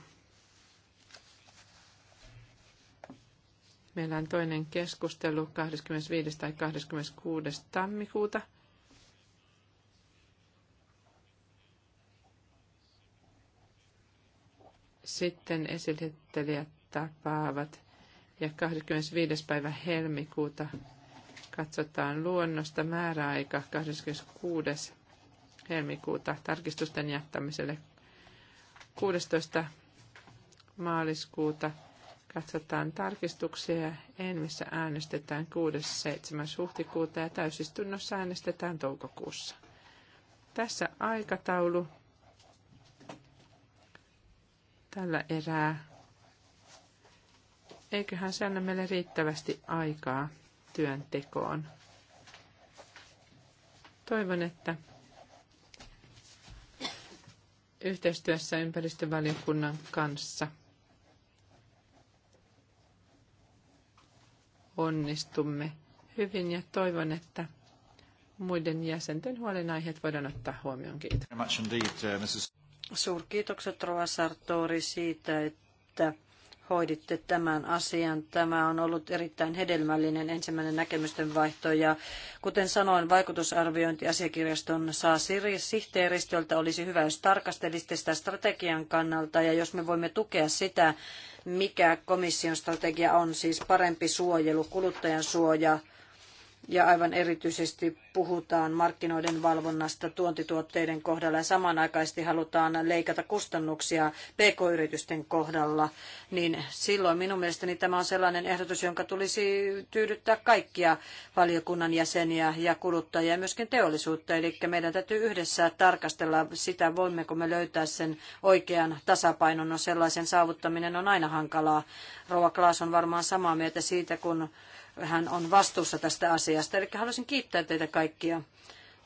Meillä on toinen keskustelu 25. tai 26. tammikuuta. Sitten esittelijät tapaavat ja 25. päivä helmikuuta katsotaan luonnosta määräaika 26. helmikuuta tarkistusten jättämiselle 16. maaliskuuta katsotaan tarkistuksia. Envissä äänestetään 6.7. huhtikuuta ja täysistunnossa äänestetään toukokuussa. Tässä aikataulu tällä erää. Eiköhän se anna meille riittävästi aikaa työntekoon. Toivon, että yhteistyössä ympäristövaliokunnan kanssa – onnistumme hyvin ja toivon, että muiden jäsenten huolenaiheet voidaan ottaa huomioon. Kiitos. Uh, Suurkiitokset Rova Sartori siitä, että hoiditte tämän asian. Tämä on ollut erittäin hedelmällinen ensimmäinen näkemysten vaihto ja kuten sanoin, vaikutusarviointi asiakirjaston saa sihteeristöltä olisi hyvä, jos tarkastelisitte sitä strategian kannalta ja jos me voimme tukea sitä, mikä komission strategia on, siis parempi suojelu, kuluttajan suoja, ja aivan erityisesti puhutaan markkinoiden valvonnasta tuontituotteiden kohdalla ja samanaikaisesti halutaan leikata kustannuksia pk-yritysten kohdalla, niin silloin minun mielestäni tämä on sellainen ehdotus, jonka tulisi tyydyttää kaikkia valiokunnan jäseniä ja kuluttajia ja myöskin teollisuutta. Eli meidän täytyy yhdessä tarkastella sitä, voimmeko me löytää sen oikean tasapainon. No sellaisen saavuttaminen on aina hankalaa. Rouva Klaas on varmaan samaa mieltä siitä, kun hän on vastuussa tästä asiasta. Eli haluaisin kiittää teitä kaikkia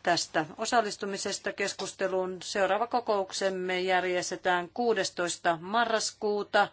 tästä osallistumisesta keskusteluun. Seuraava kokouksemme järjestetään 16. marraskuuta.